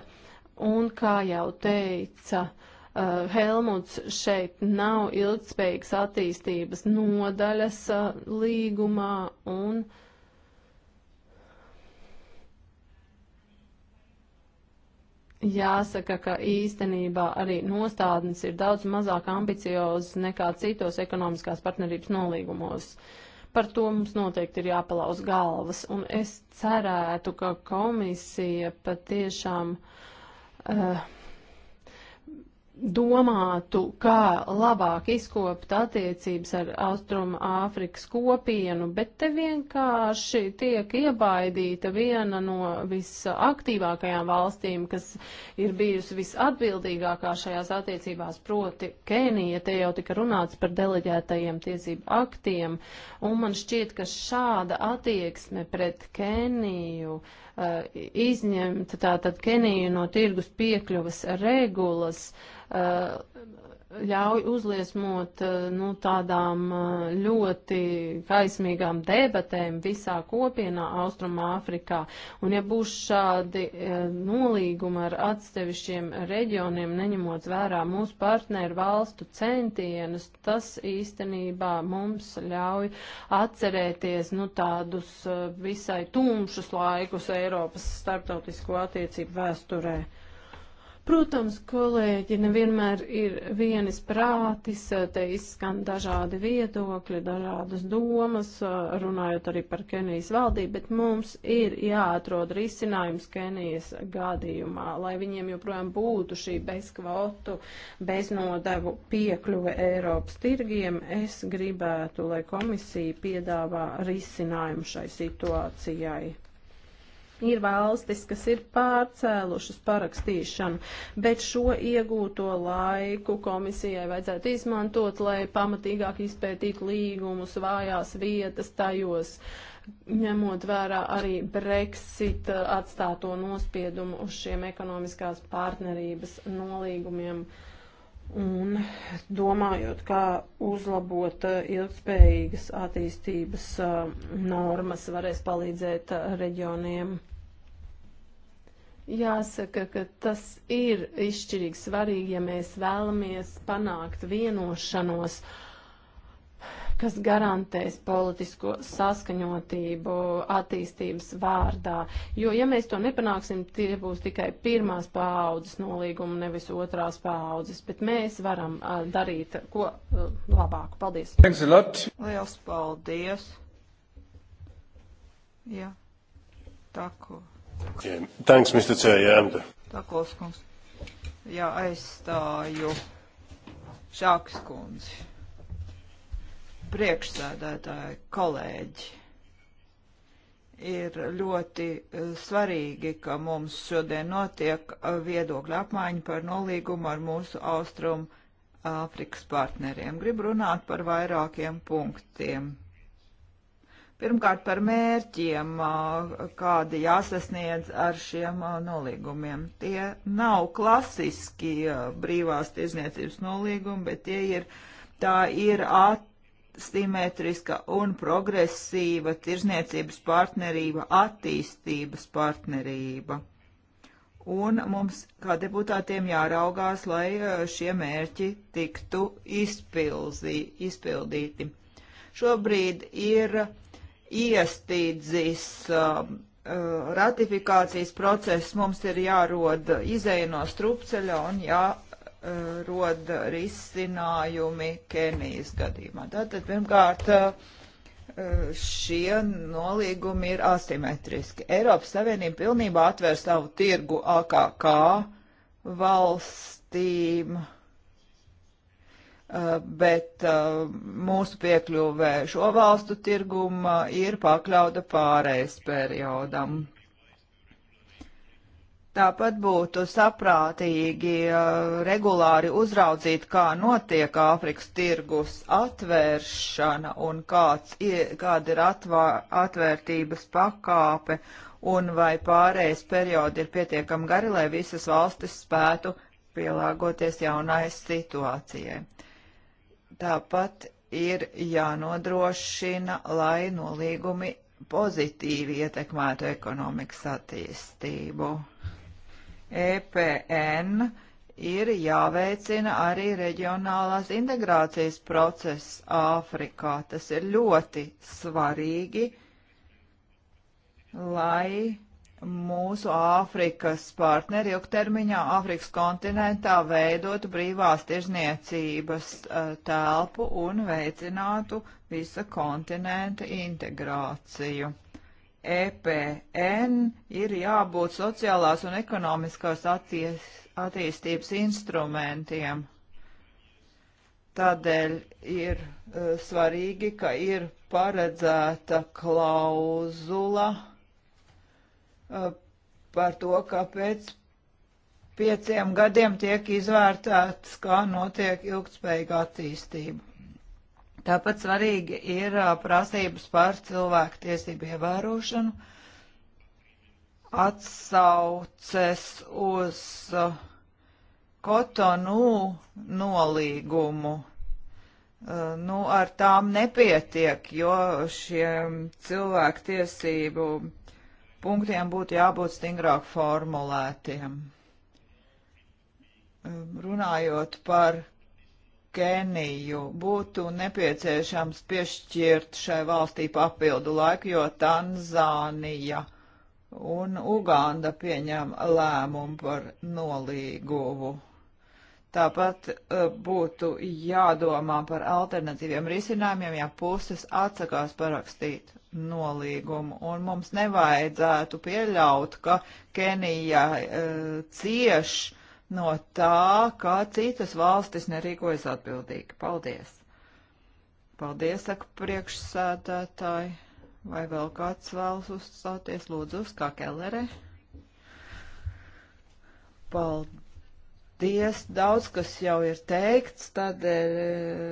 Un, kā jau teica, uh, Uh, Helmuts šeit nav ilgspējīgas attīstības nodaļas uh, līgumā un uh, Jāsaka, ka īstenībā arī nostādnes ir daudz mazāk ambiciozas nekā citos ekonomiskās partnerības nolīgumos. Par to mums noteikti ir jāpalauz galvas, un es cerētu, ka komisija patiešām uh, domātu, kā labāk izkopt attiecības ar Austrumu Āfrikas kopienu, bet te vienkārši tiek iebaidīta viena no visaktīvākajām valstīm, kas ir bijusi visatbildīgākā šajās attiecībās, proti Kenija, te jau tika runāts par deleģētajiem tiesību aktiem, un man šķiet, ka šāda attieksme pret Keniju uh, Uh, izņemta tātad Kenija no tirgus piekļuvas regulas. Uh, ļauj uzliesmot eh, nu, tādām eh, ļoti kaismīgām debatēm visā kopienā Austrumāfrikā. Un ja būs šādi eh, nolīgumi ar atsevišķiem reģioniem, neņemot vērā mūsu partneru valstu centienus, tas īstenībā mums ļauj atcerēties nu, tādus visai tumšus laikus Eiropas starptautisko attiecību vēsturē. Protams, kolēģi nevienmēr ir vienis prātis, te izskan dažādi viedokļi, dažādas domas, runājot arī par Kenijas valdību, bet mums ir jāatrod risinājums Kenijas gadījumā, lai viņiem joprojām būtu šī bezkvotu, beznodevu piekļuve Eiropas tirgiem. Es gribētu, lai komisija piedāvā risinājumu šai situācijai. Ir valstis, kas ir pārcēlušas parakstīšanu, bet šo iegūto laiku komisijai vajadzētu izmantot, lai pamatīgāk izpētītu līgumus, vājās vietas tajos, ņemot vērā arī Brexit atstāto nospiedumu uz šiem ekonomiskās partnerības nolīgumiem. Uh, un domājot, kā uzlabot eh, ilgspējīgas attīstības eh, normas, varēs palīdzēt eh, reģioniem. Jāsaka, ka tas ir izšķirīgi svarīgi, ja mēs vēlamies panākt vienošanos uh, kas garantēs politisko saskaņotību attīstības vārdā. Jo, ja mēs to nepanāksim, tie būs tikai pirmās paaudzes nolīgumi, nevis otrās paaudzes, bet mēs varam uh, darīt ko uh, labāku. Paldies! Thanks a lot! Liels paldies! Jā, tā ko. Yeah. Thanks, Mr. Chair. Tā ko, skungs. Jā, aizstāju Šāks kundzi priekšsēdētāji, kolēģi. Ir ļoti eh, svarīgi, ka mums šodien notiek eh, viedokļa apmaiņa par nolīgumu ar mūsu austrumu Āfrikas partneriem. Gribu runāt par vairākiem punktiem. Pirmkārt, par mērķiem, eh, kādi jāsasniedz ar šiem nolīgumiem. Tie nav klasiski brīvās tirzniecības nolīgumi, bet tie ir, tā ir at simetriska un progresīva tirzniecības partnerība, attīstības partnerība. Un mums, kā deputātiem, jāraugās, lai e, šie mērķi tiktu izpilzī, izpildīti. Šobrīd ir iestīdzis uh, ratifikācijas process, mums ir jārod izeja no strupceļa un jā, Eh, roda risinājumi Kenijas gadījumā. Tātad, pirmkārt, eh, šie nolīgumi ir asimetriski. Eiropas Savienība pilnībā atver savu tirgu AKK valstīm, eh, bet mūsu piekļuvē šo valstu tirguma ir pakļauta pārējais periodam. Tāpat būtu saprātīgi uh, regulāri uzraudzīt, kā notiek Āfrikas tirgus atvēršana un kāds, kāda ir atvā, atvērtības pakāpe un vai pārējais periodi ir pietiekami gari, lai visas valstis spētu pielāgoties jaunai situācijai. Tāpat ir jānodrošina, lai nolīgumi pozitīvi ietekmētu ekonomikas attīstību. EPN ir jāveicina arī reģionālās integrācijas process Āfrikā. Tas ir ļoti svarīgi, lai mūsu Āfrikas partneri ilgtermiņā Āfrikas kontinentā veidotu brīvās tirzniecības eh, telpu un veicinātu visa kontinenta integrāciju. EPN ir jābūt sociālās un ekonomiskās atties, attīstības instrumentiem. Tādēļ ir uh, svarīgi, ka ir paredzēta klauzula uh, par to, ka pēc pieciem gadiem tiek izvērtēts, kā notiek ilgspējīga attīstība. Tāpat svarīgi ir prasības par cilvēku tiesību ievērošanu, atsauces uz kotonu nolīgumu. Nu, ar tām nepietiek, jo šiem cilvēku tiesību punktiem būtu jābūt stingrāk formulētiem. Runājot par Keniju būtu nepieciešams piešķirt šai valstī papildu laiku, jo Tanzānija un Uganda pieņem lēmumu par nolīguvu. Tāpat eh, būtu jādomā par alternatīviem risinājumiem, ja puses atsakās parakstīt nolīgumu. Un mums nevajadzētu pieļaut, ka Kenija uh, eh, cieši no tā, kā citas valstis nerīkojas atbildīgi. Paldies! Paldies, saka priekšsēdētāji. Vai vēl kāds vēlas uzstāties? Lūdzu, uz kā kellere. Paldies, daudz kas jau ir teikts, tādēļ eh,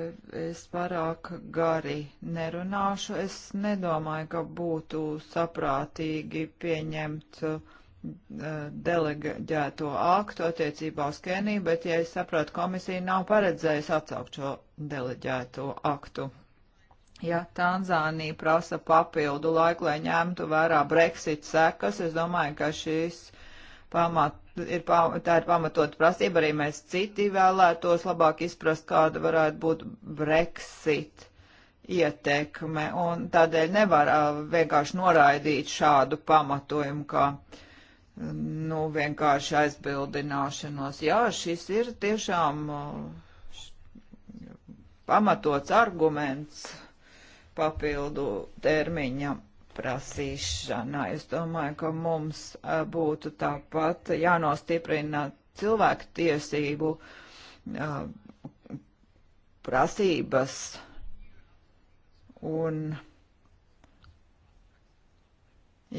es pārāk gari nerunāšu. Es nedomāju, ka būtu saprātīgi pieņemt uh, deleģēto aktu attiecībā uz Keniju, bet, ja es saprotu, komisija nav paredzējusi atsaukt šo deleģēto aktu. Ja Tanzānija prasa papildu laiku, lai ņemtu vērā Brexit sekas, es domāju, ka šīs pamat, ir, tā ir pamatot prasība. Arī mēs citi vēlētos labāk izprast, kāda varētu būt Brexit ietekme, un tādēļ nevar vienkārši noraidīt šādu pamatojumu, kā. Ka nu, vienkārši aizbildināšanos. Jā, šis ir tiešām uh, pamatots arguments papildu termiņa prasīšanai. Es domāju, ka mums uh, būtu tāpat jānostiprina cilvēku tiesību uh, prasības un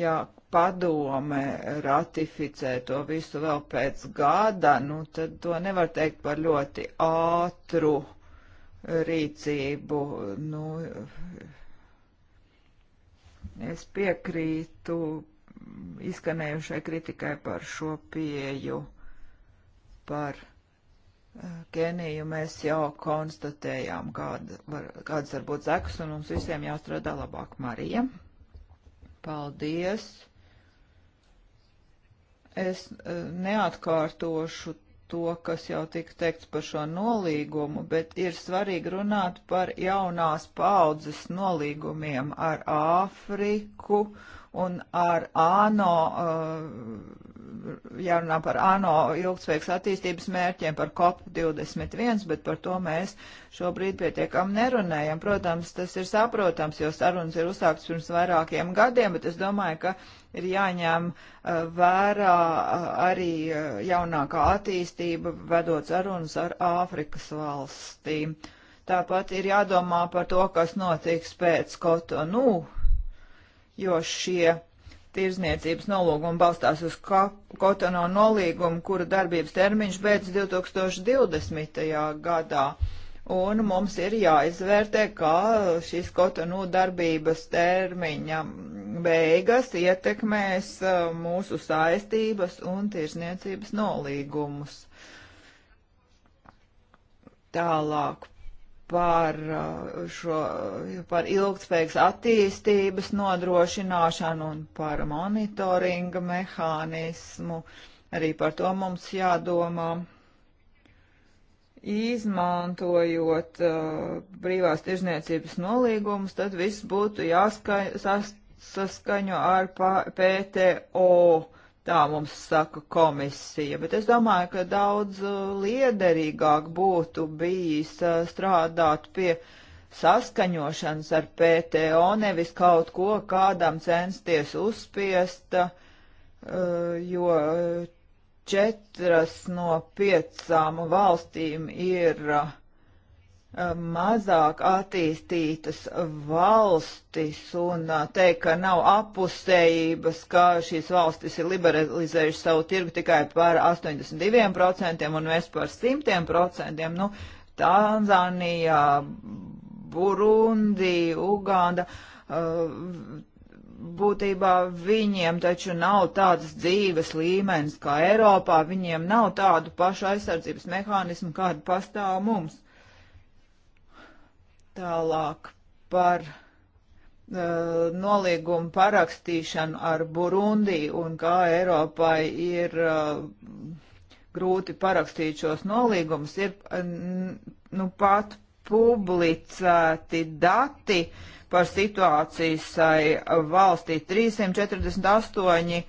jā, padome ratificē to visu vēl pēc gada, nu tad to nevar teikt par ļoti ātru rīcību. Nu, es piekrītu izskanējušai kritikai par šo pieju, par eh, Keniju mēs jau konstatējām, kāda var, kādas var būt zekas, un mums visiem jāstrādā labāk. Marija, paldies! Es e, neatkārtošu to, kas jau tika teikts par šo nolīgumu, bet ir svarīgi runāt par jaunās paudzes nolīgumiem ar Āfriku un ar ANO uh, jārunā par ANO ilgspējīgas attīstības mērķiem, par COP21, bet par to mēs šobrīd pietiekam nerunējam. Protams, tas ir saprotams, jo sarunas ir uzsāktas pirms vairākiem gadiem, bet es domāju, ka ir jāņem uh, vērā uh, arī uh, jaunākā attīstība, vedot sarunas ar Āfrikas valstīm. Tāpat ir jādomā par to, kas notiks pēc Kotonu, jo šie tirzniecības nolūguma balstās uz Kotono nolīgumu, kura darbības termiņš beidz 2020. gadā. Un mums ir jāizvērtē, kā šis Kotonu darbības termiņa beigas ietekmēs uh, mūsu saistības un tirzniecības nolīgumus. Tālāk par, uh, šo, par ilgspējīgas attīstības nodrošināšanu un par monitoringa mehānismu. Arī par to mums jādomā. Izmantojot uh, brīvās tirzniecības nolīgumus, tad viss būtu jāskaņo saskaņo ar PTO Tā mums saka komisija, bet es domāju, ka daudz uh, liederīgāk būtu bijis uh, strādāt pie saskaņošanas ar PTO, nevis kaut ko kādam censties uzspiest, uh, jo četras no piecām valstīm ir uh, mazāk attīstītas valstis un teikt, ka nav apusējības, ka šīs valstis ir liberalizējuši savu tirgu tikai par 82% un mēs par 100%. Nu, Tanzānija, Burundi, Uganda. Uh, būtībā viņiem taču nav tādas dzīves līmenis kā Eiropā, viņiem nav tādu pašu aizsardzības mehānismu, kādu pastāv mums. Tālāk par uh, nolīgumu parakstīšanu ar Burundi un kā Eiropai ir uh, grūti parakstīt šos nolīgumus, ir nu, pat publicēti dati par situāciju valstī 348 uh,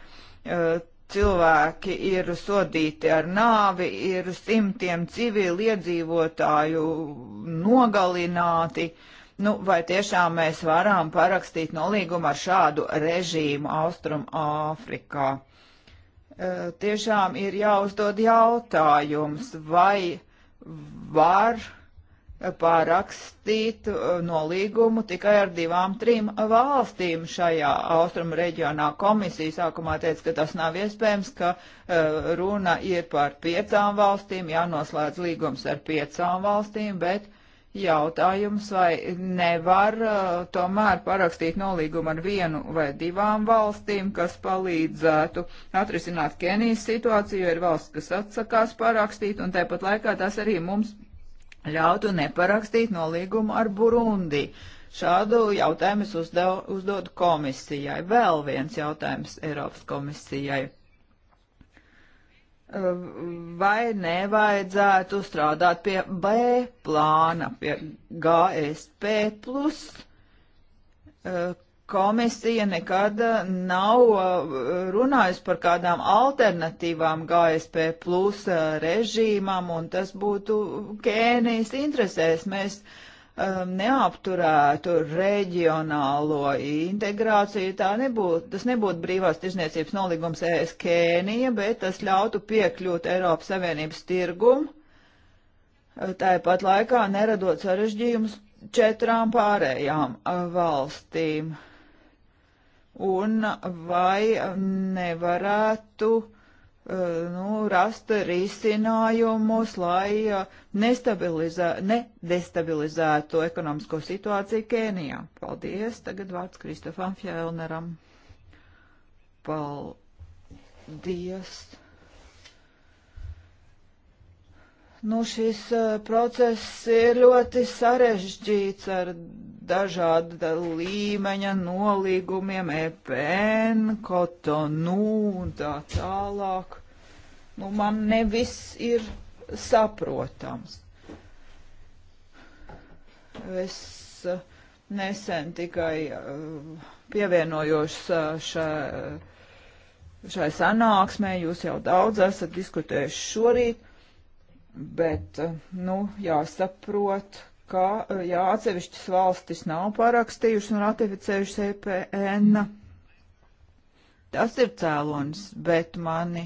cilvēki ir sodīti ar nāvi, ir simtiem civiliedzīvotāju nogalināti. Nu, vai tiešām mēs varam parakstīt nolīgumu ar šādu režīmu Austrum Āfrikā? E, tiešām ir jāuzdod jautājums, vai var pārakstīt uh, nolīgumu tikai ar divām, trim valstīm šajā austrumu reģionā. Komisija sākumā teica, ka tas nav iespējams, ka uh, runa ir par piecām valstīm, jānoslēdz līgums ar piecām valstīm, bet jautājums, vai nevar uh, tomēr parakstīt nolīgumu ar vienu vai divām valstīm, kas palīdzētu atrisināt Kenijas situāciju, ir valsts, kas atsakās parakstīt, un tāpat laikā tas arī mums ļautu neparakstīt nolīgumu ar Burundi. Šādu jautājumu es uzdev, uzdodu komisijai. Vēl viens jautājums Eiropas komisijai. Vai nevajadzētu strādāt pie B plāna, pie GSP plus, komisija nekad eh, nav eh, runājusi par kādām alternatīvām GSP plus eh, režīmam, un tas būtu Kēnijas interesēs. Mēs um, neapturētu reģionālo integrāciju, tā nebūtu, tas nebūtu brīvās tirzniecības nolīgums ES Kēnija, bet tas ļautu piekļūt Eiropas Savienības tirgumu, tāpat laikā neradot sarežģījumus četrām pārējām valstīm un vai nevarētu eh, nu, rast risinājumus, lai eh, nedestabilizētu ekonomisko situāciju Kēnijā. Paldies! Tagad vārds Kristofam Fjellneram. Paldies! nu, šis eh, process ir ļoti sarežģīts ar dažāda līmeņa nolīgumiem, EPN, Kotonu un tā tālāk. Nu, man nevis ir saprotams. Es eh, nesen tikai eh, pievienojos šai, šai sanāksmē, jūs jau daudz esat diskutējuši šorīt bet, eh, nu, jāsaprot, ka, eh, jā, atsevišķas valstis nav parakstījušas un ratificējušas EPN. Tas ir cēlonis, bet mani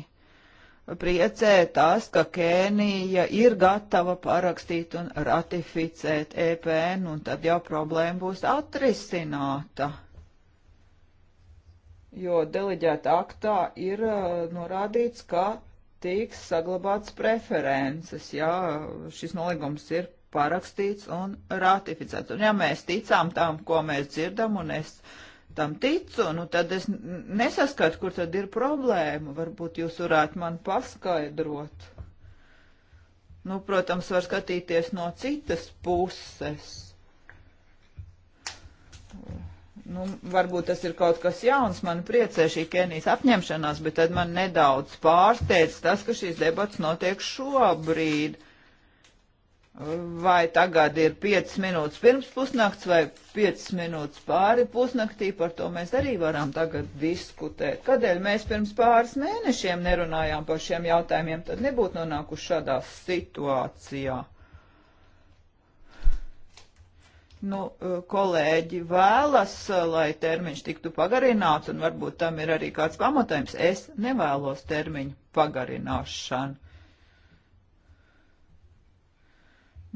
priecē tas, ka Kēnija ir gatava parakstīt un ratificēt EPN, un tad jau problēma būs atrisināta jo deleģēta aktā ir uh, norādīts, ka tiks saglabāts preferences, ja šis nolīgums ir parakstīts un ratificēts. Un ja mēs ticām tam, ko mēs dzirdam, un es tam ticu, nu tad es nesaskatu, kur tad ir problēma. Varbūt jūs varētu man paskaidrot. Nu, protams, var skatīties no citas puses nu, varbūt tas ir kaut kas jauns, man priecē šī Kenijas apņemšanās, bet tad man nedaudz pārsteidz tas, ka šīs debats notiek šobrīd. Vai tagad ir 5 minūtes pirms pusnakts vai 5 minūtes pāri pusnaktī, par to mēs arī varam tagad diskutēt. Kādēļ mēs pirms pāris mēnešiem nerunājām par šiem jautājumiem, tad nebūtu nonākuši šādā situācijā. nu, e, kolēģi vēlas, e, lai termiņš tiktu pagarināts, un varbūt tam ir arī kāds pamatojums. Es nevēlos termiņu pagarināšanu.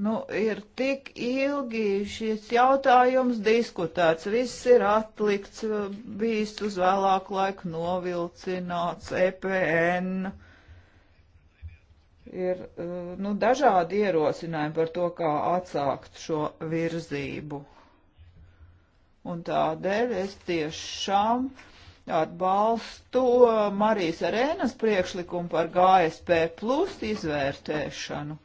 Nu, ir tik ilgi šis jautājums diskutēts, viss ir atlikts, e, bijis uz vēlāku laiku novilcināts, EPN. Uh, ir eh, nu, dažādi ierosinājumi par to, kā atsākt šo virzību. Un tādēļ es tiešām atbalstu Marijas arēnas priekšlikumu par GSP plus izvērtēšanu.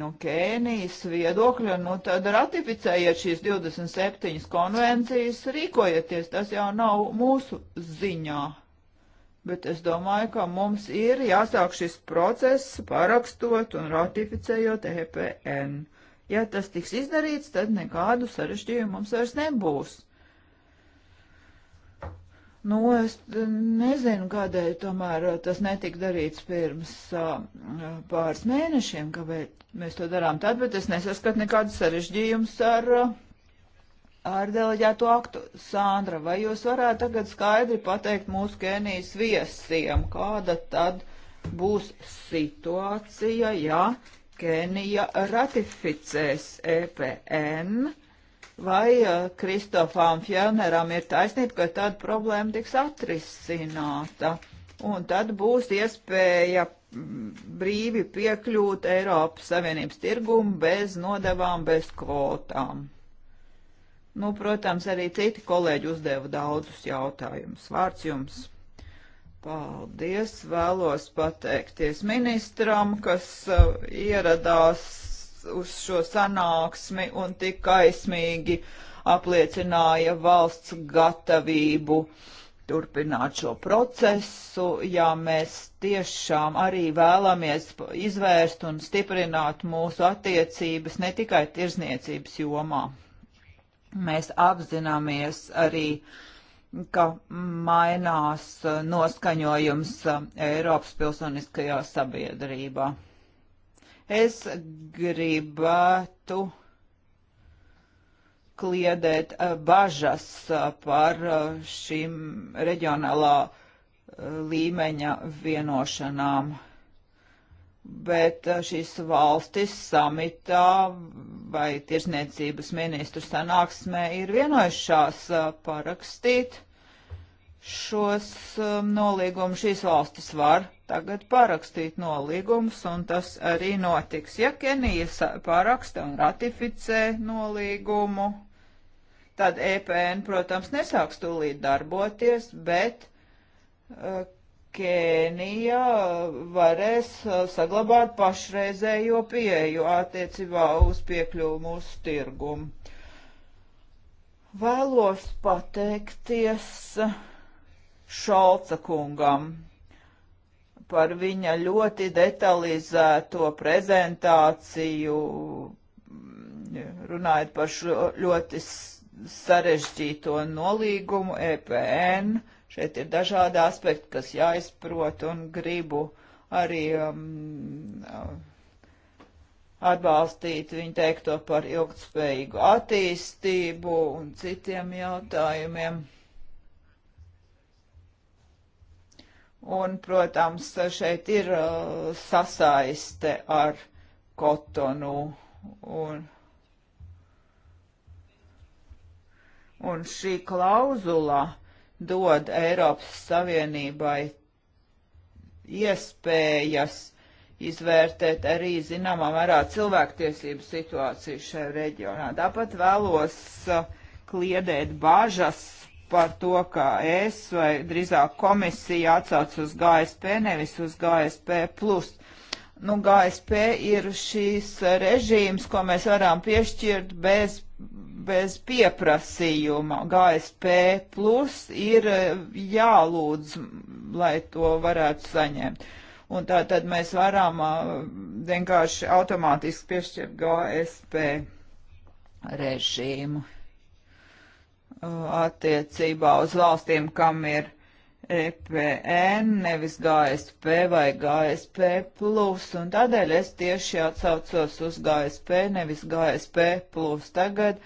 Nu, Kēnijas viedokļa, nu tad ratificējiet šīs 27 konvencijas, rīkojieties, tas jau nav mūsu ziņā bet es domāju, ka mums ir jāsāk šis process parakstot un ratificējot EPN. Ja tas tiks izdarīts, tad nekādu sarežģījumu mums vairs nebūs. Nu, es nezinu, kādēļ tomēr tas netika darīts pirms uh, pāris mēnešiem, kāpēc mēs to darām tad, bet es nesaskatu nekādus sarežģījumus ar uh, ar deleģēto aktu. Sandra, vai jūs varētu tagad skaidri pateikt mūsu Kenijas viesiem, kāda tad būs situācija, ja Kenija ratificēs EPN? Vai eh, Kristofām Fjellneram ir taisnība, ka tad problēma tiks atrisināta? Un tad būs iespēja mm, brīvi piekļūt Eiropas Savienības tirgumu bez nodevām, bez kvotām. Nu, protams, arī citi kolēģi uzdeva daudzus jautājumus. Vārds jums. Paldies, vēlos pateikties ministram, kas uh, ieradās uz šo sanāksmi un tik aizmīgi apliecināja valsts gatavību turpināt šo procesu, ja mēs tiešām arī vēlamies izvērst un stiprināt mūsu attiecības ne tikai tirzniecības jomā. Mēs apzināmies arī, ka mainās uh, noskaņojums uh, Eiropas pilsoniskajā sabiedrībā. Es gribētu kliedēt uh, bažas par šīm reģionālā līmeņa vienošanām bet eh, šīs valstis samitā vai tirsniecības ministru sanāksmē ir vienojušās eh, parakstīt šos eh, nolīgumus. Šīs valstis var tagad parakstīt nolīgumus, un tas arī notiks. Ja Kenija paraksta un ratificē nolīgumu, tad EPN, protams, nesāks tūlīt darboties, bet Kēnija varēs uh, saglabāt pašreizējo pieeju attiecībā uz piekļuvu mūsu tirgumu. Vēlos pateikties Šalca kungam par viņa ļoti detalizēto prezentāciju, runājot par šo ļoti sarežģīto nolīgumu EPN Šeit ir dažādi aspekti, kas jāizprot un gribu arī um, uh, atbalstīt viņu teikto par ilgtspējīgu attīstību un citiem jautājumiem. Un, protams, šeit ir uh, sasaiste ar kotonu un, un šī klauzula dod Eiropas Savienībai iespējas izvērtēt arī zināmā mērā cilvēktiesību situāciju šajā reģionā. Tāpat vēlos uh, kliedēt bažas par to, ka es vai drīzāk komisija atsauc uz GSP, nevis uz GSP. Plus nu, GSP ir šīs režīms, ko mēs varam piešķirt bez, bez pieprasījuma. GSP plus ir jālūdz, lai to varētu saņemt. Un tā tad mēs varam vienkārši automātiski piešķirt GSP režīmu attiecībā uz valstīm, kam ir EPN, nevis GSP vai GSP plus, un tādēļ es tieši atsaucos uz GSP, nevis GSP plus. Tagad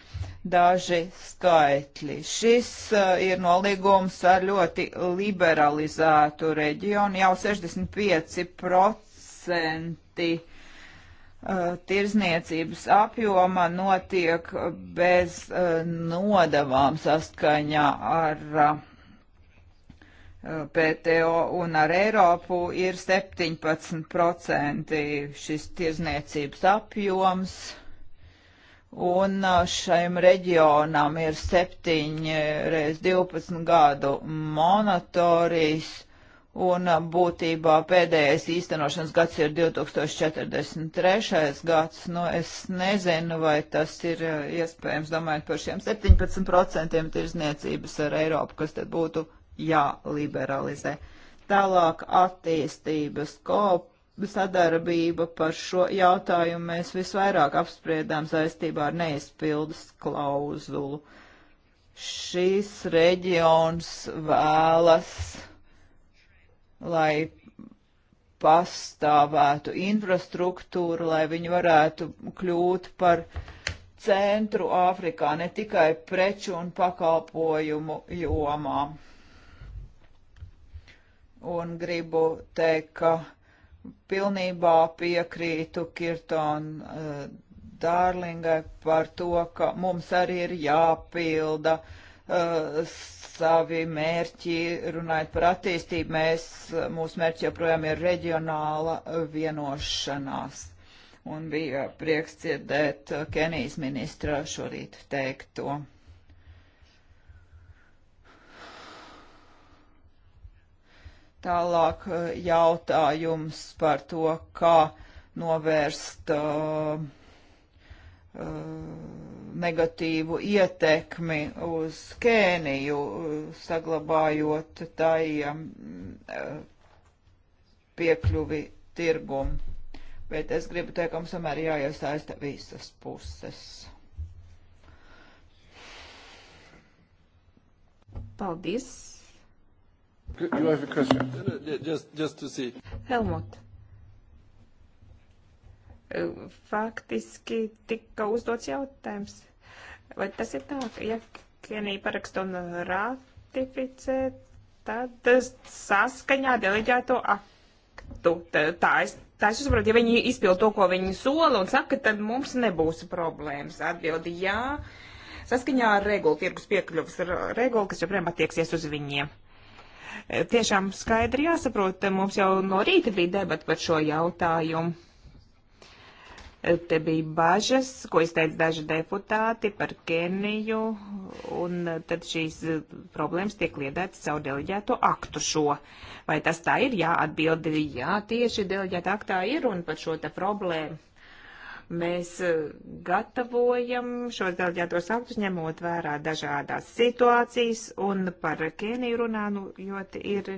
daži skaitļi. Šis uh, ir nolīgums ar ļoti liberalizētu reģionu, jau 65% uh, tirzniecības apjoma notiek bez uh, nodavām saskaņā ar uh, PTO un ar Eiropu ir 17% šis tirzniecības apjoms. Un šim reģionam ir 7 reiz 12 gadu monotorijas, un būtībā pēdējais īstenošanas gads ir 2043. gads. Nu, es nezinu, vai tas ir iespējams, domājot par šiem 17% tirzniecības ar Eiropu, kas tad būtu jāliberalizē. Tālāk attīstības kop sadarbība par šo jautājumu mēs visvairāk apspriedām saistībā ar neizpildes klauzulu. Šis reģions vēlas, lai pastāvētu infrastruktūra, lai viņi varētu kļūt par centru Āfrikā ne tikai preču un pakalpojumu jomā un gribu teikt, ka pilnībā piekrītu Kirton uh, Dārlingai par to, ka mums arī ir jāpilda uh, savi mērķi, runājot par attīstību, mēs, mūsu mērķi joprojām ir reģionāla vienošanās. Un bija prieks dzirdēt eh, Kenijas ministra šorīt teikto. Tālāk eh, jautājums par to, kā novērst uh, uh, negatīvu ietekmi uz Kēniju, saglabājot tai um, piekļuvi tirgumu. Bet es gribu teikt, ka mums tomēr jāiesaista visas puses. Paldies! You have a question? Just, just to see. Helmut. Faktiski tika uzdots jautājums, vai tas ir tā, ka ja Kenija paraksta un ratificē, tad saskaņā deleģēto aktu. Tā es, tā es uzprotu, ja viņi izpild to, ko viņi sola un saka, tad mums nebūs problēmas. Atbildi jā. Saskaņā ar regulu, tirgus piekļuvas regulu, kas joprojām attieksies uz viņiem tiešām skaidri jāsaprot, eh, mums jau no rīta bija debata par šo jautājumu. Eh, te bija bažas, ko izteica daži deputāti par Keniju, un eh, tad šīs problēmas tiek liedētas savu deleģēto aktu šo. Vai tas tā ir? Jā, atbildi, jā, tieši deleģēta aktā ir un par šo te problēmu Mēs e, gatavojam šos delģētos aktus, ņemot vērā dažādās situācijas, un par Keniju runānu, jo ir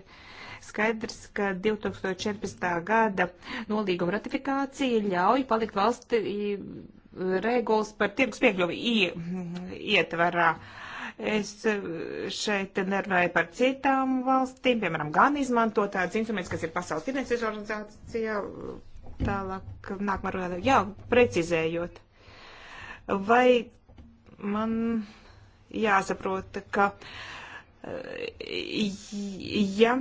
skaidrs, ka 2014. gada nolīguma ratifikācija ļauj palikt valsti regulas par tirgus piekļuvi ietverā. Es e, šeit nerunāju par citām valstīm, piemēram, gan izmanto tāds instruments, kas ir Pasaules tirdzniecības organizācijā, Tālāk, nākamā runā, jā, precizējot. Vai man jāsaprot, ka, e, ja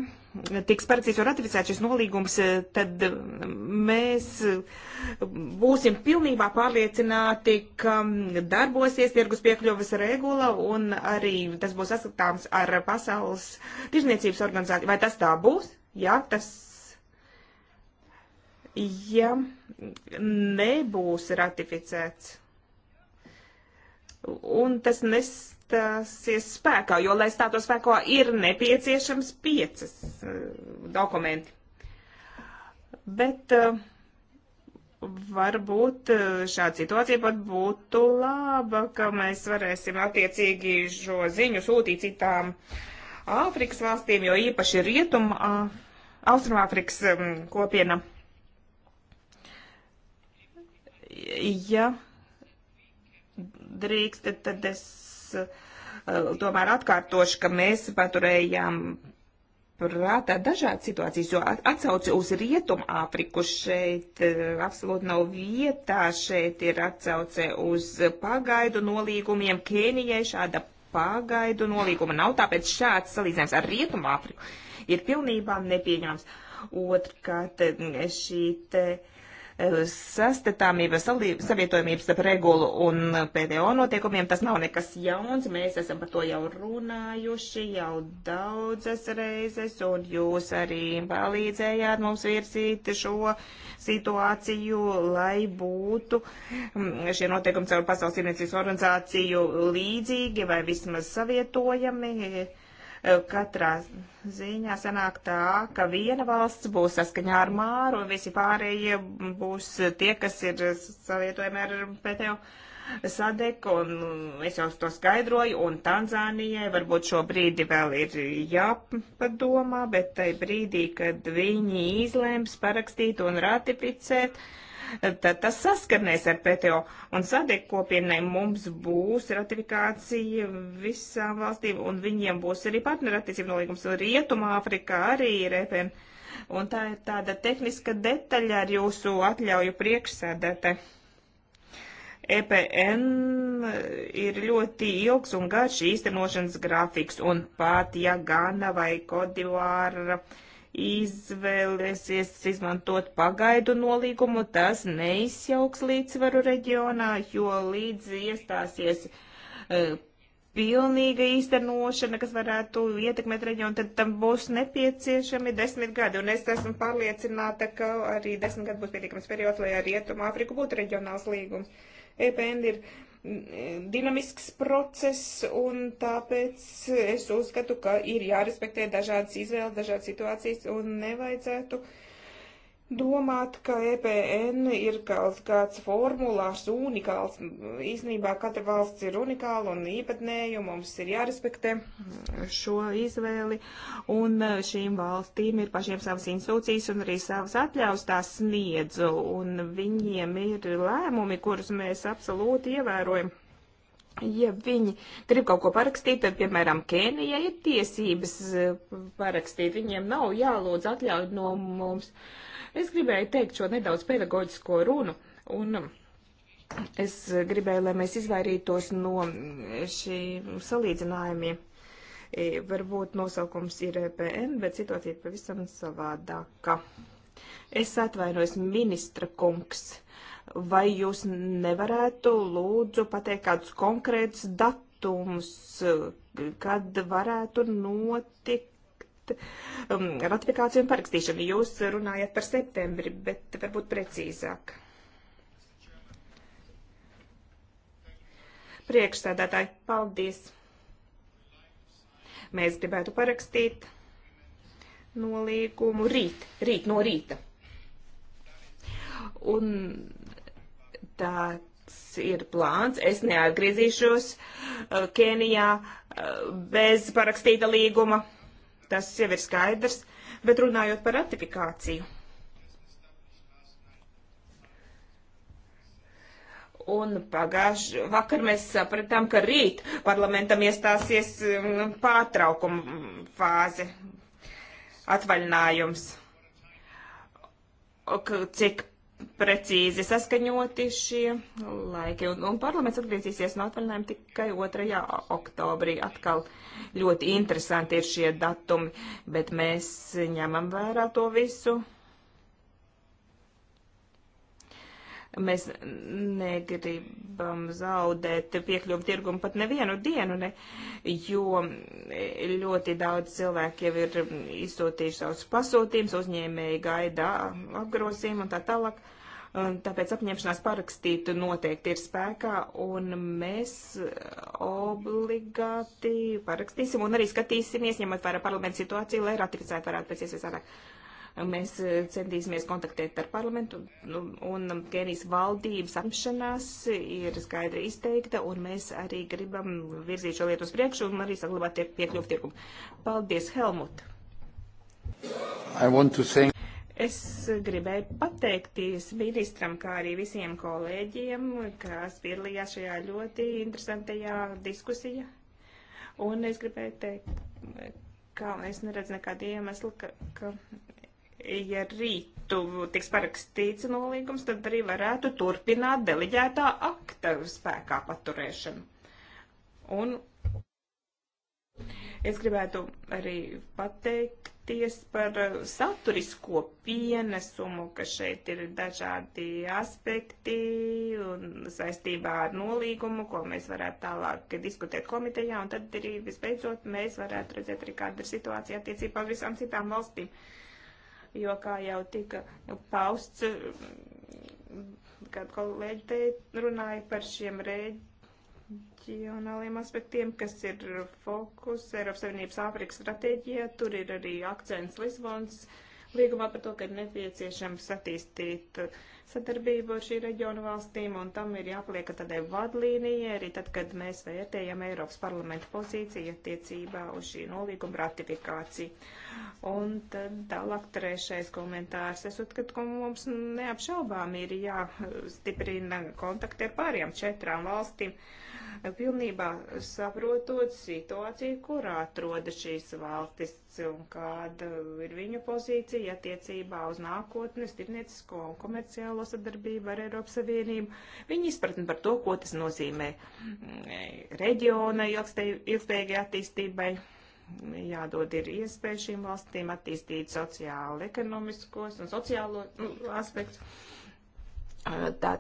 tiks parakstīts un ratificēts šis nolīgums, e, tad mēs būsim pilnībā pārliecināti, ka darbosies tirgus piekļuves regula un arī tas būs saskatāms ar pasaules tirzniecības organizāciju. Vai tas tā būs? Jā, tas ja nebūs ratificēts. Un tas nestāsies spēkā, jo, lai stātos spēkā, ir nepieciešams piecas eh, dokumenti. Bet uh, varbūt eh, šāda situācija pat būtu laba, ka mēs varēsim attiecīgi šo ziņu sūtīt citām Āfrikas valstīm, jo īpaši Rietuma Austrumāfrikas mm, kopiena. Um, ja drīkst, tad es eh, tomēr atkārtošu, ka mēs paturējām prātā dažādas situācijas, jo atsauci uz Rietumu Āfriku šeit eh, absolūti nav vietā, šeit ir atsauce uz pagaidu nolīgumiem, Kēnijai šāda pagaidu nolīguma nav, tāpēc šāds salīdzinājums ar Rietumu Āfriku ir pilnībā nepieņēmums. Otrkārt, eh, šī te. Uh, sastatāmības savietojumības ar regulu un PDO notiekumiem. Tas nav nekas jauns, mēs esam par to jau runājuši jau daudzas reizes, un jūs arī palīdzējāt mums virzīt šo situāciju, lai būtu mm, šie notiekumi caur Pasaules tirniecības organizāciju līdzīgi vai vismaz savietojami Eh, katrā ziņā sanāk tā, ka viena valsts būs saskaņā ar māru, un visi pārējie būs tie, kas ir savietojami ar PTO sadeku, un mm, es jau to skaidroju, un Tanzānijai varbūt šobrīd vēl ir jāpadomā, bet tai brīdī, kad viņi izlēms parakstīt un ratificēt, uh, tad tas saskarnēs ar PTO. Un sadek kopienai mums būs ratifikācija visām valstīm, un viņiem būs arī partnerattiecību nolīgums. Rietumā Afrikā arī ir FN. Un tā ir tāda tehniska detaļa ar jūsu atļauju priekšsēdētāji. EPN ir ļoti ilgs un garš īstenošanas grafiks, un pat ja Gana vai Kodivāra uh, izvēlēsies izmantot pagaidu nolīgumu, tas neizjauks līdzsvaru reģionā, jo līdz iestāsies uh, pilnīga īstenošana, kas varētu ietekmēt reģionu, tad tam būs nepieciešami desmit gadi. Un es esmu pārliecināta, ka arī desmit gadi būs pietiekams periods, lai ar Rietumu Āfriku būtu reģionāls līgums. EPN ir dinamisks process, un tāpēc es uzskatu, ka ir jārespektē dažādas izvēles, dažādas situācijas, un nevajadzētu uh, domāt, ka EPN ir kaut kāds formulārs unikāls. Īsnībā katra valsts ir unikāla un īpatnēja, mums ir jārespektē šo izvēli, un šīm valstīm ir pašiem savas institūcijas un arī savas atļaus tās sniedzu, un viņiem ir lēmumi, kurus mēs absolūti ievērojam. Ja viņi grib kaut ko parakstīt, tad, piemēram, Kēnijai ir tiesības parakstīt, viņiem nav jālūdz atļauj no mums. Uh, Es gribēju teikt šo nedaudz pedagoģisko runu, un es gribēju, lai mēs izvairītos no šīm salīdzinājumiem. E, varbūt nosaukums ir e PM, bet situācija ir pavisam savādāka. Es atvainojos, ministra kungs, vai jūs nevarētu lūdzu pateikt kādus konkrētus datumus, kad varētu notikt Um, ratifikāciju un parakstīšanu. Jūs runājat par septembri, bet varbūt precīzāk. Priekšsēdētāji, paldies! Mēs gribētu parakstīt nolīgumu rīt, rīt no rīta. Un tāds ir plāns. Es neatgriezīšos uh, Kenijā uh, bez parakstīta līguma tas jau ir skaidrs, bet runājot par ratifikāciju. Un pagājuši vakar mēs sapratām, ka rīt parlamentam iestāsies mm, pārtraukuma fāze, atvaļinājums cik precīzi saskaņoti šie laiki. Un, un parlaments atgriezīsies no atvaļinājuma tikai 2. oktobrī. Atkal ļoti interesanti ir šie datumi, bet mēs ņemam vērā to visu Mēs negribam zaudēt piekļuvu tirgumu pat nevienu dienu, ne, jo ļoti daudz cilvēki jau ir izsūtījuši savus pasūtījumus, uzņēmēji gaida apgrozījumu un tā tālāk. Tāpēc apņemšanās parakstīt noteikti ir spēkā, un mēs obligāti parakstīsim un arī skatīsimies, ņemot vērā parlamentu situāciju, lai ratificētu varētu pēc iespējas ātrāk. Mēs e, centīsimies kontaktēt ar parlamentu, nu, un Kenijas valdības apšanās ir skaidri izteikta, un mēs arī gribam virzīt šo lietu uz priekšu un arī saglabāt piekļuvu tirkumu. Paldies, Helmut! Thank... Es gribēju pateikties ministram, kā arī visiem kolēģiem, kas piedalījās šajā ļoti interesantajā diskusijā. Un es gribēju teikt, ka es neredzu nekādu iemeslu, ka, ka ja rīt tiks parakstīts nolīgums, tad arī varētu turpināt deliģētā akta spēkā paturēšanu. Un es gribētu arī pateikties par saturisko pienesumu, ka šeit ir dažādi aspekti un saistībā ar nolīgumu, ko mēs varētu tālāk diskutēt komitejā, un tad arī visbeidzot mēs varētu redzēt arī kāda ir situācija attiecībā uz visām citām valstīm. Uh, jo, kā jau tika nu, pausts, kad kolēģi te runāja par šiem reģionāliem aspektiem, kas ir fokus Eiropas Savienības Āfrikas stratēģijā, tur ir arī akcents Lisbonas līgumā par to, ka ir nepieciešams attīstīt uh, sadarbību ar šī reģiona valstīm, un tam ir jāpliek tādai vadlīnijai arī tad, kad mēs vērtējam Eiropas parlamenta pozīciju attiecībā uz šī nolīguma ratifikāciju. Un tad tālāk trešais komentārs. Es uzskatu, ka mums neapšaubām ir jāstiprina kontakti ar pārējām četrām valstīm, pilnībā saprotot situāciju, kurā atrodas šīs valstis un kāda ir viņu pozīcija attiecībā uz nākotnes tirniecisko un komerciālo sadarbību ar Eiropas Savienību. Viņi izpratni par to, ko tas nozīmē mm, reģiona ilgspējīgai attīstībai. Jādod ir iespēja šīm valstīm attīstīt sociāli, ekonomiskos un sociālo nu, aspektu. Tā,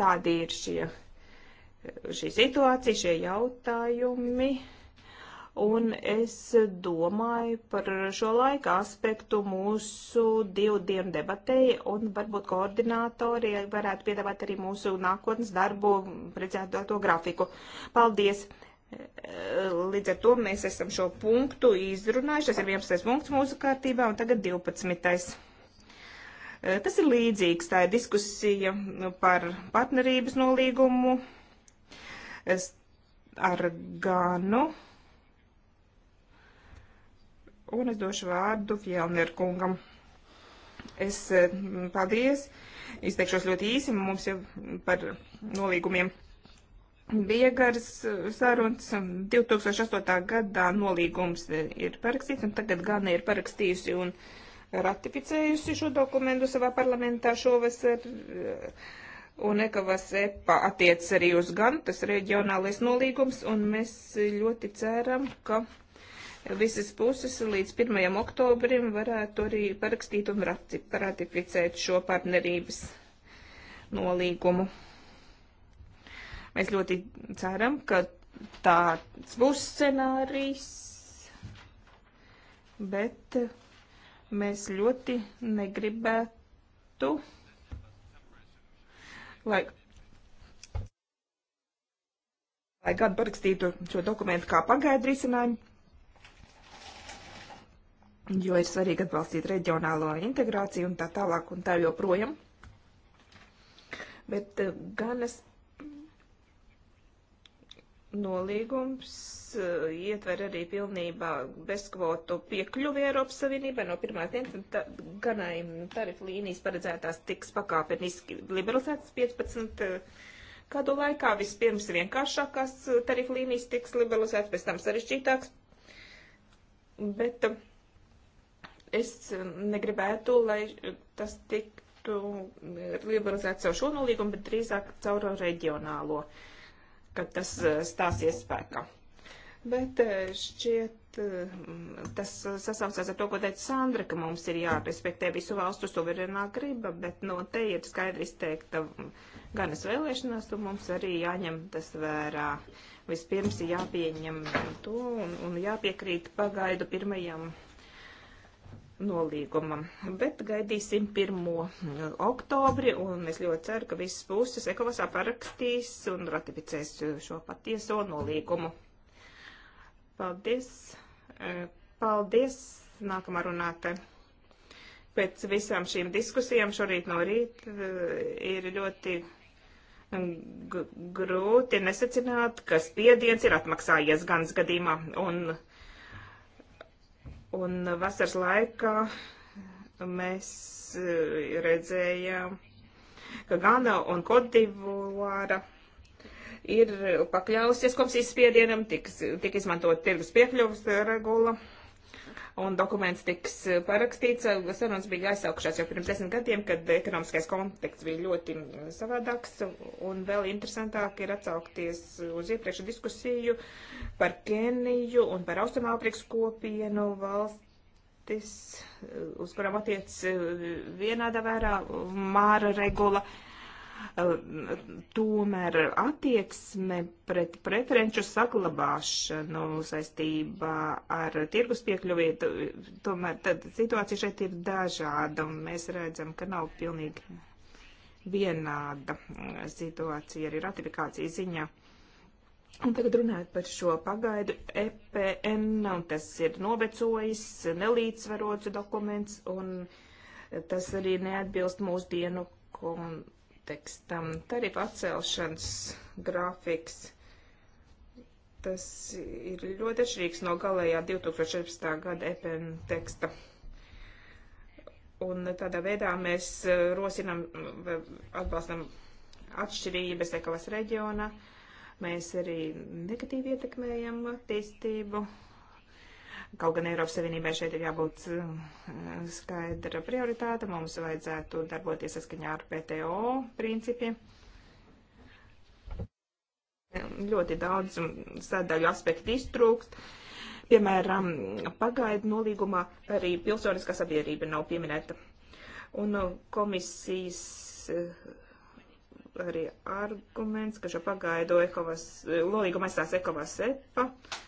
tādi ir šie, šī situācija, šie jautājumi. Un es domāju par šo laika aspektu mūsu divu dienu debatēji, un varbūt koordinātori varētu piedāvāt arī mūsu nākotnes darbu precēto grafiku. Paldies! Līdz ar to mēs esam šo punktu izrunājuši. Tas ir 11. punkts mūsu kārtībā, un tagad 12. Tas ir līdzīgs, tā ir diskusija par partnerības nolīgumu ar Ganu. Un es došu vārdu Fjellner kungam. Es mm, paldies, izteikšos ļoti īsi, mums jau par nolīgumiem bija garas eh, sarunas. 2008. gadā nolīgums eh, ir parakstīts, un tagad Gana ir parakstījusi un ratificējusi šo dokumentu savā parlamentā šovasar. Eh, un Ekavas EPA attiec arī uz Ganu, tas reģionālais nolīgums, un mēs ļoti ceram, ka visas puses līdz 1. oktobrim varētu arī parakstīt un ratificēt šo partnerības nolīgumu. Mēs ļoti ceram, ka tāds būs scenārijs, bet mēs ļoti negribētu, lai lai gan parakstītu šo dokumentu kā pagaidu risinājumu, jo ir svarīgi atbalstīt reģionālo integrāciju un tā tālāk un tā joprojām. Bet eh, ganas nolīgums eh, ietver arī pilnībā bezkvotu piekļuvi Eiropas Savienībai no pirmās dienas, tā, ganai tarifu līnijas paredzētās tiks pakāpeniski liberalizētas 15 kādu eh, laikā. Vispirms vienkāršākās tarifu līnijas tiks liberalizētas, pēc tam sarežģītākas. Bet uh, es negribētu, lai tas tiktu eh, liberalizēts caur šo nolīgumu, bet drīzāk caur reģionālo, kad tas eh, stāsies spēkā. Bet eh, šķiet, tas sasaucās ar to, ko teica Sandra, ka mums ir jārespektē visu valstu suverenā griba, bet no nu, te ir skaidri izteikta ganas vēlēšanās, un mums arī jāņem tas vērā. Vispirms ir jāpieņem to un, un jāpiekrīt pagaidu pirmajam nolīgumam. Bet gaidīsim 1. Eh, oktobri, un es ļoti ceru, ka visas puses ekovasā parakstīs un ratificēs šo patieso nolīgumu. Paldies! Eh, paldies! Nākamā runāte. Pēc visām šīm diskusijām šorīt no rīta eh, ir ļoti mm, grūti nesacināt, ka spiediens ir atmaksājies gan gadījumā. Un, uh, Un vasaras laikā mēs eh, redzējām, ka Gana un Kodivāra ir pakļausies komisijas spiedienam, tika tik izmantot tirgus piekļuvas regula un dokuments tiks eh, parakstīts. Eh, sarunas bija aizsaukušās jau pirms desmit gadiem, kad ekonomiskais konteksts bija ļoti mm, savādāks, un vēl interesantāk ir atsaukties uz iepriekšu diskusiju par Keniju un par Austrumāfrikas kopienu valstis, eh, uz kurām attiec vienāda vērā māra regula. Uh, Ehm, tomēr attieksme pret preferenču saglabāšanu saistībā ar tirgus piekļuvi, tomēr tad situācija šeit ir dažāda, un mēs redzam, ka nav pilnīgi vienāda situācija arī ratifikācijas ziņā. Un tagad runājot par šo pagaidu EPN, un tas ir novecojis, nelīdzsvarots dokuments, un tas arī neatbilst mūsdienu kon tekstam. Tarifa atcelšanas grafiks. Tas ir ļoti atšķirīgs no galējā 2014. gada EPN teksta. Un tādā veidā mēs eh, rosinam, atbalstam atšķirības Ekavas reģionā. Mēs arī negatīvi ietekmējam attīstību Kaut gan Eiropas Savienībai šeit ir jābūt eh, skaidra prioritāte, mums vajadzētu darboties saskaņā ar PTO principiem. Ļoti daudz sadaļu aspektu iztrūkst. Piemēram, pagaidu nolīgumā arī pilsoniskā sabiedrība nav pieminēta. Un eh, komisijas eh, arī arguments, ka šo pagaidu ekovas, nolīgumu aizstās ekovas sepa. Uh,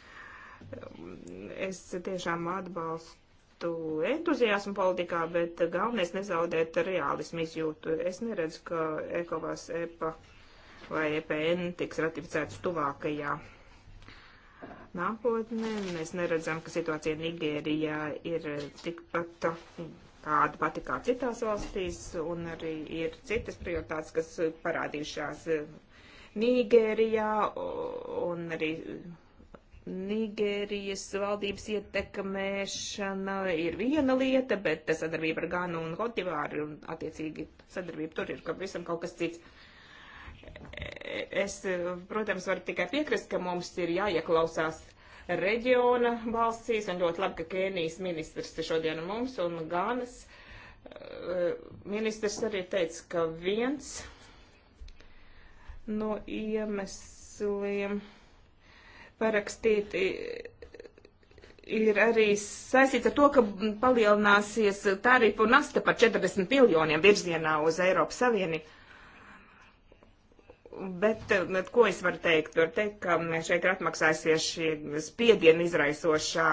Es tiešām atbalstu entuziasmu politikā, bet galvenais nezaudēt realismu izjūtu. Es neredzu, ka ECOVAS EPA vai EPN tiks ratificēts tuvākajā nākotnē. Mēs neredzam, ka situācija Nigērijā ir tikpat tāda pati kā citās valstīs, un arī ir citas prioritātes, kas parādījušās Nigērijā, un arī Nigērijas valdības ietekmēšana ir viena lieta, bet sadarbība ar Ganu un Hotivāru un attiecīgi sadarbība tur ir kaut visam kaut kas cits. Es, protams, varu tikai piekrist, ka mums ir jāieklausās reģiona balsīs, un ļoti labi, ka Kēnijas ministrs ir šodien mums, un Ganas eh, ministrs arī teica, ka viens no iemesliem. Ja parakstīti, ir arī saistīts ar to, ka palielināsies tarifu nasta par 40 miljoniem virzienā uz Eiropas Savienību. Bet, bet ko es varu teikt? Varu teikt, ka šeit ir atmaksājusies šī spiediena izraisošā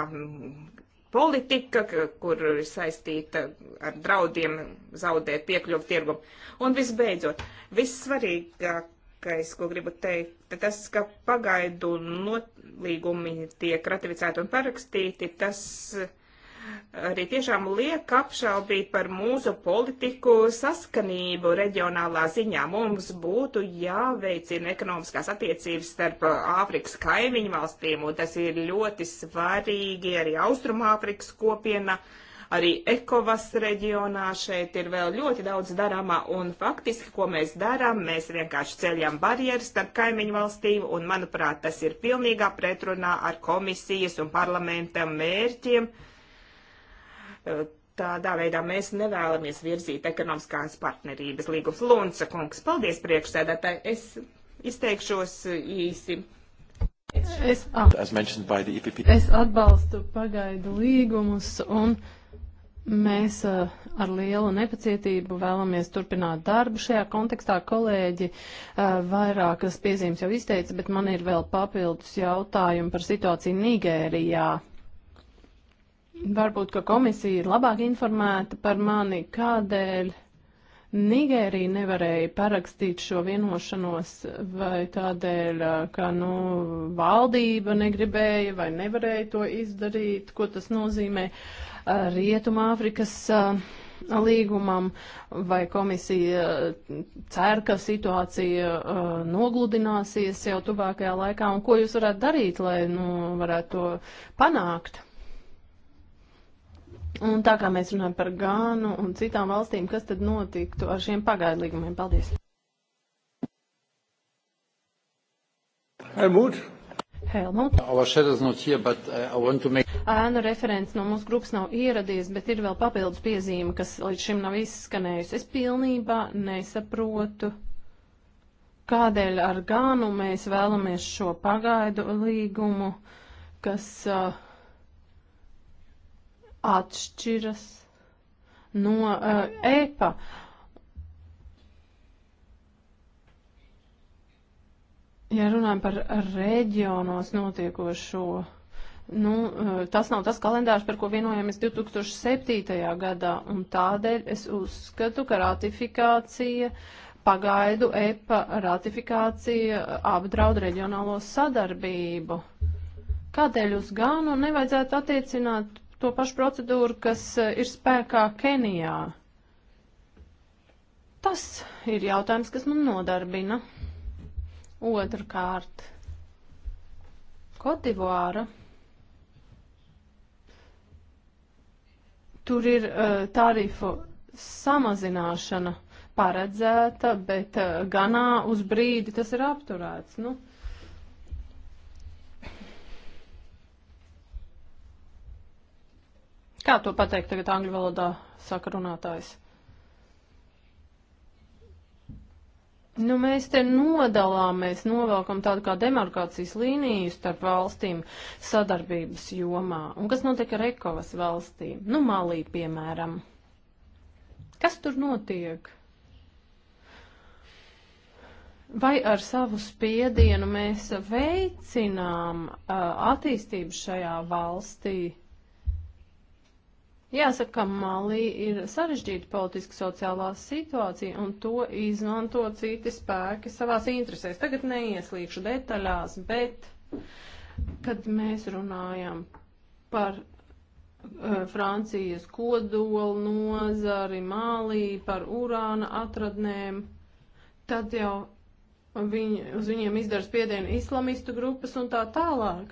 politika, kur ir saistīta ar draudiem zaudēt piekļuvu tirgumu. Un visbeidzot, vissvarīgāk svarīgākais, ko gribu teikt, tas, ka pagaidu notlīgumi tiek ratificēti un parakstīti, tas eh, arī tiešām liek apšaubīt par mūsu politiku saskanību reģionālā ziņā. Mums būtu jāveicina ekonomiskās attiecības starp eh, Āfrikas kaimiņu valstīm, un tas ir ļoti svarīgi arī Austrumāfrikas kopiena. Uh, arī Ekovas reģionā šeit ir vēl ļoti daudz darāmā un faktiski, ko mēs darām, mēs vienkārši ceļam barjeras starp kaimiņu valstīm un, manuprāt, tas ir pilnīgā pretrunā ar komisijas un parlamenta mērķiem. Tādā veidā mēs nevēlamies virzīt ekonomiskās partnerības līgums. Lunca kungs, paldies priekšsēdētāji. Es izteikšos īsi. Es, es, ah, e es atbalstu pagaidu līgumus un Mēs eh, ar lielu nepacietību vēlamies turpināt darbu šajā kontekstā. Kolēģi eh, vairākas piezīmes jau izteica, bet man ir vēl papildus jautājumi par situāciju Nigērijā. Varbūt, ka komisija ir labāk informēta par mani, kādēļ Nigērija nevarēja parakstīt šo vienošanos vai tādēļ, ka nu, valdība negribēja vai nevarēja to izdarīt, ko tas nozīmē Rietumāfrikas līgumam, vai komisija cer, ka situācija uh, nogludināsies jau tuvākajā laikā, un ko jūs varētu darīt, lai nu, varētu to panākt? Un tā kā mēs runājam par Gānu un citām valstīm, kas tad notiktu ar šiem pagaidu līgumiem? Paldies! Helmut. Helmut. Our shadow is not here, but I want to make. Ēnu referents no mūsu grupas nav ieradies, bet ir vēl papildus piezīme, kas līdz šim nav izskanējusi. Es pilnībā nesaprotu, kādēļ ar Gānu mēs vēlamies šo pagaidu līgumu, kas. Uh, atšķiras no uh, eh, EPA. Ja runājam par reģionos notiekošo, nu, eh, tas nav tas kalendārs, par ko vienojamies 2007. gadā, un tādēļ es uzskatu, ka ratifikācija, pagaidu EPA ratifikācija eh, apdraud reģionālo sadarbību. Kādēļ uz Gānu nevajadzētu attiecināt to pašu procedūru, kas e, ir spēkā Kenijā. Tas ir jautājums, kas man nodarbina. Otrkārt, Kotivāra. Tur ir uh, tarifu samazināšana paredzēta, bet uh, ganā uz brīdi tas ir apturēts. Nu, uh, Kā to pateikt tagad angļu valodā, saka runātājs? Nu, mēs te nodalāmies, novelkam tādu kā demarkācijas līniju starp valstīm sadarbības jomā. Un kas notiek ar ekovas valstīm? Nu, Malī, piemēram. Kas tur notiek? Vai ar savu spiedienu mēs veicinām uh, attīstību šajā valstī? Uh, Jāsaka, ka Malī ir sarežģīta politiska sociālā situācija, un to izmanto citi spēki savās interesēs. Tagad neieslīgšu detaļās, bet, kad mēs runājam par uh, Francijas kodolu nozari Malī, par urāna atradnēm, tad jau viņi, uz viņiem izdara spiedienu islamistu grupas un tā tālāk.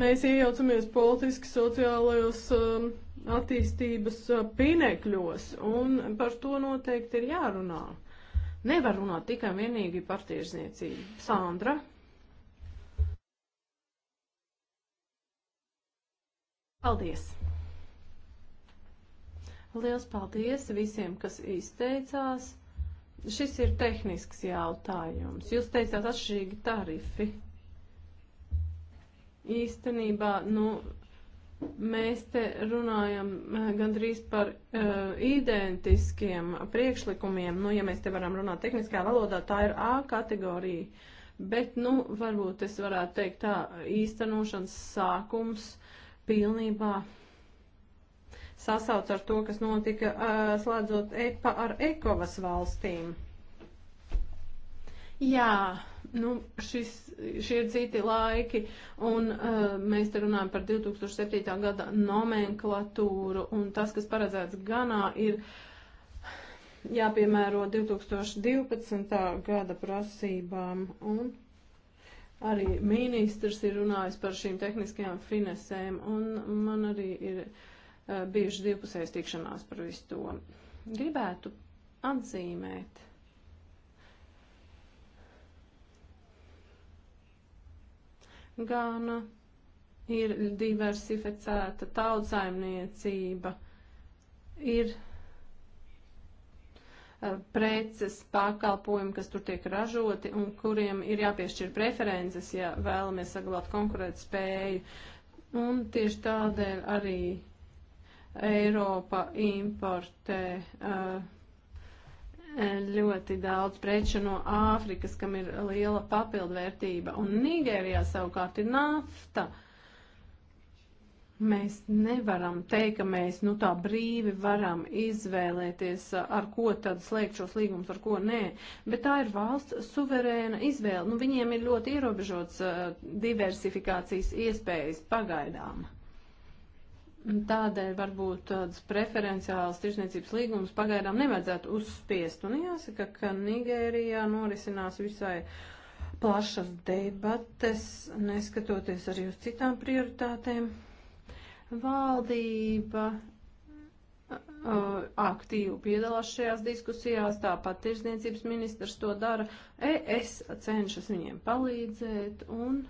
Mēs iejaucamies politiski sociālajos um, attīstības uh, pinekļos, un par to noteikti ir jārunā. Nevar runāt tikai vienīgi par tiešniecību. Sandra. Paldies! Liels paldies visiem, kas izteicās. Šis ir tehnisks jautājums. Jūs teicāt atšķirīgi tarifi īstenībā, nu, mēs te runājam eh, gandrīz par uh, identiskiem priekšlikumiem. Nu, ja mēs te varam runāt tehniskā valodā, tā ir A kategorija. Bet, nu, varbūt es varētu teikt tā, īstenošanas sākums pilnībā sasauc ar to, kas notika uh, slēdzot EPA ar ECOVAS valstīm. Jā, nu, šis, šie ir citi laiki, un uh, mēs te runājam par 2007. gada nomenklatūru, un tas, kas paredzēts ganā, ir jāpiemēro 2012. gada prasībām, un arī ministrs ir runājis par šīm tehniskajām finesēm, un man arī ir uh, eh, bijuši divpusējas tikšanās par visu to. Gribētu atzīmēt gan ir diversificēta tautsaimniecība, ir e, preces, pakalpojumi, kas tur tiek ražoti un kuriem ir jāpiešķir preferences, ja vēlamies saglabāt konkurēt spēju. Un tieši tādēļ arī Eiropa importē uh, ļoti daudz preču no Āfrikas, kam ir liela papildvērtība, un Nigērijā savukārt ir nafta. Mēs nevaram teikt, ka mēs nu tā brīvi varam izvēlēties, ar ko tad slēgt šos līgumus, ar ko nē, bet tā ir valsts suverēna izvēle. Nu, viņiem ir ļoti ierobežots uh, diversifikācijas iespējas pagaidām. Tādēļ varbūt tādas preferenciālas tirsniecības līgumas pagaidām nevajadzētu uzspiest. Un jāsaka, ka Nigērijā norisinās visai plašas debates, neskatoties arī uz citām prioritātēm. Valdība uh, aktīvi piedalās šajās diskusijās, tāpat tirsniecības ministrs to dara. E es cenšos viņiem palīdzēt un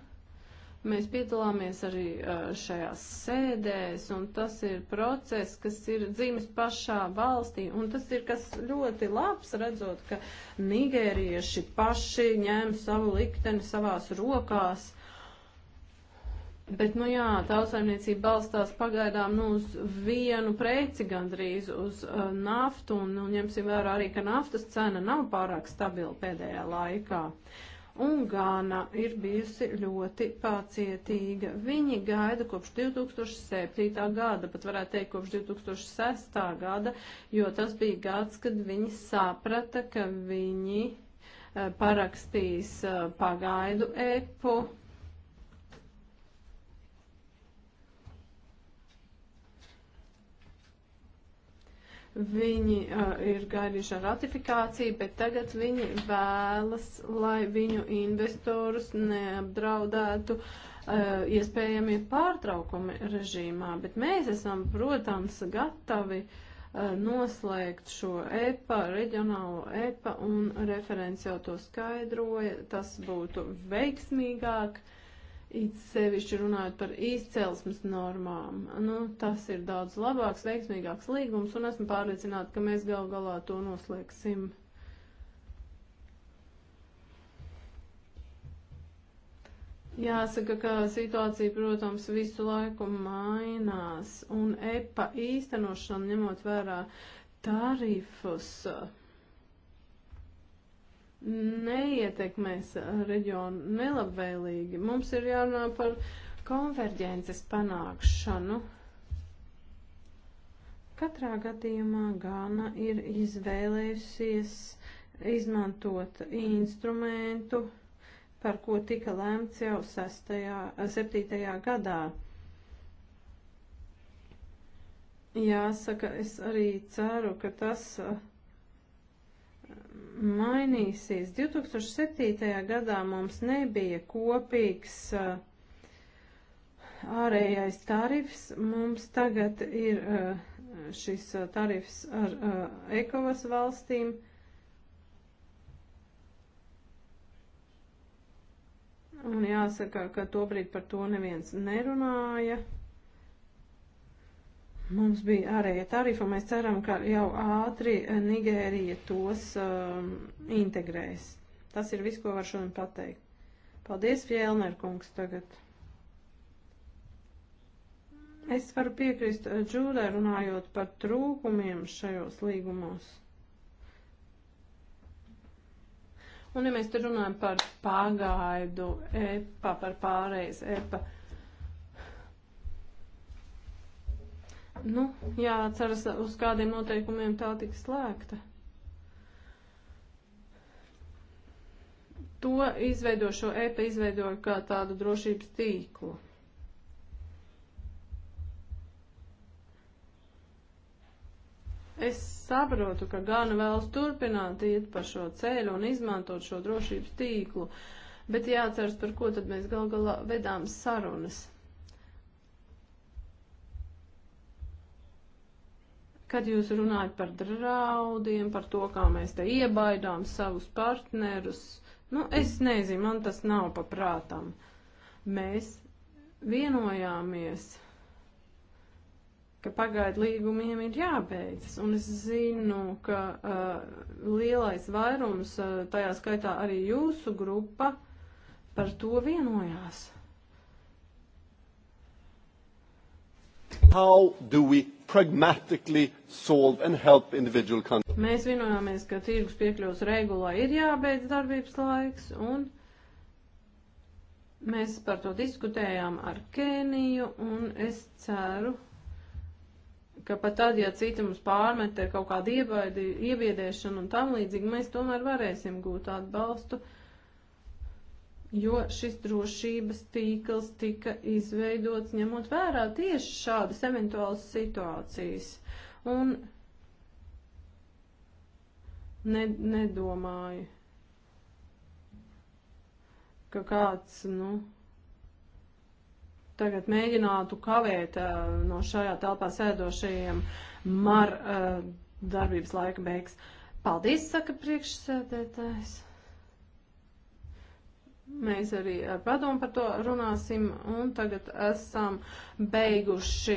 Mēs piedalāmies arī uh, šajās sēdēs, un tas ir process, kas ir dzīves pašā valstī, un tas ir kas ļoti labs, redzot, ka nigērieši paši ņem savu likteni savās rokās. Bet, nu jā, tautsājumniecība balstās pagaidām nu, uz vienu preci gandrīz, uz uh, naftu, un nu, ņemsim vērā arī, ka naftas cena nav pārāk stabila pēdējā laikā. Uh, un Gāna ir bijusi ļoti pacietīga. Viņi gaida kopš 2007. gada, pat varētu teikt kopš 2006. gada, jo tas bija gads, kad viņi saprata, ka viņi eh, parakstīs eh, pagaidu epu Viņi uh, ir gaidījuši ar ratifikāciju, bet tagad viņi vēlas, lai viņu investorus neapdraudētu uh, iespējamie pārtraukumi režīmā. Bet mēs esam, protams, gatavi uh, noslēgt šo EPA, reģionālo EPA, un referents jau to skaidroja, tas būtu veiksmīgāk. Uh, It sevišķi runājot par izcelsmes normām, nu, tas ir daudz labāks, veiksmīgāks līgums, un esmu pārliecināta, ka mēs gal galā to noslēgsim. Jāsaka, ka situācija, protams, visu laiku mainās, un EPA īstenošana, ņemot vērā tarifus, uh, neietekmēs uh, reģionu nelabvēlīgi. Mums ir jārunā par konverģences panākšanu. Katrā gadījumā Gāna ir izvēlējusies izmantot instrumentu, par ko tika lēmts jau 6. 7. gadā. Jāsaka, es arī ceru, ka tas uh, mainīsies. 2007. gadā mums nebija kopīgs uh, ārējais tarifs, mums tagad ir uh, šis uh, tarifs ar uh, ekovas valstīm. Un jāsaka, ka tobrīd par to neviens nerunāja. Mums bija ārējie tarifi, un mēs ceram, ka jau ātri Nigērija tos um, integrēs. Tas ir viss, ko var šodien pateikt. Paldies, Fjellner kungs, tagad. Es varu piekrist uh, Džūdai runājot par trūkumiem šajos līgumos. Un ja mēs te runājam par pagaidu EPA, par pārējais EPA. Uh, Nu, jāatceras, uz kādiem noteikumiem tā tiks slēgta. To izveido šo epa izveidoju kā tādu drošības tīklu. Es saprotu, ka Gana vēlas turpināt iet pa šo ceļu un izmantot šo drošības tīklu, bet jāatceras, par ko tad mēs gal galā vedām sarunas. Kad jūs runājat par draudiem, par to, kā mēs te iebaidām savus partnerus, nu, es nezinu, man tas nav paprātam. Mēs vienojāmies, ka pagaidu līgumiem ir jābeidzas, un es zinu, ka uh, lielais vairums, uh, tajā skaitā arī jūsu grupa, par to vienojās. How do we pragmatically solve and help individual countries. Mēs vienojāmies, ka tirgus piekļuvas regulā ir jābeidz darbības laiks, un mēs par to diskutējām ar Kēniju, un es ceru, ka pat tad, ja citi mums pārmetē kaut kādu iebaidi, iebiedēšanu un tam līdzīgi, mēs tomēr varēsim gūt atbalstu. Uh, jo šis drošības tīkls tika izveidots ņemot vērā tieši šādas eventuālas situācijas. Un ne, nedomāju, ka kāds, nu, tagad mēģinātu kavēt uh, no šajā telpā sēdošajiem mar uh, darbības laika beigas. Paldies, saka priekšsēdētājs. Mēs arī ar padomu par to runāsim un tagad esam beiguši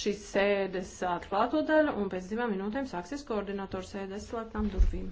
šīs sēdes atklāto daļu un pēc divām minūtēm sāksies koordinators sēdes slēgtām durvīm.